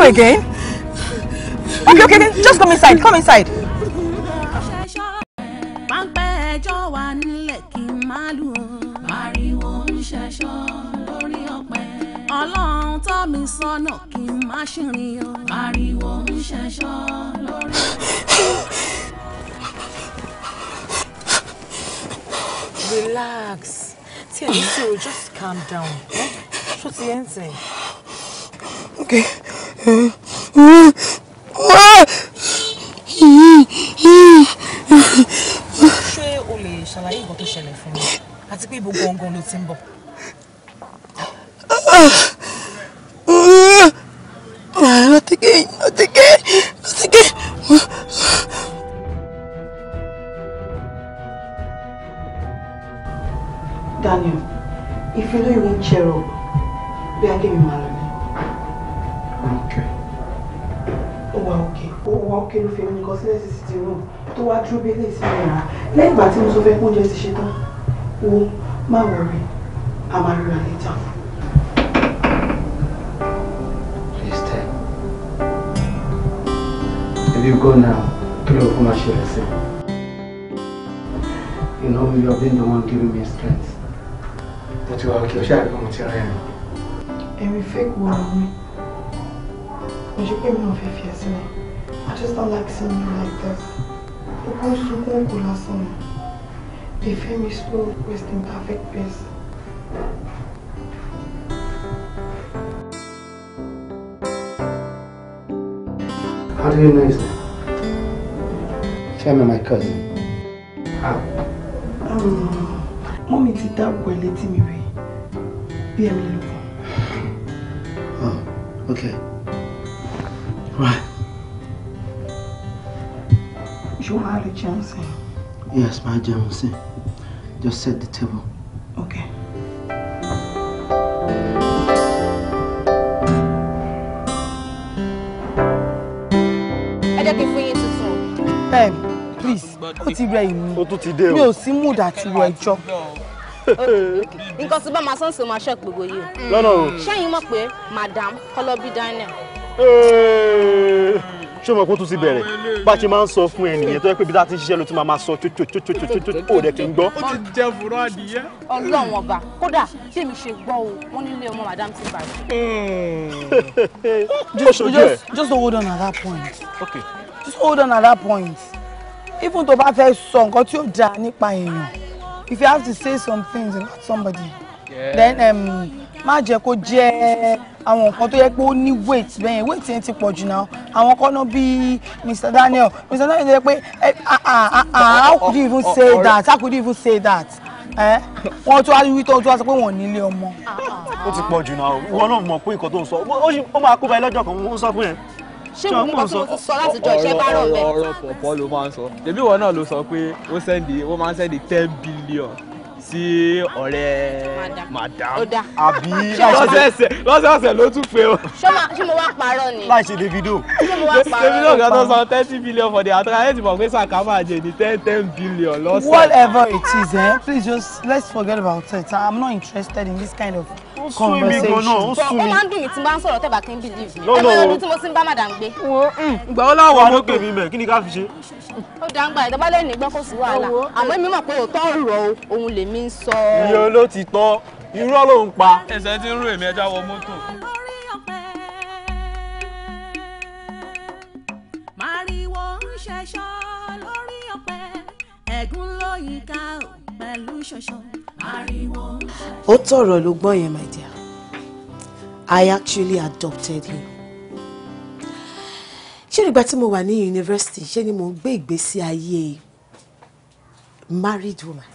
again? Okay, okay, then just come inside. Come inside. Relax. Tí èyí just calm down. Eh? Ṣó the ẹ̀ ti ń bọ̀. ọtíkẹ́ ọtíkẹ́ ọtíkẹ́. Daniel, if you know you won't cheer up, be I give oh, oh, you my love. Okay. Ó wà òkè, ó wà òkè ló fi ẹni kan sílẹ̀ sí ti rò tó wá dúró bí eléyìí sí ìrìnà. Lẹ́yìn ìgbà tí mo sọ fẹ́ kó oúnjẹ má worry. I'm máa ríra níta. please stay. if you go now kí come kó máa ṣẹlẹ̀ you know you have been the one giving me strength But you are òkè ó ṣàlùkò mo ti rẹ̀ ẹ́. fake wo ara me. mo you pé mi náà Fifth fi I just don't like seeing you like this. ó go sunkún kò lásán ni. Ìfẹ́ mi slow, wasting perfect peace. How do you know his name? Femi, my cousin. How? Um, Mọ́mì ti that ilé tí mi rí. Bí ẹ̀mí ló Oh, okay. Right. You're Harry Johnson. Yes, my German. Just set the table. Okay. Ẹ jẹ́ kí n fún yín tuntun. Ẹ please, ó ti rẹ ìmú. Ó tún ti dé o. Mi ò sí mood àti wọ ẹjọ́. Nǹkan tí bá máa sọ́ọ̀sì máa ṣọ́ gbogbo yìí. Lọ́nà o. Ṣẹ́yìn mọ̀ pé Madam Kọ́lọ́bí Daniel ṣé o mọ̀ kó tún ti bẹ̀rẹ̀ bá a ṣe máa ń sọ fún ẹnìyẹn tó yẹ pé ibi tá a ti ṣiṣẹ́ ló ti máa máa sọ tsotsotsotsotsotso ó dẹ̀ kí n gbọ́. ó ti jẹ fúrọ́ adìyẹ. ọlọ́run ọba kódà tí èmi ṣe gbọ́ o wọ́n nílé ọmọ madam ti bàjẹ́. just just just hold on at that point. okay. just hold on at that point. even tó bá fẹ́ sọ nǹkan tí ó dáa nípa èèyàn if you have to say some things about somebody yeah. then má jẹ́ kó jẹ́ àwọn nǹkan tó yẹ pé ó ní weight bẹ́yẹn weight yẹn ti pọ̀ jù náà àwọn kan bíi Mr. Daniel Mr. Daniel yẹ pé how could you even say that how could you even say that wọ́n tún wáá wí tó tún wáá sọ pé wọ́n nílé ọmọ. ó ti pọ̀ jù náà ìwọ náà mọ̀ pé nǹkan tó ń sọ ó máa kó báyìí lọ́jọ́ kan ó ń sọ fún yẹn ṣé mo mọ sọ láti jọ iṣẹ́ bá rọ̀ bẹ́ẹ̀. ọ̀rọ̀ pọ̀pọ̀ ló máa ń sọ tèmi ìwọ náà ló sọ pé ó máa ń sẹ́ndì ten billion sí ọ̀rẹ́ madam àbí lọ́sẹ̀ọ̀sẹ̀ lọ́sẹ̀ọ̀sẹ̀ ló tún pé o. ṣé mo wá parọ́ ni. láì Davido. ṣé mo wá parọ́ ni. Davido kan san thirty billion for the atara ẹ̀ ti mọ̀ jẹ ní ten ten billion lọ́sẹ̀. whatever it is eh, please just let's forget about it i'm not interested in this kind of conversation. ó sún mi ó máa ń dùn mí tí n bá ń sọ̀rọ̀ tẹ́ bá kí n believe mi. ẹgbẹ́ ọdún tí mo ti ń bá madam gbé. Mm, ìgbà wo láwọn ọmọ pè mí mẹ́ kí ni ká fi ṣe. ó dáa ń gba ìdọ́bálẹ̀ ní gbọ́kọ̀sí wàhálà eh. àmọ́ èmi mọ̀ pé òótọ́ ọ̀rọ̀ òun lèmi mi ń sọ. iye ló ti tọ́ irọ́ ló ń pa. ẹsẹ̀ ti ń rú èmi ẹja wọ mọ́tò. ó tọrọ ló gbọ́ yẹn my dear I actually adopted him ṣé nígbà tí mo wà ní yunifásitì ṣé ni mo ń gbé ìgbésí ayé married woman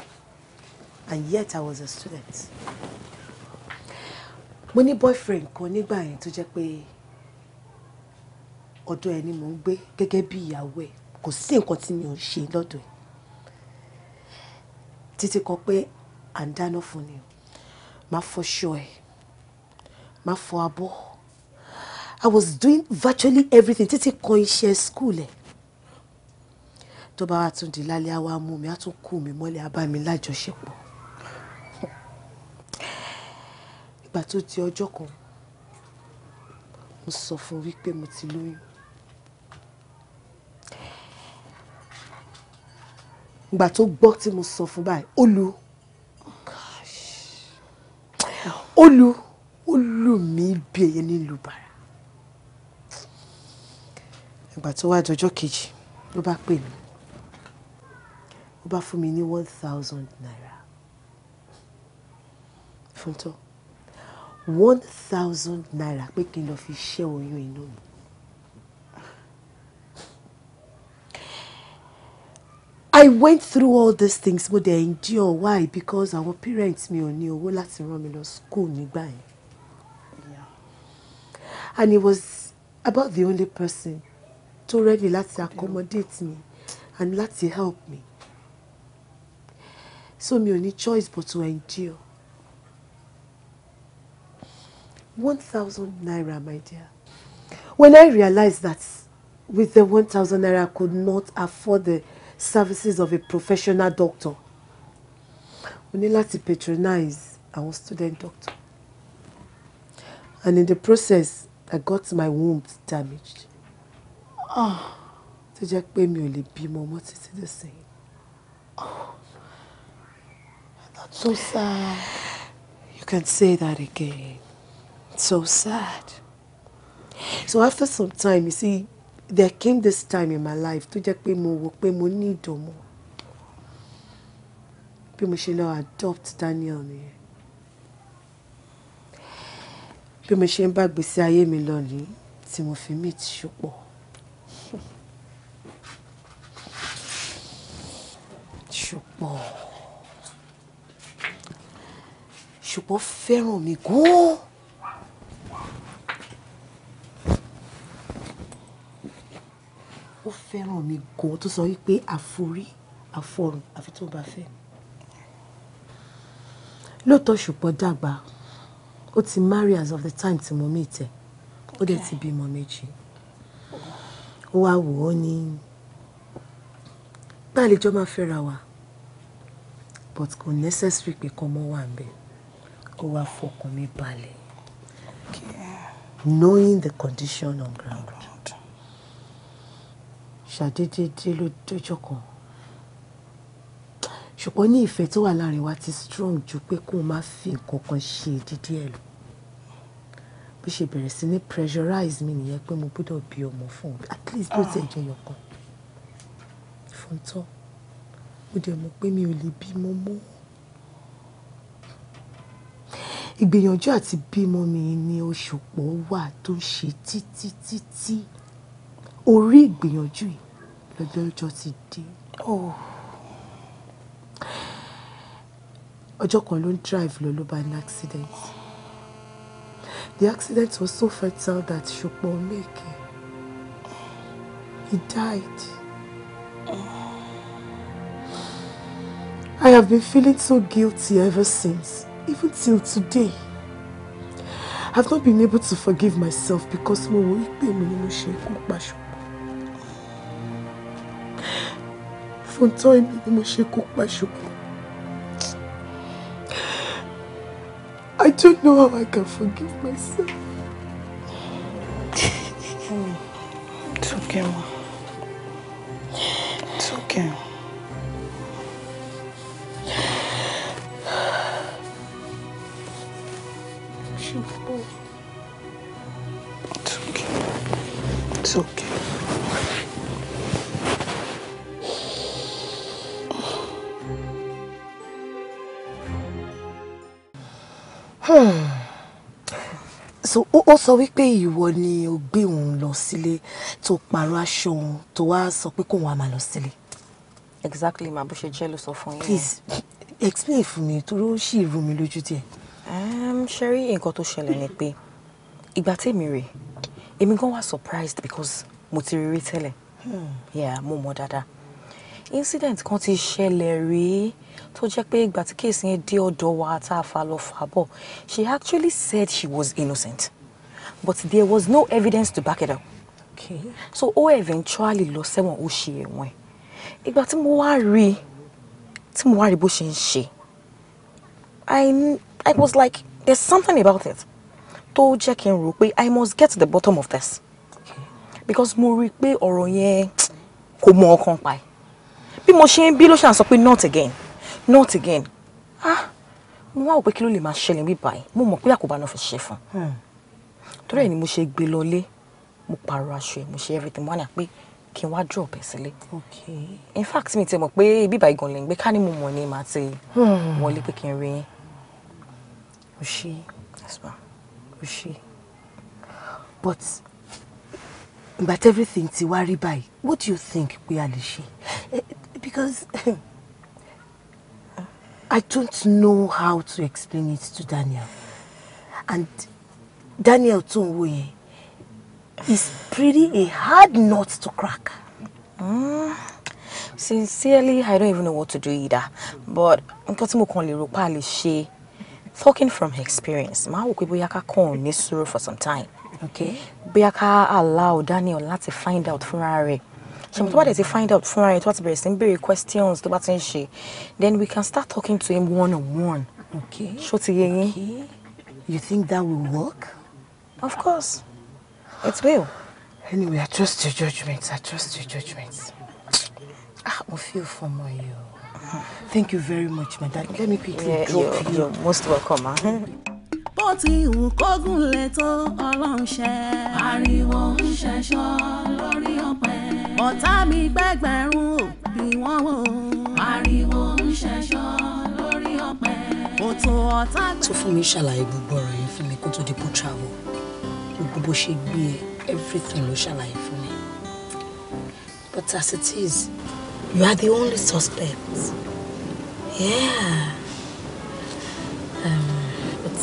and yet I was a student. mo ní boyfriend kan nígbà yẹn tó jẹ́ pé ọ̀dọ̀ ẹ̀ ni mò ń gbé gẹ́gẹ́ bí ìyàwó ẹ̀ kò sí nǹkan tí mi ò ṣe lọ́dọ̀ ẹ̀ títí kan pé à ń dáná fún ni máa fọṣọ ẹ̀ máa fọ abọ́ I was doing virtually everything títí kan iṣẹ́ school ẹ̀ tó bá wa tún di lálẹ́ àwa mú mi á tún kú mi mọ́lẹ̀ abá mi lájọṣepọ̀. ìgbà tó di ọjọ́ kan mo sọ fún un wípé mo ti lóyún ìgbà tó gbọ́ tí mo sọ fún báyìí ó lu ó lu ó lù mí bí èyí nílùú bàrà ìgbà tó wá dọjọ́ kejì ló bá pè mí ó bá fún mi ní one thousand naira fún tó one thousand naira pé kí n lọ fi ṣẹ́ oyún inú mi. I went through all these things mo dey endure why because àwọn parents mi ò ní owó láti rán mi lọ school nígbà yẹn and he was about the only person to ready láti accommodate me and láti help me so mi ò ní choice but to endure 1,000 naira, my dear. When I realized that with the 1,000 naira I could not afford the services of a professional doctor, we need to patronize our student doctor. And in the process, I got my womb damaged. Oh, ah, so jẹ́ pay me ò lè bímọ mọ́ títí dé Oh, that's so sad. You can say that again so sad. So after some time, you see, there came this time in my life to jẹ́ pé mo wò pé mo ní ìdòmọ̀. Bí mo ṣe lọ adopt Daniel nìyẹn. Bí mo ṣe ń bá gbèsè ayé mi lọ nìyí tí mo fi meet ṣùpọ̀. ṣùpọ̀ ṣùpọ̀ fẹ́ràn mi gan-an. ó fẹ́ràn mi gan tó sọ wípé àforí àfọrùn àfi tó bá fẹ́ lóòótọ́ ṣùpọ̀ dàgbà ó ti marry as of the time tí mo meet ẹ̀ ó dẹ̀ ti bímọ méjì ó wá wò ó ní gbàlejò máa fẹ́ra wa but kò necessary pé kọ́ mọ́ wà ńbẹ̀ kó wá fọkàn mi balẹ̀ knowing the condition on ground. Okay ṣàdédé dé lójọ́ kan ṣùgbọ́n ní ìfẹ́ tó wà láàrin wa ti strong ju pé kó o má fi nǹkan kan ṣe dídí ẹ̀ lọ bó ṣe bẹ̀rẹ̀ sí ní pressurize mi nìyẹn pé mo gbọ́dọ̀ bí ọmọ fún un at least bó tẹ̀ jẹyọ kan fún tán mo dẹ̀ mọ̀ pé mi ò lè bímọ mọ́ ìgbìyànjú àti bímọ mi ni oṣù pọ̀ wà tó ṣe títí títí orí ìgbìyànjú yìí lọ́jọ́ ọjọ́ ti dé. Oh. ọjọ́ kan ló ń drive lọ ló bá ní accident. The accident was so fatal that ṣùpọ̀ make it. He died. I have been feeling so guilty ever since, even till today. I've not been able to forgive myself because mo wò wípé mi ni mo ṣe ikú pa I don't know how I can forgive myself. It's okay, ma. It's okay. It's okay. It's okay. so ó sọ wípé ìwọ ni o gbé òun lọ sílé tó pààrọ̀ aṣọ òun tó wá sọ pé kóun á máa lọ sílé. exactly màá bó ṣe jẹ́ ló sọ fún yín. please explain fún mi torí ó ṣì rú mi lójú díẹ̀. ṣe rí nǹkan tó ṣẹlẹ̀ ni pé ìgbà tèmi rè èmi gan wà surprised because mo ti rí tẹ́lẹ̀ hmm. yeah mo mọ̀ dáadáa incident kan ti ṣẹlẹ̀ rèé tó jẹ́ pé ìgbà tí kéèsì yẹn dé ọ̀dọ̀ wa tá a fà lọ fà bọ̀ she actually said she was innocent but there was no evidence to back it up. Okay. so ó eventually lọ sẹ́wọ̀n ó ṣe ẹ̀wọ̀n ẹ̀ ìgbà tí mo wá rí tí mo wá rí bó ṣe ń ṣe I I was like there's something about it tó jẹ́ kí n rò pé I must get to the bottom of this because mo rí i pé ọ̀rọ̀ yẹn kò mọ ọkàn pa ẹ̀ bí mo ṣe ń bí ló ṣàn sọ pé not again not again ah mo wá òpé kí ló lè máa ṣẹlẹ̀ bí báyìí mo mọ̀ pé àkóbá náà fi ṣe fún un hmm. torí ni mo ṣe gbé lọlé mo pààrọ̀ aṣọ ẹ̀ mo ṣe everything wọ́n á pé kí n wá drop ẹ̀ sílé in fact mi ti mọ̀ pé bíbá igan lè ń gbé ká ní mo mọ̀ ni màá ti hmm. wọlé pé kí n rí yín. o ṣe o ṣe but but everything ti wá rí báyìí what do you think pé a lè ṣe eh, because. I don't know how to explain it to Daniel. And Daniel Tunwoye is pretty a hard nut to crack. Mm. Sincerely, I don't even know what to do either. But nǹkan tí mo kàn lè rò pa talking from experience, ma, wò pé bóyá ká kàn for some time. Okay. Bóyá ká allow Daniel to find out fúnra rẹ̀ so tó bá find out From ẹ̀ tó bá ti bẹ̀rẹ̀ questions tó bá She, then we can start talking to him one on one. okay ṣó ti yé yín. you think that will work. of course it will. anyway i trust your judgments. i trust your judgments. ah I feel for my you. thank you very much my dad. let me quickly yeah, drop you're, you. you're most welcome. Huh? bó ti ọlọ́run ṣe. ariwo ń ṣẹ̀ṣọ́ lórí ọ̀pẹ ọ̀tá mi gbẹgbẹ̀rún òbí wọn wò. ariwo ń ṣẹ̀ṣọ́ lórí ọ̀pẹ. òtò ọ̀tá gbẹ. tó fún mi ṣàlàyé gbogbo ọ̀rọ̀ yẹn fún mi kó tó di kó travel gbogbo bó ṣe gbé e everything ló ṣàlàyé fún mi but as it is you are the only suspect yeah um, but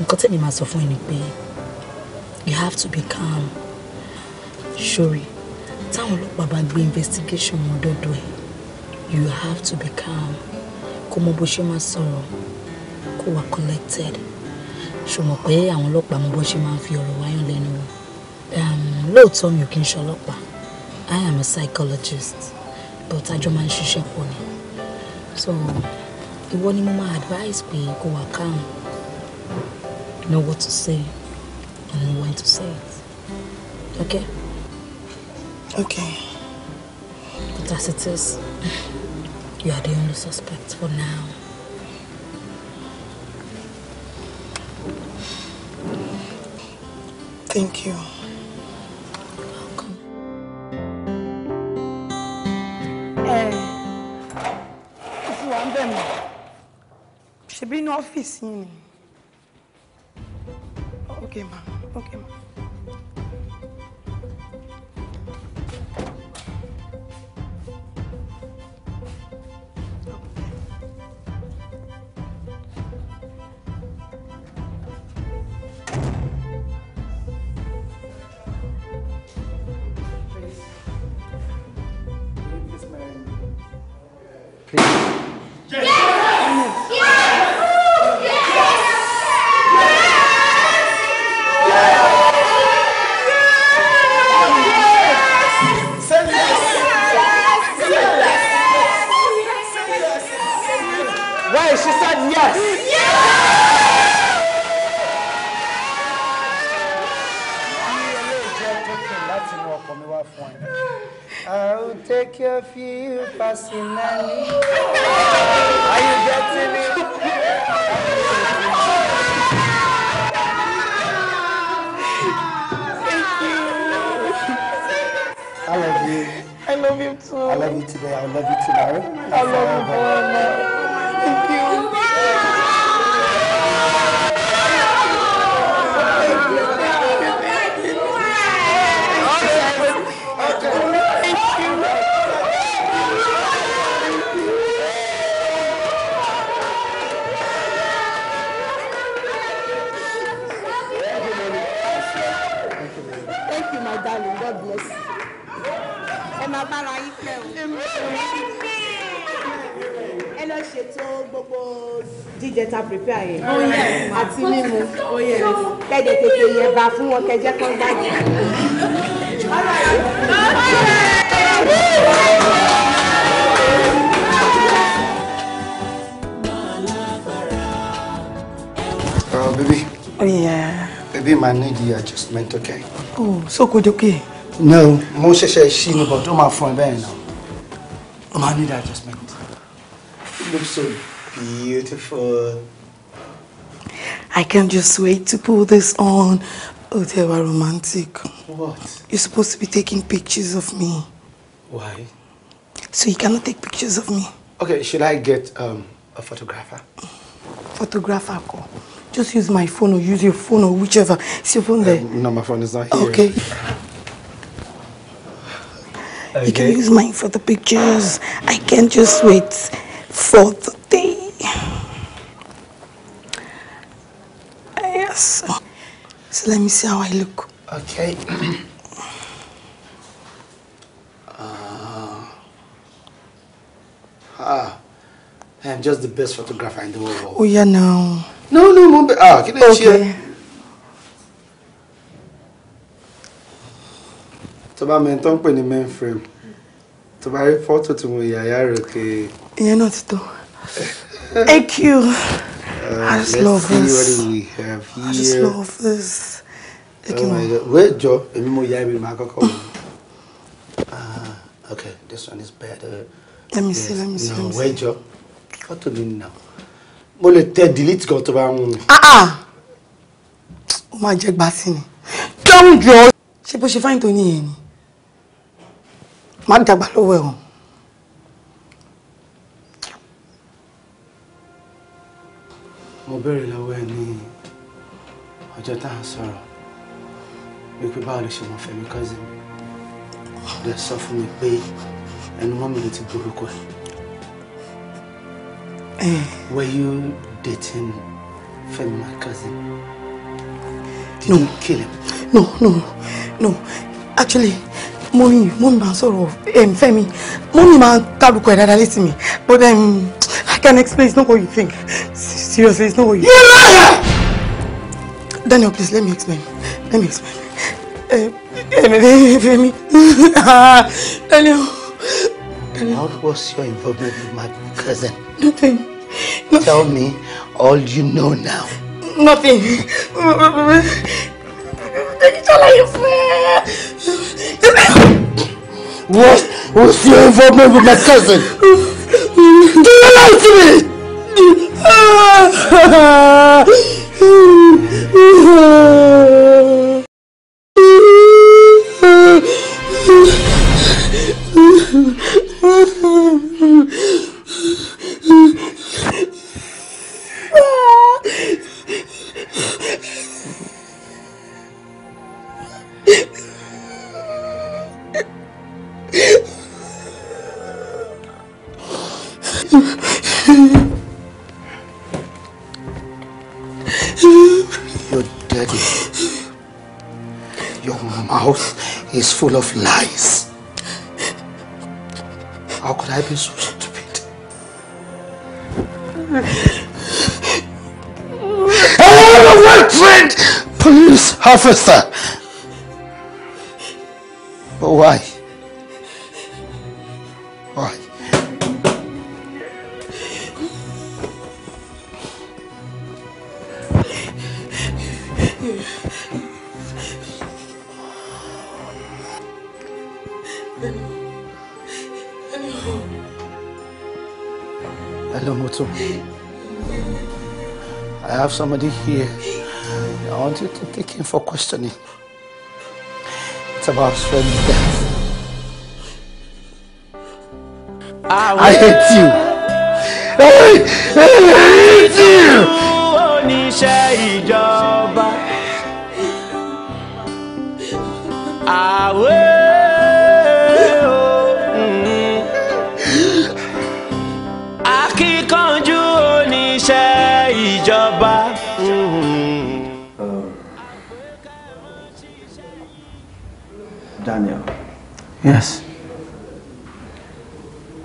nǹkan tẹ́mi máa sọ fún ẹ ni pé you have to be calm Sure táwọn ọlọ́pàá bá gbé investigation wọn dọ́dọ̀ ẹ̀ you have to be calm kó mọ bó ṣe máa sọ̀rọ̀ kó wà collected ṣùgbọ́n pé àwọn ọlọ́pàá mọ bó ṣe máa fi ọ̀rọ̀ wáyàn lẹ́nu wò lóòótọ́ mi ò kí n ṣe ọlọ́pàá I am a psychologist but àjọ máa ń ṣiṣẹ́ pọ̀ ni so ìwọ ni mo máa advice pé kó wà calm know what to say and when to say it okay. Okay. But as it is, you are the only suspect for now. Thank you. Welcome. Hey. you want them, she be in office. Okay, ma. Okay, ma. make you feel personally. Are you getting me? I love you. I love you too. I love you today. I love you tomorrow. I love you forever. Thank you. jíjẹ ta prepare yẹn oh, àti mímu oh, kẹ́dẹ̀ tètè yẹ bá fún wọn kẹjẹ kan gbàgbé. Uh, baby. Oh, yeah. Baby, ma need the adjustment, okay? Oh, so good, okay? No, mo ṣẹ̀ṣẹ̀ ṣí ni, but ó máa fún ẹ bẹ́ẹ̀ náà. Ma need adjustment. Look, sorry. Beautiful. I can just wait to put this on. Oh, they were romantic. What? You're supposed to be taking pictures of me. Why? So you cannot take pictures of me. Okay, should I get um, a photographer? Photographer, Go. Just use my phone or use your phone or whichever. Is your phone um, there? Um, no, my phone is not here. Okay. okay. You can use mine for the pictures. I can't just wait for the thing. Yes. So let me see how I look. Okay. uh, ah, I am just the best photographer in the world. Oh yeah, no. No, no, no. Ah, can I okay. share? tó bá mẹ́ni tó ń pè ní mainframe tó bá rí fọ́tò tí mo yà yà rẹ̀ pé. ìyẹn thank you. Uh, I just love see this. What we have here. I just love this. oh my God. Wait, Joe. Èmi mo ya ibi ma kọ́kọ́. Ah, okay. This one is better. Let me yes. see. Let me see. No, let me wait, Joe. What do you mean now? Mo lè tẹ delete kan to bá Ah ah. Oh my jẹ́ Bassini. ni. Don't draw. Ṣé bó ṣe fáyìn tó níyẹn ni? Má dàgbà lọ́wọ́ mo béèrè lọ́wọ́ ẹ ní ọjọ́ tá à ń sọ̀rọ̀ wípé báwo ló ṣe mọ̀ Fẹ́mi cousin mi sọ fún mi pé ẹnu mọ́ mi ló ti borúkọ ẹ̀. Eh. Were you dating Fẹ́mi my cousin? Did no. you kill him? No, no, no. Actually, mọ́mí mọ́mí máa ń sọ̀rọ̀ Fẹ́mi mọ́mí máa ń kárùkọ ẹ̀ dáadáa létí mi but. Um, I can explain. It's not what you think. Seriously, it's not what you. You liar! Daniel, please let me explain. Let me explain. Uh, Daniel. Daniel. What was your involvement with my cousin? Nothing. Nothing. Tell me all you know now. Nothing. what was your involvement with my cousin? Dúró láti mi. Mm-hmm. full of lies. How could I be so stupid? I want A well-trained police officer. But why? have somebody here. I want you to take him for questioning. It's about his friend's death. I, I hate you. I hate you. Oníṣẹ́ ìjọba. Yes.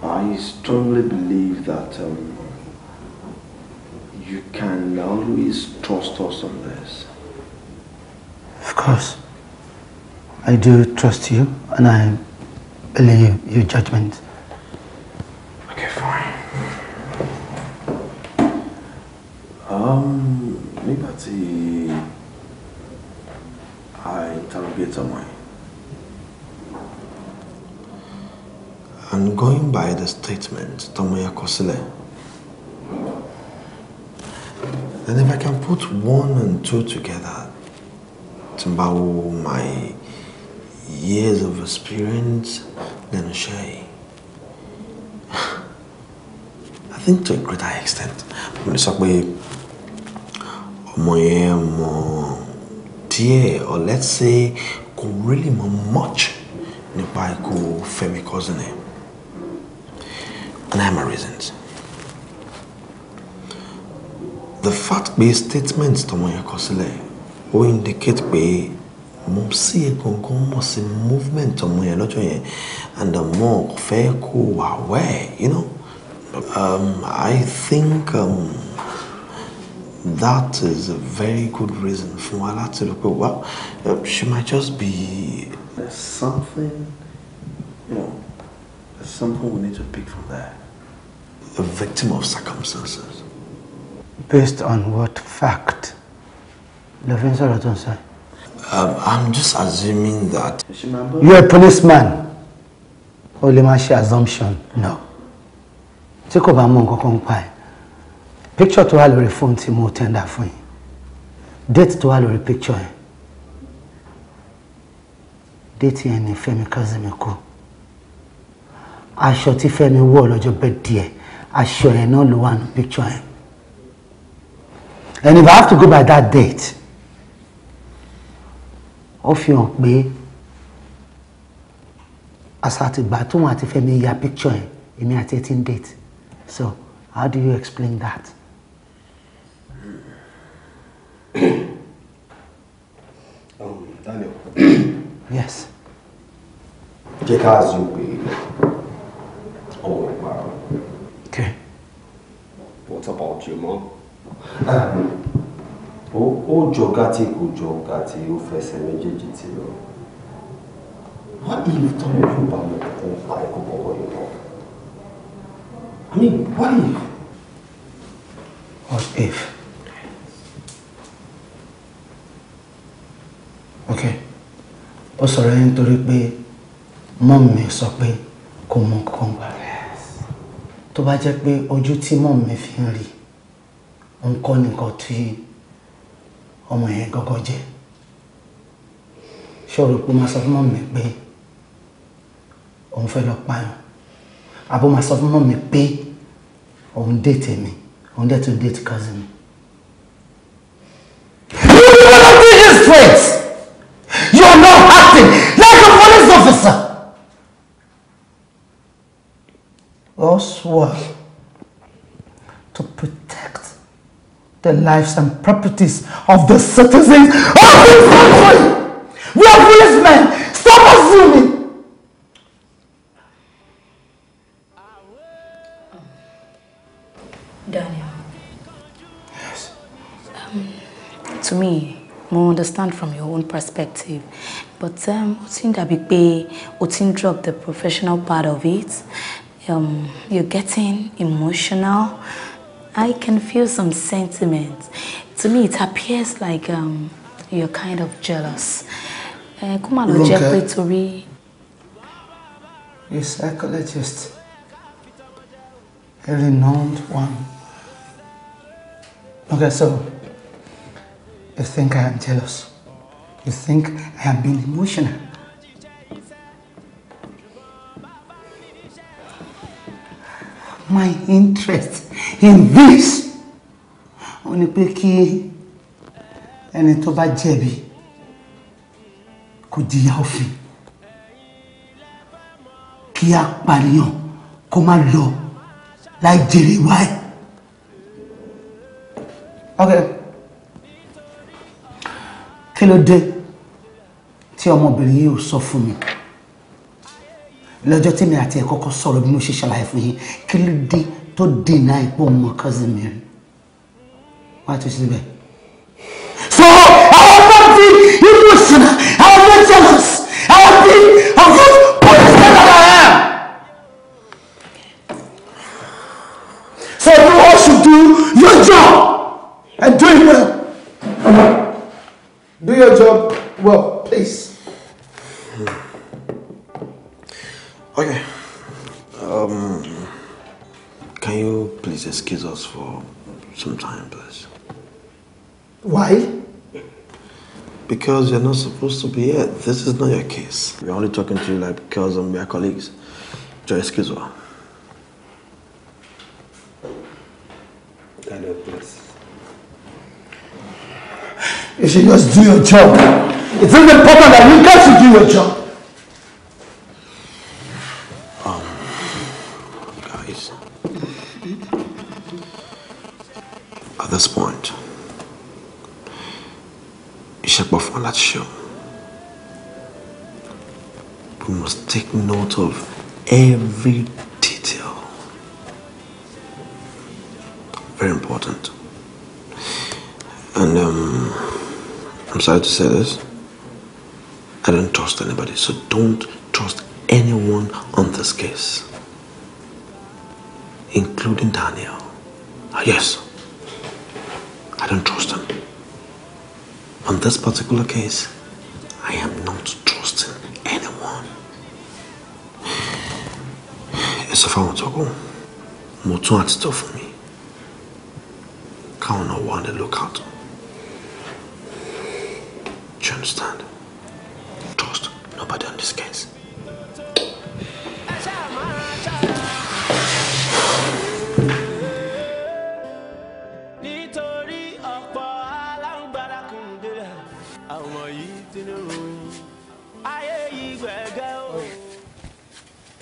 I strongly believe that um, you can always trust us on this. Of course. I do trust you and I believe your judgment. Okay, fine. Um, I nígbà tí I interrogate someone. And going by the statement, Tomoya Kosile, then if I can put one and two together, Timbao, my years of experience, then Shay. I think to a greater extent, I'm going to say, Omoye, or let's say, really much nípa Fẹ́mi Kọ́sìnì. aneurysms. The fact pé statement tọmọ yẹn kọ sílẹ̀ ó indicate pé mo sí egungun mọ̀ sí movement tọmọ yẹn lọ́jọ́ yẹn and the more fẹ́ kó wà wẹ́ you know um, I think um, that is a very good reason fún wa láti rò pé well uh, she might just be there's something you know there's something we need to pick from there a victim of circumstances. Based on what fact? Levin Saratonsa. Um, I'm just assuming that. You're a policeman. O lè máa assumption. No. Tí kò bá mọ nǹkan Picture tó wà lórí fóònù tí mo tẹ́ndà fún yín. Date tó wà lórí picture Date yẹn ni Fẹ́mi Kazimi kú. Aṣọ tí Fẹ́mi wọ̀ lọ́jọ́ bẹ́ẹ̀ díẹ̀ aṣọ yẹn náà one wà picture yẹn and if I have to go by that date ó fi hàn pé àsàtìgbà tóun àti Fẹ́mi ya picture yẹn èmi àti ẹ ti ń date so how do you explain that. um, Daniel. yes. jẹ́ ká zoom pé ọ̀rọ̀ ìparọ́. Okay. What about you, mom? Ó jọ Jogati, kò Jogati, gàtí ó fẹsẹ̀ méjèèjì ti lọ. What if Tọ́lá yóò bá mi kún pa ẹ̀kọ́ bọ̀wọ̀ yìí lọ? I mean, what if? What if? Okay. Ó sọ̀rọ̀ yẹn nítorí pé mọ́mí sọ pé kò mọ kankan gbà tó bá jẹ́ pé ojú tí mọ̀ mi fi ń rí òun kọ́ nìkan tí ọmọ yẹn gọ́gọ́ jẹ́ ṣọ́ọ̀rọ̀ pé máa sọ fún mọ̀ mi pé òun fẹ́ lọ pààyàn àbó máa sọ fún mọ̀ mi pé òun déètì mi òun dẹ̀ déètì cousin mi. You are not be this Us swore to protect the lives and properties of the citizens of this country. We are policemen. Stop assuming. Daniel. Yes. Um, to me, mo understand from your own perspective but um, ó ti ń dàbí pé ó ti ń drop the professional part of it um, you're getting emotional. I can feel some sentiment. To me, it appears like um, you're kind of jealous. Come eh, on, má lọ jẹ́ A psychologist, a renowned one. Okay, so you think I am jealous. You think I am being emotional. my interest in this ó ní pé kí ẹni tó bá jẹ̀bi kó jìyà òfin kí apànìyàn kó má lọ láì jèrè wáyé. ok kí ló dé tí ọmọbìnrin yìí ò sọ fún mi lọ́jọ́ tí mi àti ẹ̀ kọ́kọ́ sọ̀rọ̀ bí mo ṣe ṣàlàyé fún yín kí ló dé tó dènà ipò mọ́ cousin mi rí wá tó ṣe bẹ́ẹ̀. so I am not the emotional I am not jealous I am the of who policeman that I am. so you all should do your job and do it well. do your job well please. Hmm. Okay. Um, can you please excuse us for some time, please? Why? Because you're not supposed to be here. This is not your case. We're only talking to you like because um, we're colleagues. Joy, excuse us. you, please. You should just do your job. It's important that you guys should do your job. of that show, We must take note of every detail. Very important. And um, I'm sorry to say this. I don't trust anybody, so don't trust anyone on this case, including Daniel. Ah, yes, I don't trust him. On this particular case, I am not trusting anyone. It's a found toggle. Motu to stuff for me. not on one to look out. Do you understand? Trust nobody on this case.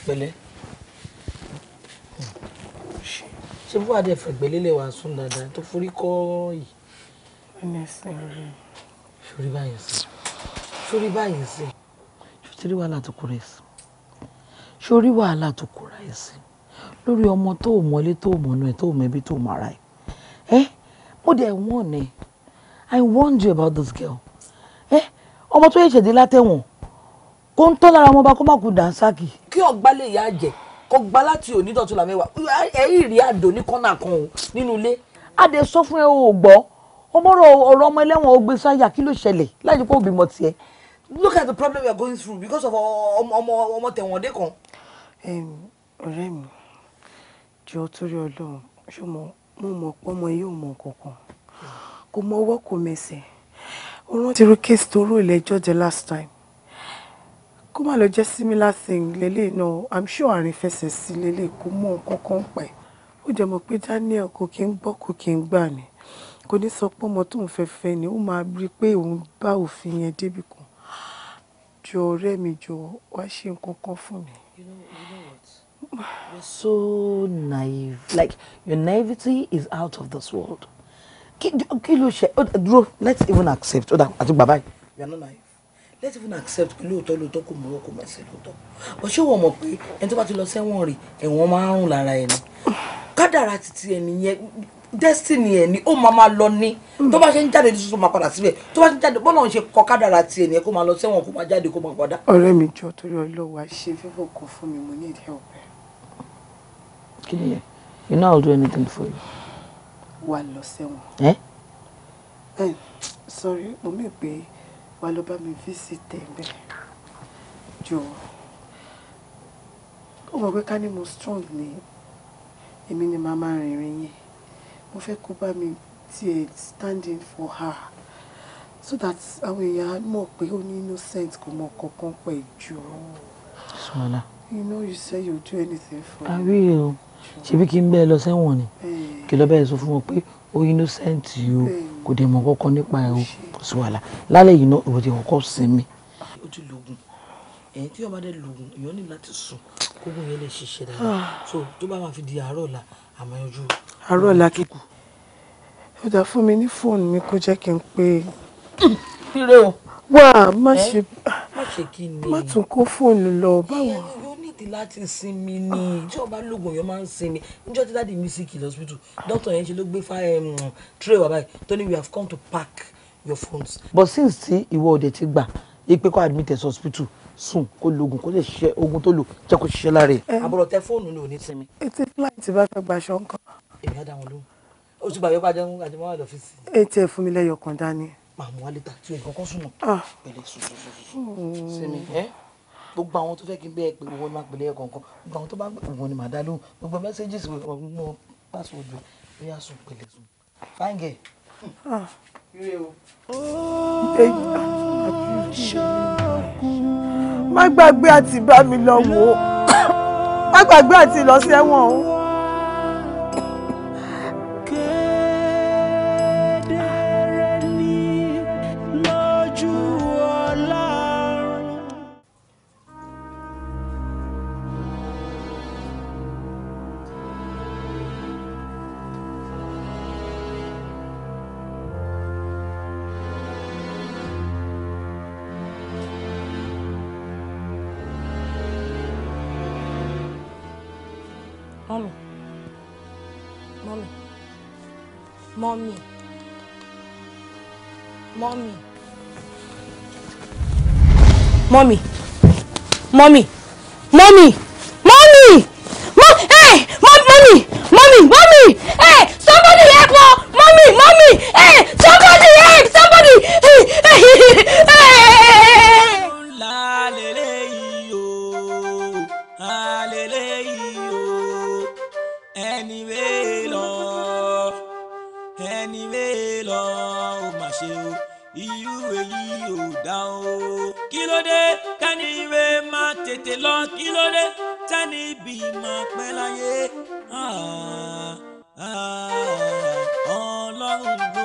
pẹ̀lẹ́ ṣé bó wà dé fẹ̀gbẹ́lélẹ̀ wà sùn dáadáa tó forí kọ́ yìí. ẹnì ẹsìn rẹ. sórí báyìí sí sórí báyìí sí sórí wàhálà tó kúrò ẹsìn sórí wàhálà tó kúrò ẹsìn lórí ọmọ tó o mọ ilé tó o mọ inú ẹ tó o mọ ẹbí tó o mọ ara ẹ ẹ mo dẹ̀ wọ́n ni I warned you about this girl ẹ ọmọ tó yẹ ṣẹ̀dí látẹ̀wọ̀n kó ń tọ́ lára ọmọọba kó má kú dànsákì. kí ọgbà lè yá jẹ kó gbá láti òní dọ̀tún làmẹ́wàá ẹ̀yìn rí àdó ní kọ́nà kan o nínú ilé. adé sọ fún ẹ o gbọ́ ọmọọrọ ọ̀rọ̀ ọmọ ẹlẹ́wọ̀n ó gbé sáyà kí ló ṣẹlẹ̀ láì kó bímọ tiẹ̀. look at the problem we are going through because of ọmọ ọmọ tẹ̀wọ̀n dé kan. ọ̀rẹ́ mi jọ torí ọlọ́run ṣùgbọ́n mo mọ̀ pé ọmọ yìí ò mọ̀ kankan kò mọ ọwọ́ kò mẹsẹ̀ ó rántí irú kéèsì tó rò ilé ẹjọ́ the last time kó má lọ jẹ́ similar thing lélẹ̀ náà i'm sure àárín fẹsẹ̀ sí lélẹ̀ kó mọ nǹkan kan pẹ̀ ó jẹ́ mọ̀ pé Daniel kò kí ń gbọ́ kò kí ń gbà ní kò ní sọ pé ọmọ tó ń fẹ́fẹ́ ni ó máa rí i pé òun bá òfin yẹn débì kan jọ ọ̀rẹ́ mi jọ wá ṣe nǹkan kan fún mi. You know, you know what? You're so naive. Like your naivety is out of this world. Kí ló ṣe? Dúró, let's even accept. Ó dà I think bye bye. are not naive let's even accept pé lóòótọ́ lóòótọ́ kò mú ọkọ̀ mẹ́sẹ̀ lóòótọ́ bó ṣé wọ́n mọ̀ pé ẹni tó bá ti lọ sẹ́wọ̀n rè ẹ̀wọ̀n máa ń rùn lára ẹni kádàrà títí ẹni yẹn destiny ẹ ni ó máa máa lọ ní tó bá ṣe ń jáde tuntun máa padà síbẹ̀ tó bá ṣe ń jáde bọ́lá òun ṣe kọ kádàrà ti ẹni ẹ kó máa lọ sẹ́wọ̀n kó máa jáde kó máa padà. ọ̀rẹ́ mi jọ torí ọlọ́wà ṣe sorry mo mẹ́ pé wà ló bá mi fíìsìtì ẹ̀mẹ́ jọ ó mọ̀ pé ká ní mo strong ni èmi ni màá máa rìnrìn yẹn mo fẹ́ kó bá mi tiẹ̀ standing for her so that àwọn èèyàn mọ̀ pé ó ní innocent kò mọ kankan pẹ̀ jù. sọlá. you know you say you'll do anything for me. i will ṣebí kí n bẹ́ẹ̀ lọ sẹ́wọ̀n ni eh. kí lọ́ọ́ bẹ́ẹ̀ sọ fún wọn pé ó innocent o kò dẹ̀ mọ̀ kọ́kọ́ nípa ẹ̀ o kò sí wàhálà lálẹ́ yìí náà ìwọ ti kọ́kọ́ sinmi. ó ti lògùn ẹ̀yìn tí ọba dẹ̀ lògùn èèyàn ní láti sùn kókó yẹn lè ṣiṣẹ́ dáadáa ah. so tó bá máa fi di àárọ̀ ọ̀la àmọ́ yanjú. àárọ̀ ọ̀la kíkù. ó dà fún mi ní fóònù mi kó jẹ́ kí n pé. rírẹ̀ o. wà má ṣe má tún kó fóònù lọ báwọn láti láti sinmi ni ah. tí wọn bá lògùn yẹn máa ń sinmi níjọ́ tí dáàdi mi sì kì lọ́sibítù dókítà yẹn ṣe ló gbé fa tray wà báyìí tó ní we have come to pack your phones. but since tí ìwọ òde ti gbà ipe kó admit ẹ hospital sùn kó lògùn kó lè ṣe oògùn tó lò jẹ́ kó ṣiṣẹ́ lára ẹ̀. Eh. àbúrò tẹ fóònù ní òní sinmi. etí fúláìtì bá fẹ́ gbaṣọ nǹkan. èmi á dá wọn lóhùn oṣù bàbá bá jẹun àjẹmọ́ wà lọ́fíìsì. etí ẹ fún mi lẹ́yọ̀kan dání. màmú wa lè ta tí o ìkọ̀kọ̀ sùn náà. Ah. pẹ̀lẹ́ sùn sùn sùn sinmi gbogbo àwọn tó fẹ́ kí n bẹ́ẹ̀ pé owó ni máa pèlè ẹ̀kọ̀ọ̀kan gbogbo àwọn tó bá wọn ni màá dá lóhùn gbogbo mẹ́sẹ́gì sí ọmọ password rẹ̀ bóyá sùn pèlè sùn fáńgẹ̀. má gbàgbé àti bá mi lọ wò ó má gbàgbé àti lọ sí ẹ̀wọ̀n o. Mommy, mommy, mommy, mommy, mọ́ Hey. Eh! níbi máa pẹ́ láyé ah, ah, ah. ọlọ́run ló.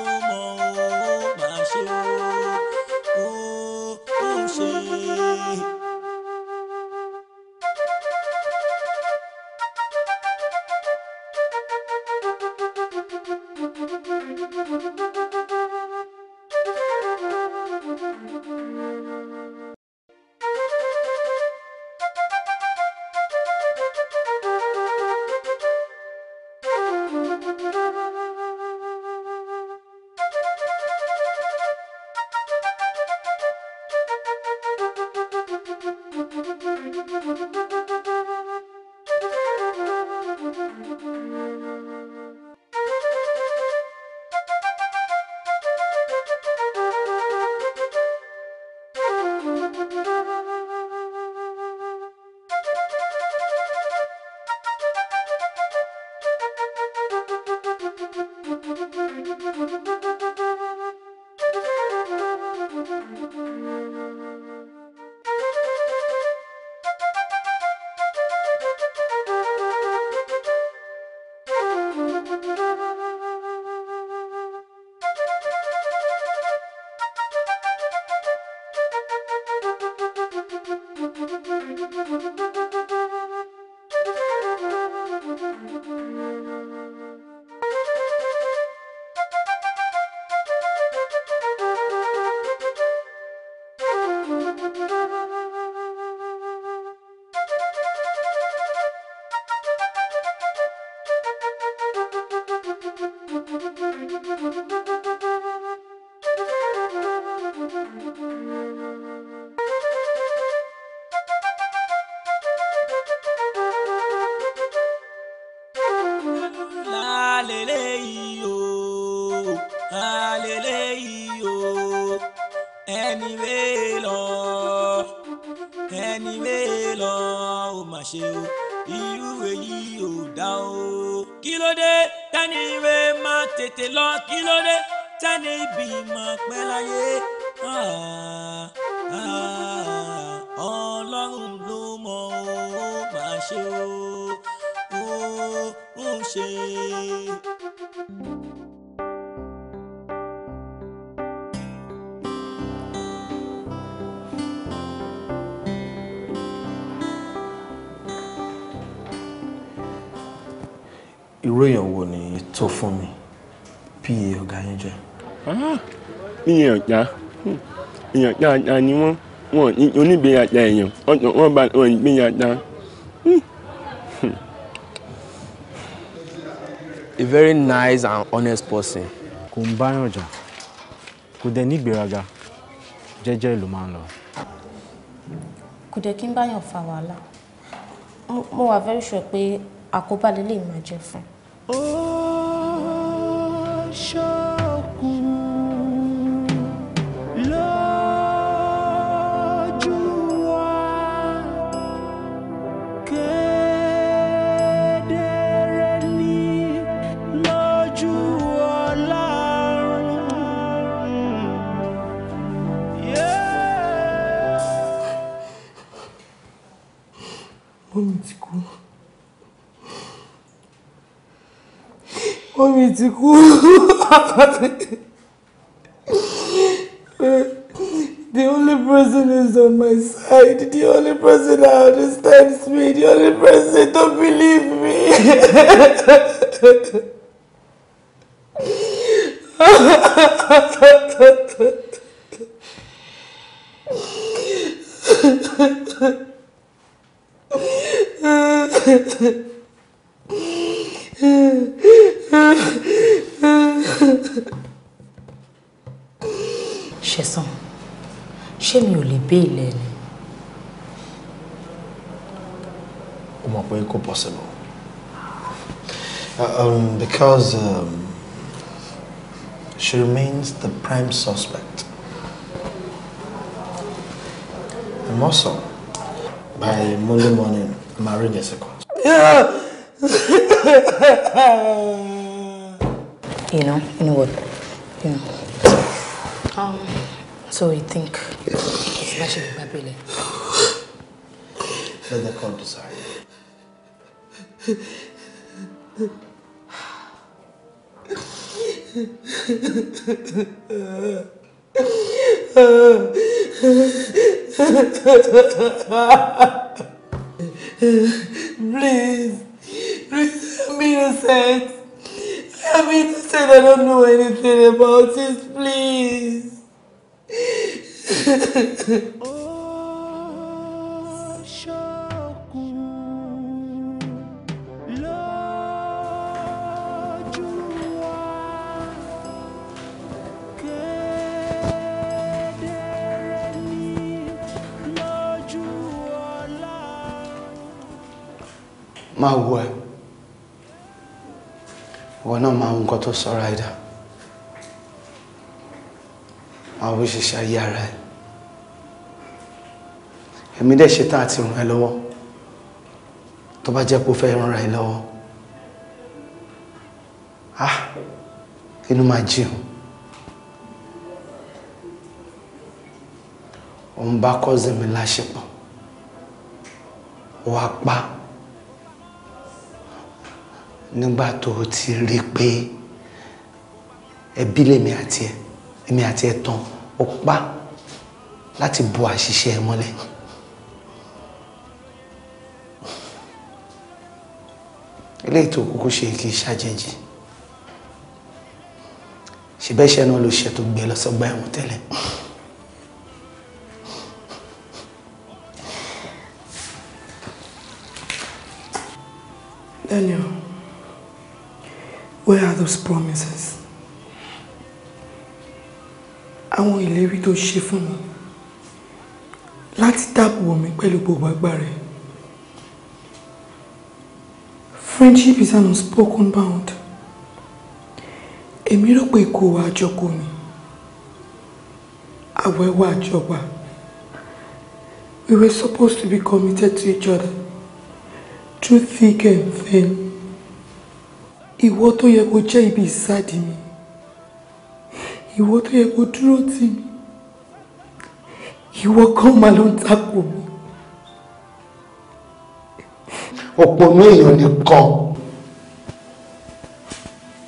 for me pa ọ̀gá yín jẹ́. Ah, ìyẹn ọ̀gá hmm. ni wọ́n wọn onígbéyàtà èèyàn ọ̀tọ̀ wọn bá wọn hmm. hmm. a very nice and honest person. kò ń báyàn kò dẹ̀ ní ìgbéraga jẹ́jẹ́ ìlú kò dẹ̀ kí n very the only person is on my side, the only person that understands me, the only person don't believe me. because um, she remains the prime suspect. And also, by Monday morning, I'm arranging a sequence. Yeah. you know, you know what? You know. Um, so you think it's actually my brilliant. Let the call decide. please, please, I'm innocent. I'm innocent. I to innocent i do not know anything about this. Please. máa wọ ẹ ìwọ náà máa nǹkan tó sọra ẹ̀dá máa bó ṣe ṣayé ara ẹ èmi dẹ̀ ṣe tán àti ràn ẹ́ lọ́wọ́ tó bá jẹ́ kó fẹ́ ràn ẹ́ lọ́wọ́ ah inú máa jìn òun bá kọ́sìn mi láṣepọ̀ wàá pa nígbà tó ti rí pé ẹbí lèmi àti ẹ èmi àti ẹ tán ó pa láti bo àṣìṣe ẹ mọ́lẹ̀. eléyìí tó kúkú ṣe kì í ṣàjèjì ṣèbẹ́ṣẹ́ náà ló ṣe tó gbé lọ sọ́gbà ẹ̀wọ̀n tẹ́lẹ̀. those promises àwọn ìlérí tó ṣe fún mi láti dáàbò mi pẹ̀lú gbogbo agbára friendship is an unspoken bond èmi rò pé kò wá àjọkò mi àwẹ̀wà àjọgbà we were supposed to be committed to each other through thick and thin ìwọ tó yẹ kó jẹ́ ibi ìsádi mi ìwọ tó yẹ kó dúró tì mí ìwọ kan máa ló ń takò mi. òpònú èèyàn nìkan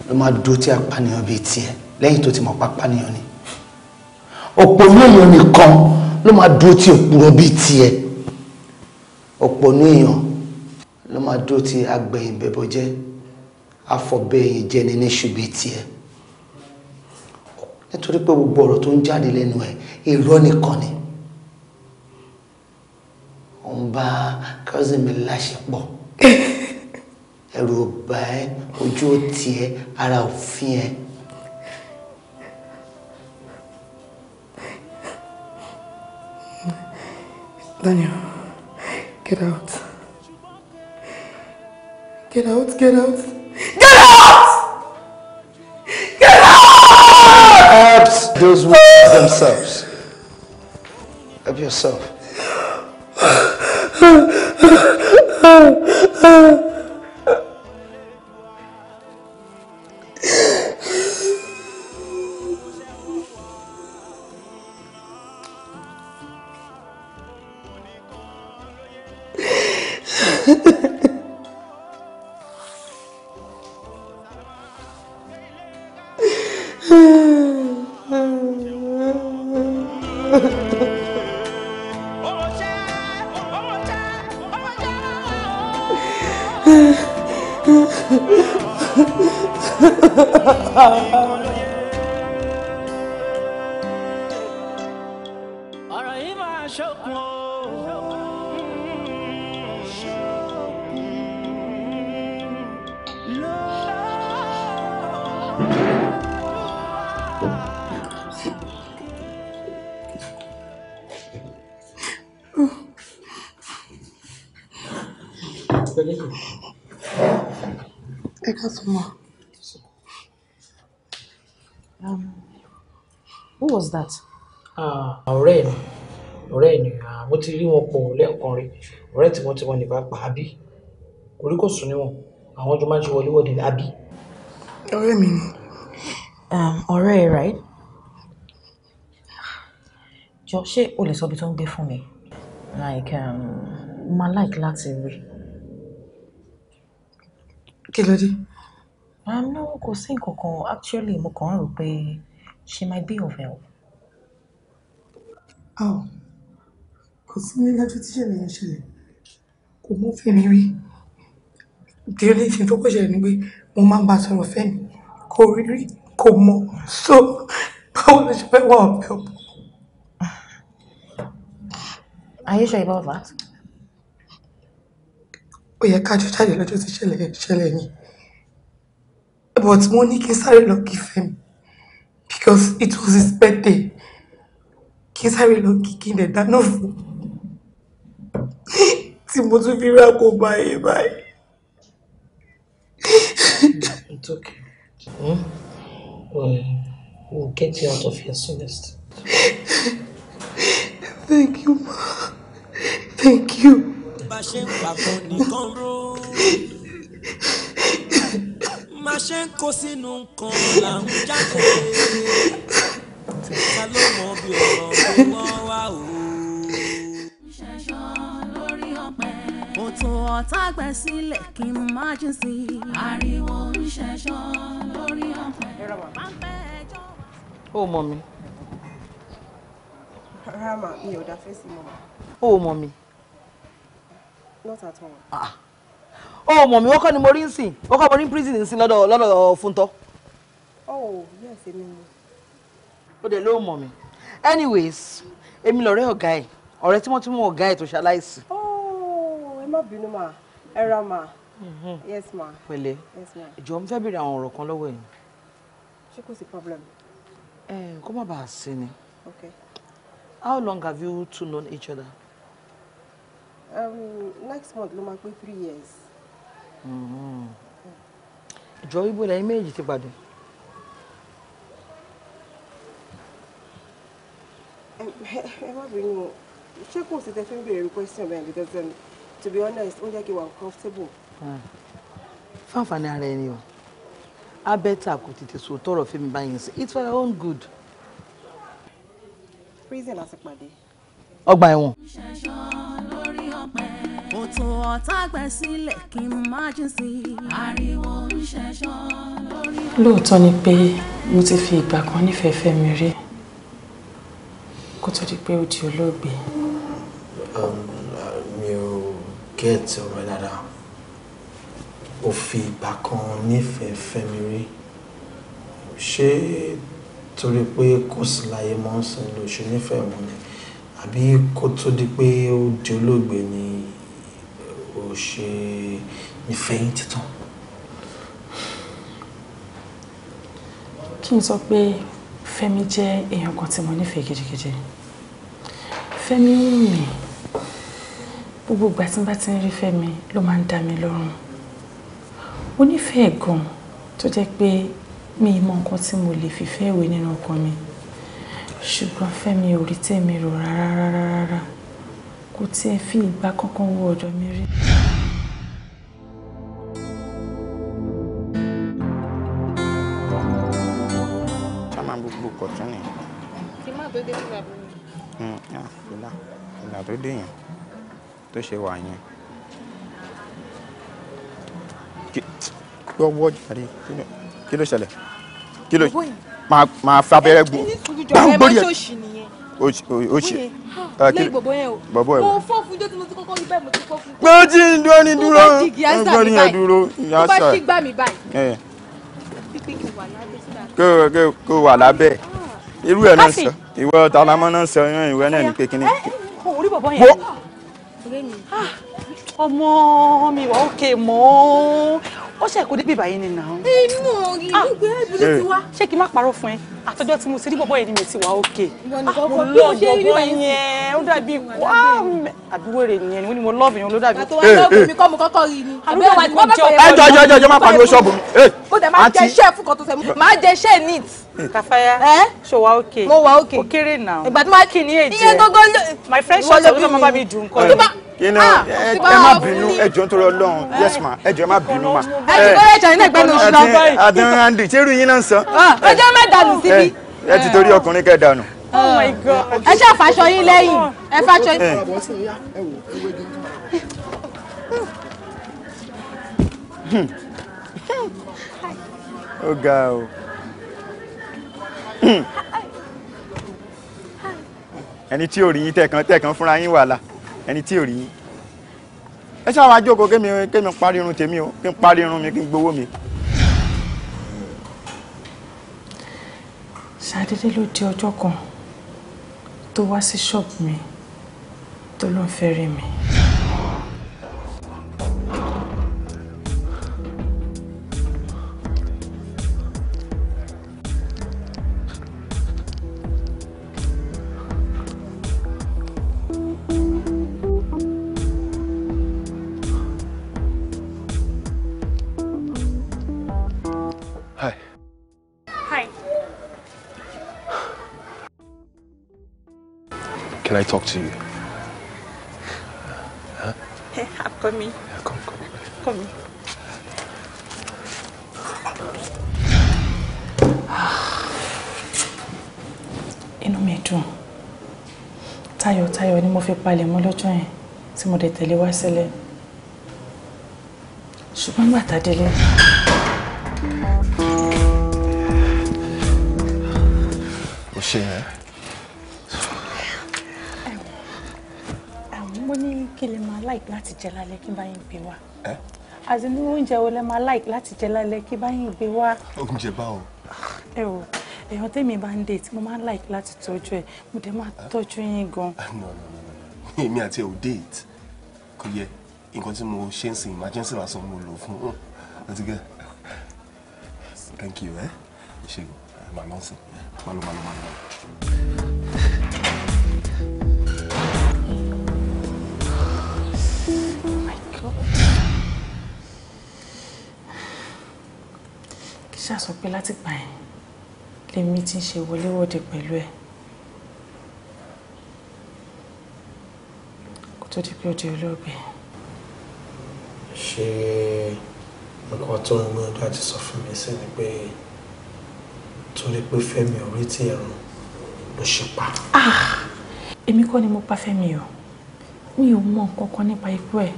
ló máa dúró tí apànìyàn bíi tiẹ̀ lẹ́yìn tó ti mọ̀ pápánìyàn ni òpònú èèyàn nìkan ló máa dúró tí òpùrọ̀ bíi tiẹ̀ òpònú èèyàn ló máa dúró tí agbẹ̀yìn bẹ̀bọ̀ jẹ́ afọbẹ̀yìn jẹni ní ṣùgbẹ́ tiẹ̀ nítorí pé gbogbo ọ̀rọ̀ tó ń jáde lẹ́nu ẹ̀ irọ́ nìkan ni ó ń bá cousin mi láṣepọ̀ ẹ̀rù ò ojú ò tiẹ̀ ara ò fi Daniel, get out. Get out, get out. Get out! Get out! Helps those who themselves. Help yourself. àwọn ti rí wọn pọ̀ lẹ́ẹ̀kan rí ọ̀rẹ́ tí wọ́n ti wọn nípa pa àbí orí kò sùn níwọ̀n àwọn jọ máa ń ṣe wọléwọ̀de àbí. ọ̀rẹ́ mi ni. Um, ọ̀rẹ́ ẹ̀ right jọ ṣé o lè sọ ibi tó ń gbé fún mi like um, ma like láti rí. kí ló dé. àná um, kò sí nǹkan kan actually mo kàn ń rò pé she might be of help. oh kò sí ní lọ́jọ́ tíṣẹ̀lẹ̀ yẹn ṣẹlẹ̀ kò mú Fẹ́mi rí the only tó kọ́ ṣẹlẹ̀ ni pé mo máa ń bá sọ̀rọ̀ Fẹ́mi kò rí rí kò mọ̀ so báwo ló ṣe fẹ́ wà ọ̀bẹ ọ̀bọ. Are you sure about that? ó yẹ ká jọ jáde lọ́jọ́ tí ṣẹlẹ̀ ṣẹlẹ̀ ni but mo ní kí n sáré lọ kí Fẹ́mi because it was his birthday kí n sáré lọ kí kí n dẹ̀ dáná fún un tí mo tún fi rá kó bá báyìí. It's okay. Hmm? Well, we'll get you out of here soonest. Thank you, ma. Thank you. Má ṣe ń pàkó nìkan ró. Má ṣe ń kó sínú nǹkan là ń jáde. Ta ló mọ bí ọ̀rọ̀ wọn wá o? òtò ọ̀tá gbẹ sílẹ̀ kí n má jìn sí i. ariwo ń ṣẹ̀ṣọ́ lórí ọ̀pẹ ó mọ mi. rama mi ò dá fèsì mọ́. ó mọ mi. not at all. Ah. ó mọ mi ó kọ́ ni mo rí ń sìn ó kọ́ mo rí ń prison ń sìn lọ́dọ̀ lọ́dọ̀ fúntọ́. oh yes èmi ni. ó dẹ̀ ló mọ̀ mi anyways èmi lọ̀rẹ́ ọ̀gá ẹ̀ ọ̀rẹ́ tímọ́tímọ́ ọ̀gá ẹ̀ tó ṣaláìsí má bínú mà ẹ ra mà mhm. yes ma. pẹ̀lẹ́ ìjọ ń fẹ́ béèrè àwọn ọ̀rọ̀ kan lọ́wọ́ yìí. ṣé kò sí problem. ẹ kó má bàa sí ni. how long have you two known each other. Um, next month ló máa pé three years. Mhm. ìjọ ibo lẹ́yìn méjì ti pàdé. ẹ má bínú ṣé kò sí tẹ fi ń béèrè question bẹ́ẹ̀ because. Um, to be honest ó jẹ́ kí n wà comfortable. Ah. fáǹfààní ara ẹni o abẹ́tà kò tètè sọ tọrọ fún mi báyìí sí it's for your own good. prison la ti pàdé. ọgbà ẹ̀wọ̀n. ṣẹ̀ṣọ́ lórí ọ̀pẹ òtò ọ̀tá gbẹ sílẹ̀ kí n má jìn sí i. ariwo ń ṣẹ̀ṣọ́ lórí ọ̀pẹ. lóòótọ́ ni pé mo ti fi ìgbà kan nífẹ̀ẹ́ mi rí kó tó di pé ó di olóògbé. Um, Get ọ̀rọ̀ ẹ̀ dáadáa ó fi ìgbà kan nífẹ̀ẹ́ fẹ́mi rí ṣé torí pé kò sí láyé mọ́ ń sìn lóṣù nífẹ̀ẹ́ mọ́ ni àbí kó tó di pé ó di olóògbé ni ó ṣe nífẹ̀ẹ́ yín títàn. kí n sọ pé Fẹ́mi jẹ́ èèyàn kan tí mo nífẹ̀ẹ́ gidigidi Fẹ́mi ń rìn gbogbo ìgbà tí n bá ti ń rí Fẹ́mi ló máa ń dá mi lọ́rùn mo nífẹ̀ẹ́ gan-an tó jẹ́ pé mi ì mọ nǹkan tí mo lè fìfẹ́ ìwé nínú ọkàn mi ṣùgbọ́n Fẹ́mi ò rí tèmi rò rárá rárá rárá kò tiẹ̀ fi ìgbà kankan wo ọ̀dọ̀ mi rí. sábà gbogbo kọ̀tún ni. kí n má gbé dé sí bàbá mi. Hmm, ìlà ìlà tó dé yẹn tó ṣe wà yẹn. lọ́wọ́ jàre kí ló ṣẹlẹ̀ kí ló máa fa abẹ́rẹ́ gbò. gbórí ẹ o ṣe ah, lẹ́yìn bọ̀bọ̀ yẹn o mo fọ́ fún jọ́ tí mo ti kọ́kọ́ rí bẹ́ẹ̀ mo ti fọ́ fún. pé ó ti ń dúró ní dúró ń gbọ́ ní ẹ̀ dúró ìyá sọ ẹ̀. tó bá ti gbà mí báyìí. kó o wà lábẹ́ irú ẹ̀ náà sọ ìwọ ọ̀tá ọlámọ́ náà sọ ìwọ náà ní pé kíní. wo Ah, ọmọ mi wà ókè mọ́ ó ṣe kó débi báyìí nìyẹn. inú ìlú ìgbé ah. ìbílẹ̀ ti wá. ṣé kí n má parọ́ fún ẹ àtọjọ́ tí mo ti rí bọ̀bọ̀ yẹn ni mi ti wà òkè ah, mo lọ bọ̀bọ̀ yẹn ó dàbí wáàmù àdúwèrè nìyẹn ni wọ́n ní mo lọ́ọ̀bù yẹn ló dàbí. àtọwọ́ lọ́ọ̀bù mi kọ́ mo kọ́kọ́ rí ni. ẹjọ ẹjọ ẹjọ ẹjọ má pariwo ṣọ́ọ̀bù mi. máa jẹ iṣẹ́ fún kan tó sẹ́ máa jẹ iṣẹ́ neat. Kafaya ṣo wa òkè mo wà òkè ó kéré náà ìgbà tí my friend máa bá mi ah, ẹ má bínú ẹjọ nítorí Ọlọ́run eh. yes ma ẹjọ má bínú ma. ẹ ti kọ́ ẹ̀jẹ̀ nínú ẹgbẹ́ ní oṣù lọ́wọ́ báyìí. àdéhùn andy ṣé irú yín náà ń sọ. Ah, ọjọ́ mẹ́ta lù sí ẹ ti torí ọkùnrin kẹ dànù. oh my god. ẹ ṣáà fàṣọ yín lẹ́yìn ẹ fàṣọ yín. Eh. ó ga o. ẹni tí ò rí yín tẹ̀kan tẹ̀kan fúnra yín wàhálà ẹni tí ò rí yín. ẹ ṣáà wá jókòó kémi kémi parí irun tèmi o kí n parí irun mi kí n gbowó mi. ṣàdédé ló di ọjọ́ kan tó wá sí ṣọ́ọ̀bù mi tó ló ń fẹ́ rí mi. talk to you. Huh? Hey, I'm coming. Yeah, come, come. Come. Inú mi dùn. Tayọ̀tayọ̀ ni mo fi palẹ̀ mọ́ lọ́jọ́ yẹn tí mo dẹ̀ tẹ̀lé wá sílẹ̀. Ṣùgbọ́n gbà tá ṣe yẹn. kí lè máa like láti jẹ lálẹ́ kí bá yín gbé wá. àti ní oúnjẹ wo lè máa like láti jẹ lálẹ́ kí bá yín gbé wá. oúnjẹ báwo. ẹ o èèyàn tèmi bá ń date mo máa ń like láti tọ́jú ẹ mo dẹ̀ máa tọ́jú yín gan. no no no no èmi àti ẹ ò date kò yẹ nǹkan tí mo ṣe ń sìn emergency lásán mo lò fún un ọtí gẹ thank you ẹ ṣe màá lọ sìn màá lọ màá lọ màá lọ. ṣàsọ pé látìgbà yẹn lèmi ti ń ṣe wọléwọ̀de pẹ̀lú ẹ̀ kó tó di pé ó di olóògbé. ṣé nǹkan tó ń gbọ́n dájú sọ fún mi sí ni pé torí pé Fẹ́mi ò rí tí ẹ̀rùn ló ṣe pa. Ah! èmi kọ́ ni mo pa Fẹ́mi o mi ò mọ nǹkan kan nípa ikú ẹ̀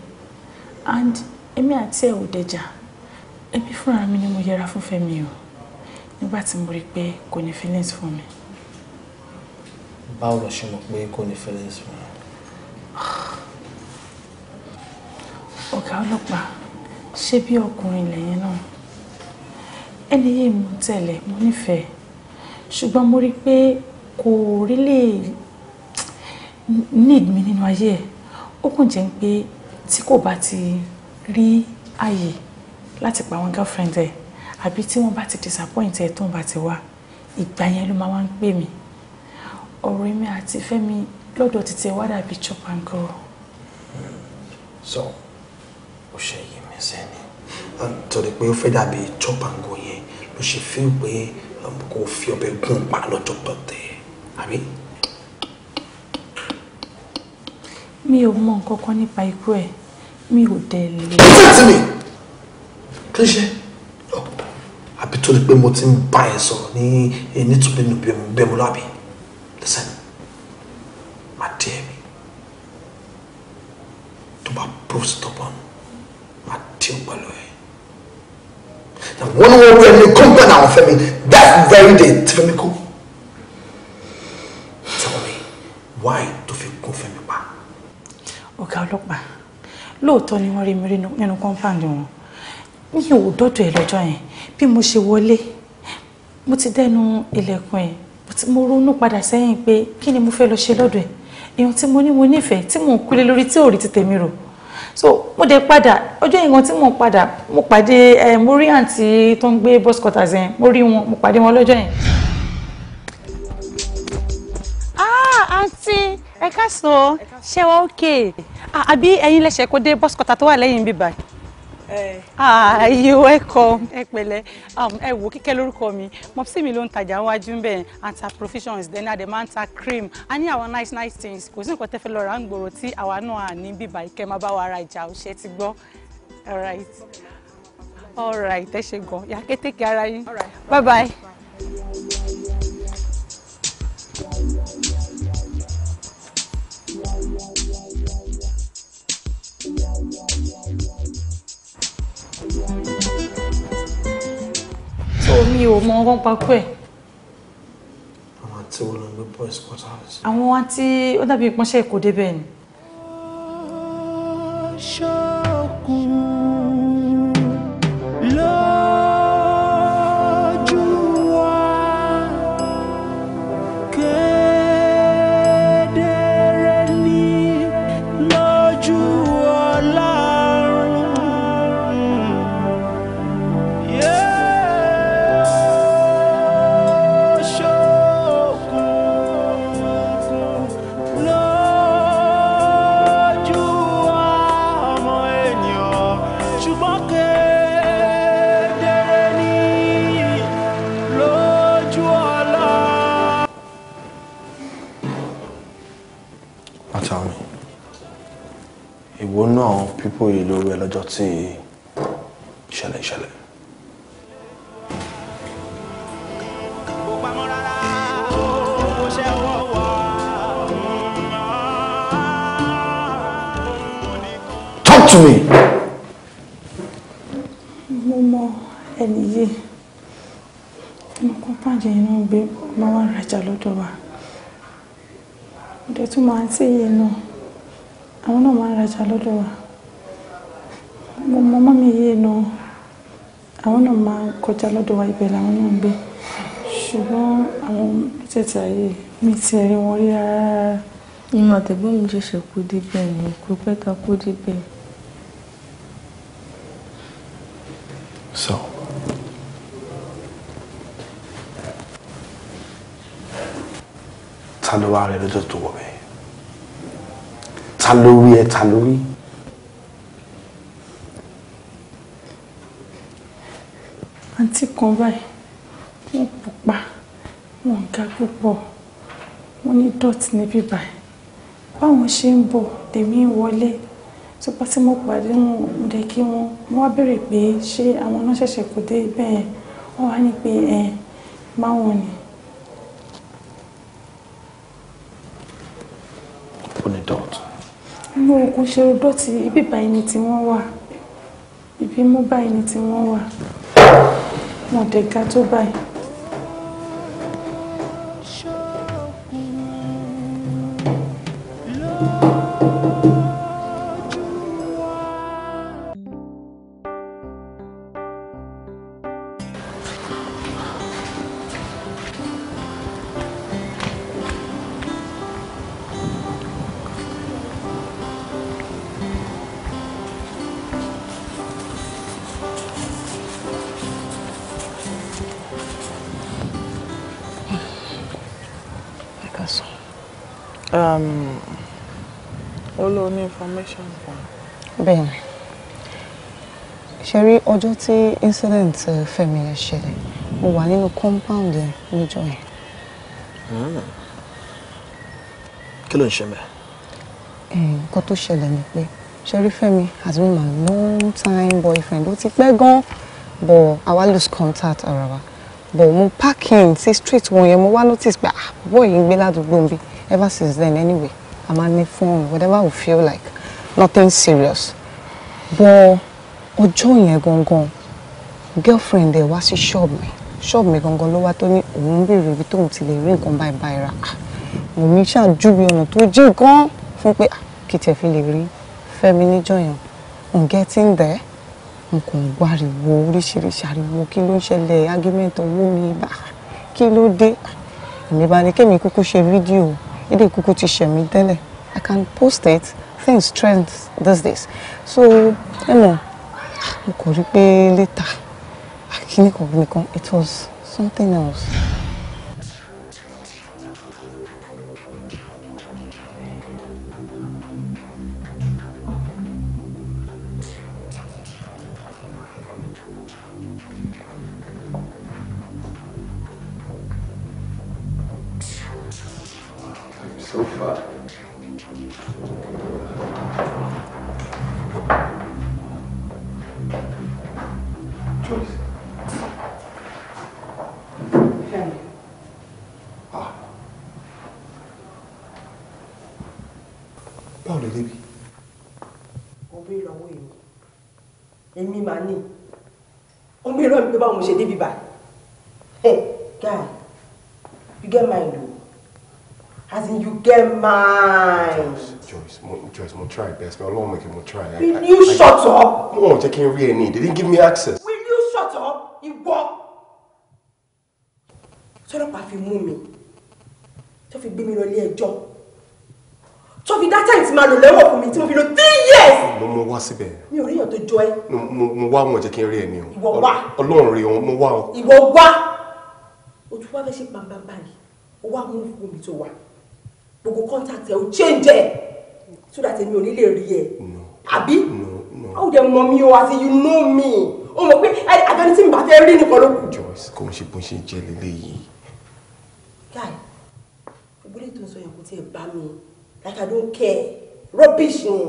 and èmi àti ẹ̀ ò dẹjà èmi fúnra mi ni mo yẹra fún Fẹ́mi o nígbà tí mo rí pé kò ní feelings fún mi. báwo lo ṣe mọ̀ pé kò ní feelings fún mi. ọ̀gá ọlọ́pàá ṣé bí ọkùnrin lẹ́yìn náà ẹni yé mo tẹ̀lé mo nífẹ̀ẹ́ ṣùgbọ́n mo rí i pé kò rí lè need mi nínú ayé ẹ̀ ó kàn jẹ́ pé tí kò bá ti rí àyè láti pa àwọn girlfriend ẹ̀ àbí tí wọ́n bá ti disappoint ẹ̀ tó ń bá ti wá ìgbà yẹn ló máa wá ń pè mí ọ̀rọ̀ èmi àti Fẹ́mi lọ́dọ̀ títí wá dàbí chop and go. so ó ṣe yé mi sẹ́ni torí pé ó fẹ́ dàbí chop and go yẹn ló ṣe fi ń pé um, kò fi ọbẹ̀ gún pa lọ́jọ́ tó tẹ̀ àbí. mi ò mọ nǹkan kan nípa ikú ẹ̀ mi ò dẹ̀ lè kí ló ṣe àbí tó di pé mo ti ń bá ẹ sọ̀rọ̀ ní eh, nítorí bẹ́ẹ̀mú lábì listen my dear mi tó bá prove stubborn my dear pẹ̀lú ẹ na wọ́n ní wọ́n wú ẹni kó ń náà fẹ́ that very day tí fẹ́ mi kú tell me why tó fi kún fẹ́ mi pa. ọ̀gá ọlọ́pàá lóòótọ́ ni wọ́n rí mi nínú compound wọn mi ò dọ́dọ̀ ẹ lọ́jọ́ yẹn bí mo ṣe wọlé mo ti dẹnu ilẹ̀kùn ẹ̀ mo ronú padà sẹ́yìn pé kí ni mo fẹ́ lọ ṣe lọ́dọ̀ ẹ̀ èèyàn tí mo ní mo nífẹ̀ẹ́ tí mò ń kúlé lórí tí ò rí ti tèmi rò so mo dé padà ọjọ́ yẹn gan tí mo padà mo pàdé ẹ mo rí àǹtí tó ń gbé bus cutters yẹn mo rí wọn mo pàdé wọn lọ́jọ́ yẹn. ah àǹtí ẹ ká sọ ṣé wọ́n ókè ah, àbí ẹ̀yin lẹ́sẹ̀ kó dé bus cutter tó wà lẹ́yìn bíbá ayé ah, ẹkọ ẹ pẹ̀lẹ́ um, ẹ wò kíkẹ lórúkọ mi mọpsí mi ló ń tajà wájú ń bẹ anta provisions then adé máa ń ta cream a ní àwọn nice nice things kò sí nǹkan tẹ́ fẹ́ lọ ra ń gbòòrò tí àwa náà à ní bíbá ikẹ máa bá wa ra ìjà òṣè ti gbọ́ all right all right ẹ ṣe gan yà kétékè ara yín bye bye. bye. so mi ò mọ wọn pakú ẹ̀. àwọn àti wo ló ń gbé boys quarters. àwọn àti ó dàbí ìpọ́nṣẹ́ kò débẹ̀ ni. ṣókùn lọ́ọ́. pípò yìí lórí ẹ tí ìṣẹ̀lẹ̀ ìṣẹ̀lẹ̀. Talk to me. mo mọ ẹni yìí mo kọ́ pàjẹ́ inú gbé máa wá rajà lọ́dọ̀ wa ọ̀dẹ̀ tún máa ń tí náà àwọn náà máa ń rajà lọ́dọ̀ wa mo mọ mọ́ mi yé nu àwọn náà máa ń kọjá lọ́dọ̀ wa ibẹ̀ làwọn náà ń gbé ṣùgbọ́n àwọn mẹ́tẹ̀ẹ̀ta yìí mi ti rí wọn rí rárá. ìmọ̀ àtẹ̀gbọ́n mi ṣẹ̀ṣẹ̀ kú débẹ̀ ni kò pẹ́ ká kú débẹ̀. So. ta ló wá rẹ lọ́jọ́ tó wọ̀ bẹ́ẹ̀ ta ló rí ẹ ta ló rí. àǹtí kan báyìí wọ́n pupa wọ́n ga púpọ̀ wọ́n ní dọ́ọ̀tì níbí báyìí báwọn ṣe ń bọ̀ tèmi ń wọlé tó bá tí mo pàdé wọn mo dẹ̀ kí wọn mo wá béèrè pé ṣé àwọn náà ṣẹ̀ṣẹ̀ kò dé ibẹ̀ yẹn wọ́n wá ní pé ẹ̀ máwọn ni. ó ní dọ́ọ̀tì. inú oògùn ṣerú dọ́ọ̀tì ibi báyìí ni tí wọ́n wà ibi mú báyìí ni tí wọ́n wà mo dẹ̀ ga tó báyìí. bẹ́ẹ̀ ni ṣe rí ọjọ́ tí incident eh, Fẹ́mi yẹn ṣẹlẹ̀ mo wà nínú compound yẹn níjọ́ yẹn. Hmm. kí ló ń ṣe eh, mẹ́. nǹkan tó ṣẹlẹ̀ ni pé ṣe Fẹ́mi has been my long time boyfriend ó ti pẹ́ gan-an but àwa lose contact ara wa but mo in sí street wọn yẹn mo wá notice pé ah boy yìí ń gbé ládùúgbò mi ever since then anyway a máa ní phone whatever we feel like nothing serious but ọjọ́ yẹn gangan girlfriend ẹ̀ wá sí ṣọ́ọ̀bù mi ṣọ́ọ̀bù mi gangan ló wá tó ní òun béèrè ibi tóun ti lè rí nǹkan báyìí báyìí rà ah, mò ń ṣàjú bí ọ̀nà tó jí gan fún pé ah, kí tẹ̀ fi lè rí fẹ́mi níjọ́ yẹn n getting there n kò ń gbariwo oríṣiríṣi ariwo kí ló ń ṣẹlẹ̀ argument ọwọ́ mi bá kí ló dé èmi bá ní kémi kúkú ṣe fídíò èdè kúkú ti ṣẹ̀mí tẹ́lẹ̀ I can post it things trend these days so ẹ mọ̀ mo kò rí pé later akínìkan nìkan it was something else. their mind. Joyce, mo, Joyce, mo try best. My Lord, make mo try. Will I, you I, shut I, up? No, they can't read any. They didn't give me access. Will you shut up? Ìwọ. Tọ́lọ́pàá fi mú mi. Tó fi gbé mi lọ really a job. fi dátà that time lò lẹ́wọ̀n for me. tí mo fi lò three years. No, no, no, no, no. ò rí èèyàn tó No, no, no, no, no. wọn jẹ́ kí n No, no. ni o. Ìwọ No, no. rí wọn, No, no. o. Ìwọ No, no. wa fẹ́ ṣe pàmpá báyìí. O wá mú fún mi tó wà. You go contact her, o change ẹ so that èmi ò ní lè rí ẹ àbí ó dẹ mọ mi o you know me Oh my God, àjọni got nothing but fẹ́ rí nìkan ló Joyce come she ṣe in jail ṣe jẹ́ lélẹ́yìí. guy you tó ń sọ yẹn kò tiẹ̀ me like I don't care rubbish ni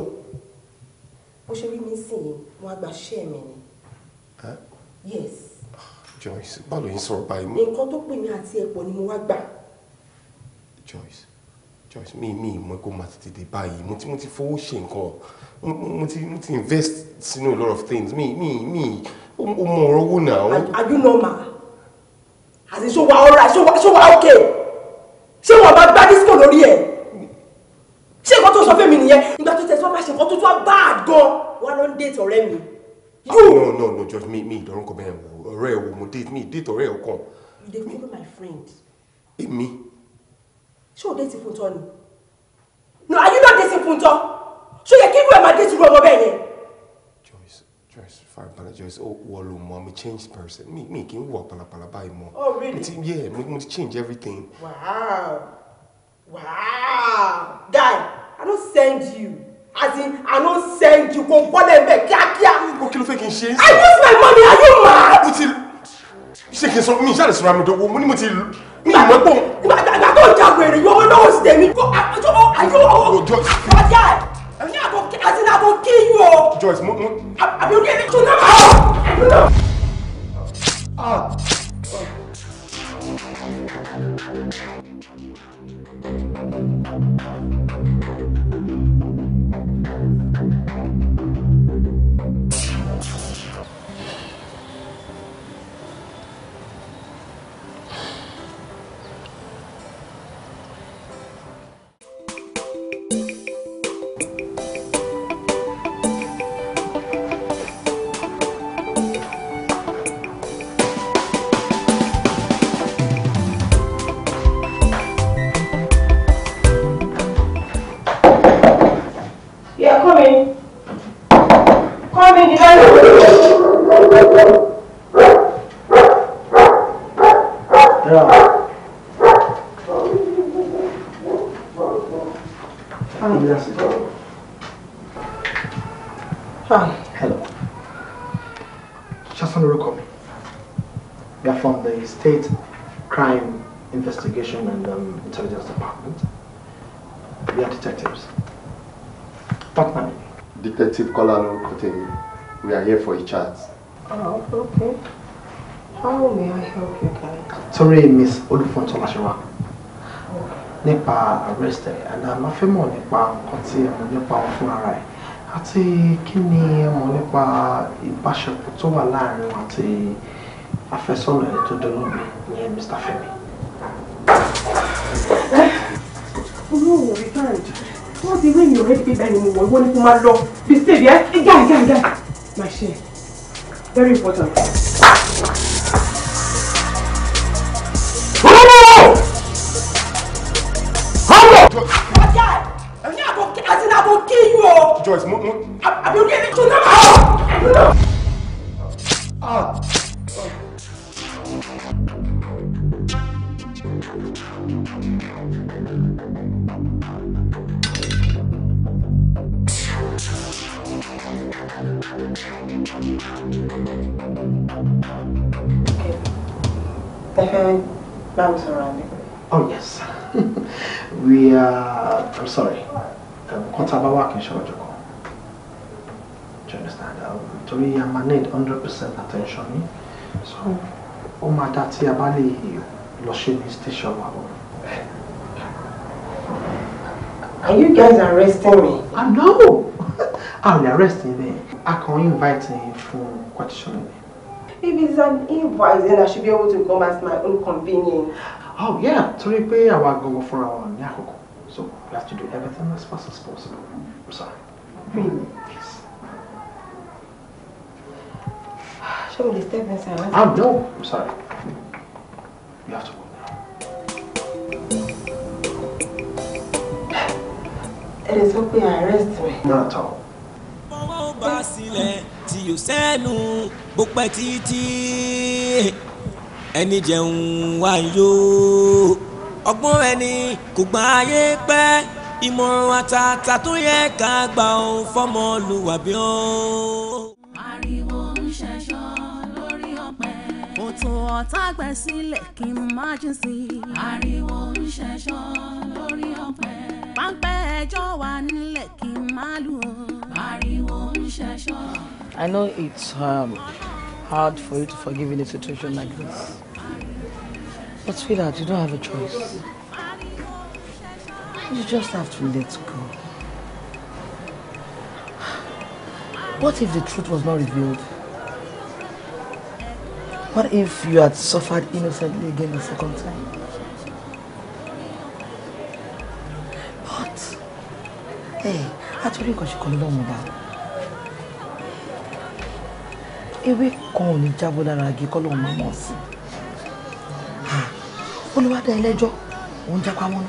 bó ṣe rí mi sìn yìí wọn á gba ṣẹ́ mi yes. Joyce báwo ló ń sọ̀rọ̀ báyìí. nǹkan tó pè me àti ẹ̀pọ̀ ni mo wá gbà. Joyce Joyce mi mi mọ̀ kó máa tètè dé báyìí mo ti mo ti fowó ṣe nǹkan mo ti mo ti invest sínú a lot of things mi mi mi o mọ ọ̀rọ̀ owó náà. are you normal? àti ṣó wa ọ̀rọ̀ àti ṣó wa okay ṣé wọn bá gbá disco lórí ẹ̀ ṣé nǹkan tó sọ fún mi nìyẹn nígbà tó tẹ̀síwá máa ṣe nǹkan tó tó bad gan wà ló ń date ọ̀rẹ́ mi. Ah, no no no Joyce mi mi ìdánwò kan bẹ́ẹ̀ ọ̀rẹ́ ẹ̀ wò mo date mi date ọ̀rẹ́ ẹ̀ kan. you dey follow my friend. èmi ṣé o dé ti funtọ ni no are you not dating ti funtọ ṣó yẹ kí irú ẹ máa dé ti ru ọmọ bẹ́ẹ̀ yẹn. Joyce Joyce fine, farabalẹ̀ Joyce ó oh, wọ ló mọ mi change person mi mi kì í wọ pàlàpàlà báyìí mọ. oh really ti yeah mo ti change everything. wow wow guy i don send you as in i no send you go bọ́lẹ̀ mẹ́ kíákíá. o kí ló fẹ́ kí n ṣe. i use my money are you mad. mo ti ṣe kí n sọ mi ìṣàlẹ̀ sọ̀rọ̀ àmì ìdánwò mo ní mo ti mi ìmọ̀ ẹ̀gbọ́n yóò jagbere yóò lọ́wọ́ sí tèmi. go àjọ ọ àjọ ọ ọjà ẹ ní àgọ àti ní àgọ kí yín o. Joyce mo mo. àbí o ní ẹni tó náà. Thank you. State Crime Investigation and um, Intelligence Department. We are detectives. Partner. Detective Kolano Kotemi, we are here for a chat. Oh, okay. How may I help you guys? Sorry, Miss Olufun Tolashewa. Nípa arrest ẹ̀, and I'm a fẹ́ mọ̀ nípa nǹkan tí ẹ mọ̀ nípa wọn fún ara ẹ̀. Àti kí ni ẹ mọ̀ àfẹ́sọ́nà ẹ̀ tó dọ́nà mi ìyẹn Mr. Fẹ́mi. olóòwò returned wọ́n ti rí ìyẹn rẹ́ẹ̀dì pé báyìí mo wọ̀ ìwọ ni kò máa lọ bí sèbi ẹ́ gán gán gán my share very important. Joyce, move, move. I'm, I'm okay. So now, Efe Bamisorande. Oh, yes. we are. Uh, I'm sorry. Kotabawa can show you. Do you understand? Um, to me, I'm going need 100% attention. So, ó máa dá tí a bá lè his station Are you guys arresting me? I know! I'm arresting me. I can invite you for questioning me if it's an invoice then I should be able to come at my own convenience. oh yeah torí pé àwa go for our ní so we have to do everything as fast as possible i'm sorry. really yes. Show me the step inside. ah no i'm sorry you have to go. It is okay. I arrest me. Not at all tí yóò sẹ́nu bó pẹ́ títí ẹni jẹun wá yó ọgbọ́n ẹni kò gbà ayé pẹ́ ìmọ̀ràn àtàtà tó yẹ ká gbà ó fọmọlúwàbí ó. ariwo ń ṣẹ̀ṣọ́ lórí ọ̀pẹ. òtò ọ̀tá gbẹ sílẹ̀ kí n má jìn sí ariwo ń ṣẹ̀ṣọ́ lórí ọ̀pẹ. páńpẹ́ ẹjọ́ wà nílẹ̀ kí n má lù ú. ariwo ń ṣẹ̀ṣọ́. I know it's um, hard for you to forgive in a situation like this. But sweetheart, you don't have a choice. You just have to let go. What if the truth was not revealed? What if you had suffered innocently again the second time? But, hey, I told you because you called long about ewé kan ò ní jábọ́ lára igi kọ́ lóun máa mọ̀ sí i olùwádà ẹlẹ́jọ́ òun jápá mọ́nà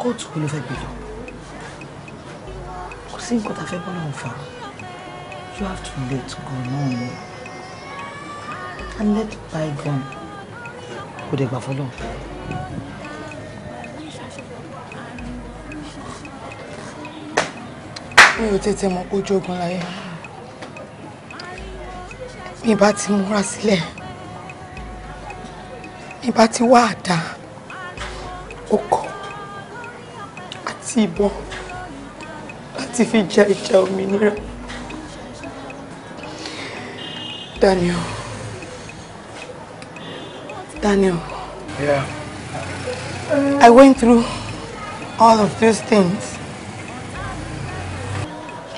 kóòtù kò ló fẹ́ gbé lọ kò sí nǹkan tá a fẹ́ bọ́ lọ́hùn fà you have to let go náà ni and let bygone kò dẹ̀ gbà fọlọ́. mi ò tètè mọ̀ kó jogun láyé mi bá ti múra sílẹ̀ mi bá ti wá àdá ọkọ̀ àti ìbọn láti fi jà ìjà òmìnira Daniel Daniel yeah. I went through all of those things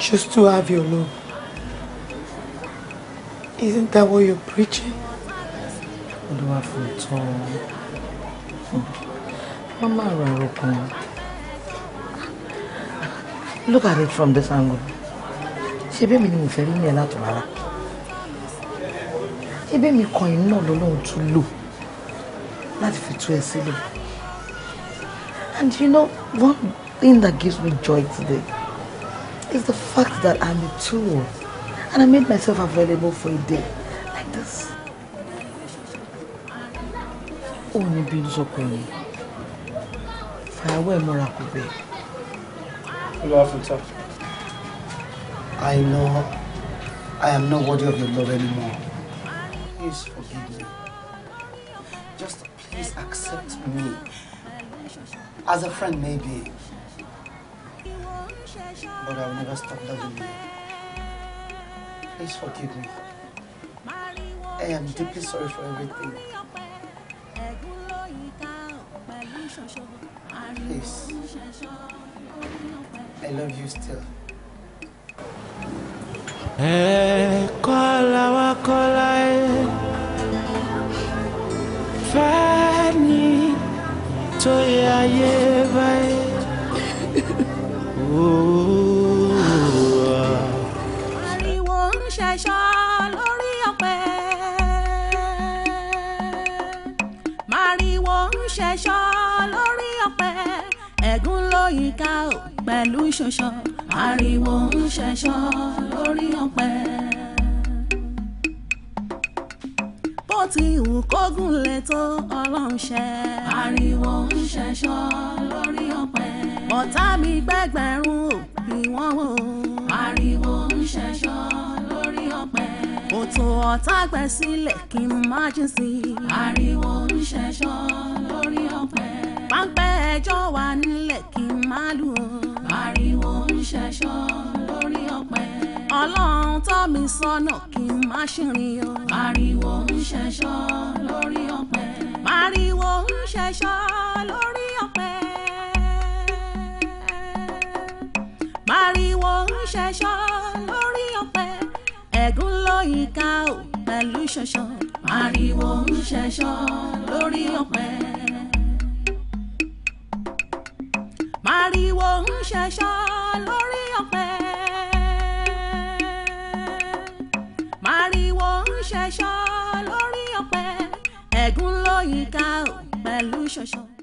just to have your love. Isn't that what you're preaching? Olúwa fún tọ́. Wọ́n máa ra ọkàn. Look at it from this angle. Ṣé bẹ́ẹ̀ mi ni mo fẹ́ rí ní ẹ̀ látọ̀ rárá? Ṣé bẹ́ẹ̀ mi kàn That's náà lọ́lọ́run tún lò And you know, one thing that gives me joy today is the fact that I'm a tool and I made myself available for a day like this. Ó ní bí n sọ pé ní fàyàwó ẹ̀ mọ́ra kò bẹ́ẹ̀. I know I am not worthy of your love anymore. Please forgive me. Just please accept me as a friend maybe. But I will never stop loving you. Please forgive me. I am deeply sorry for everything. Please. I love you still. Hey, wa kola e. Fani to ye pẹ̀lú ṣoṣan ariwo ń ṣẹ̀ṣọ́ lórí ọ̀pẹ. bó ti wù kógun lè tó ọlọ́run ṣẹ. ariwo ń ṣẹ̀ṣọ́ lórí ọ̀pẹ. bọ́tá mi gbẹgbẹ̀rún òbí wọn wò. ariwo ń ṣẹ̀ṣọ́ lórí ọ̀pẹ. òtò ọ̀tá gbẹ sílẹ̀ kí n má jìn sí i. ariwo ń ṣẹ̀ṣọ́ lórí ọ̀pẹ bá ń pẹ́ ẹjọ́ wa nílẹ̀ kí n má lù ú. ariwo ń ṣẹ̀ṣọ́ lórí ọ̀pẹ. ọlọ́run tọ́ mi sọ́nà kí n má ṣìrìn o. ariwo ń ṣẹ̀ṣọ́ lórí ọ̀pẹ. ariwo ń ṣẹ̀ṣọ́ lórí ọ̀pẹ. ariwo ń ṣẹ̀ṣọ́ lórí ọ̀pẹ. ẹ̀gún ló yí ká o pẹ̀lú ṣọ̀ṣọ̀. ariwo ń ṣẹ̀ṣọ́ lórí ọ̀pẹ. ariwo ń ṣẹ̀ṣà lórí ọ̀pẹ. Màrìwò ń ṣẹ̀ṣà lórí ọ̀pẹ. Ẹ̀gún ló yíká pẹ̀lú ṣọ̀ṣọ̀.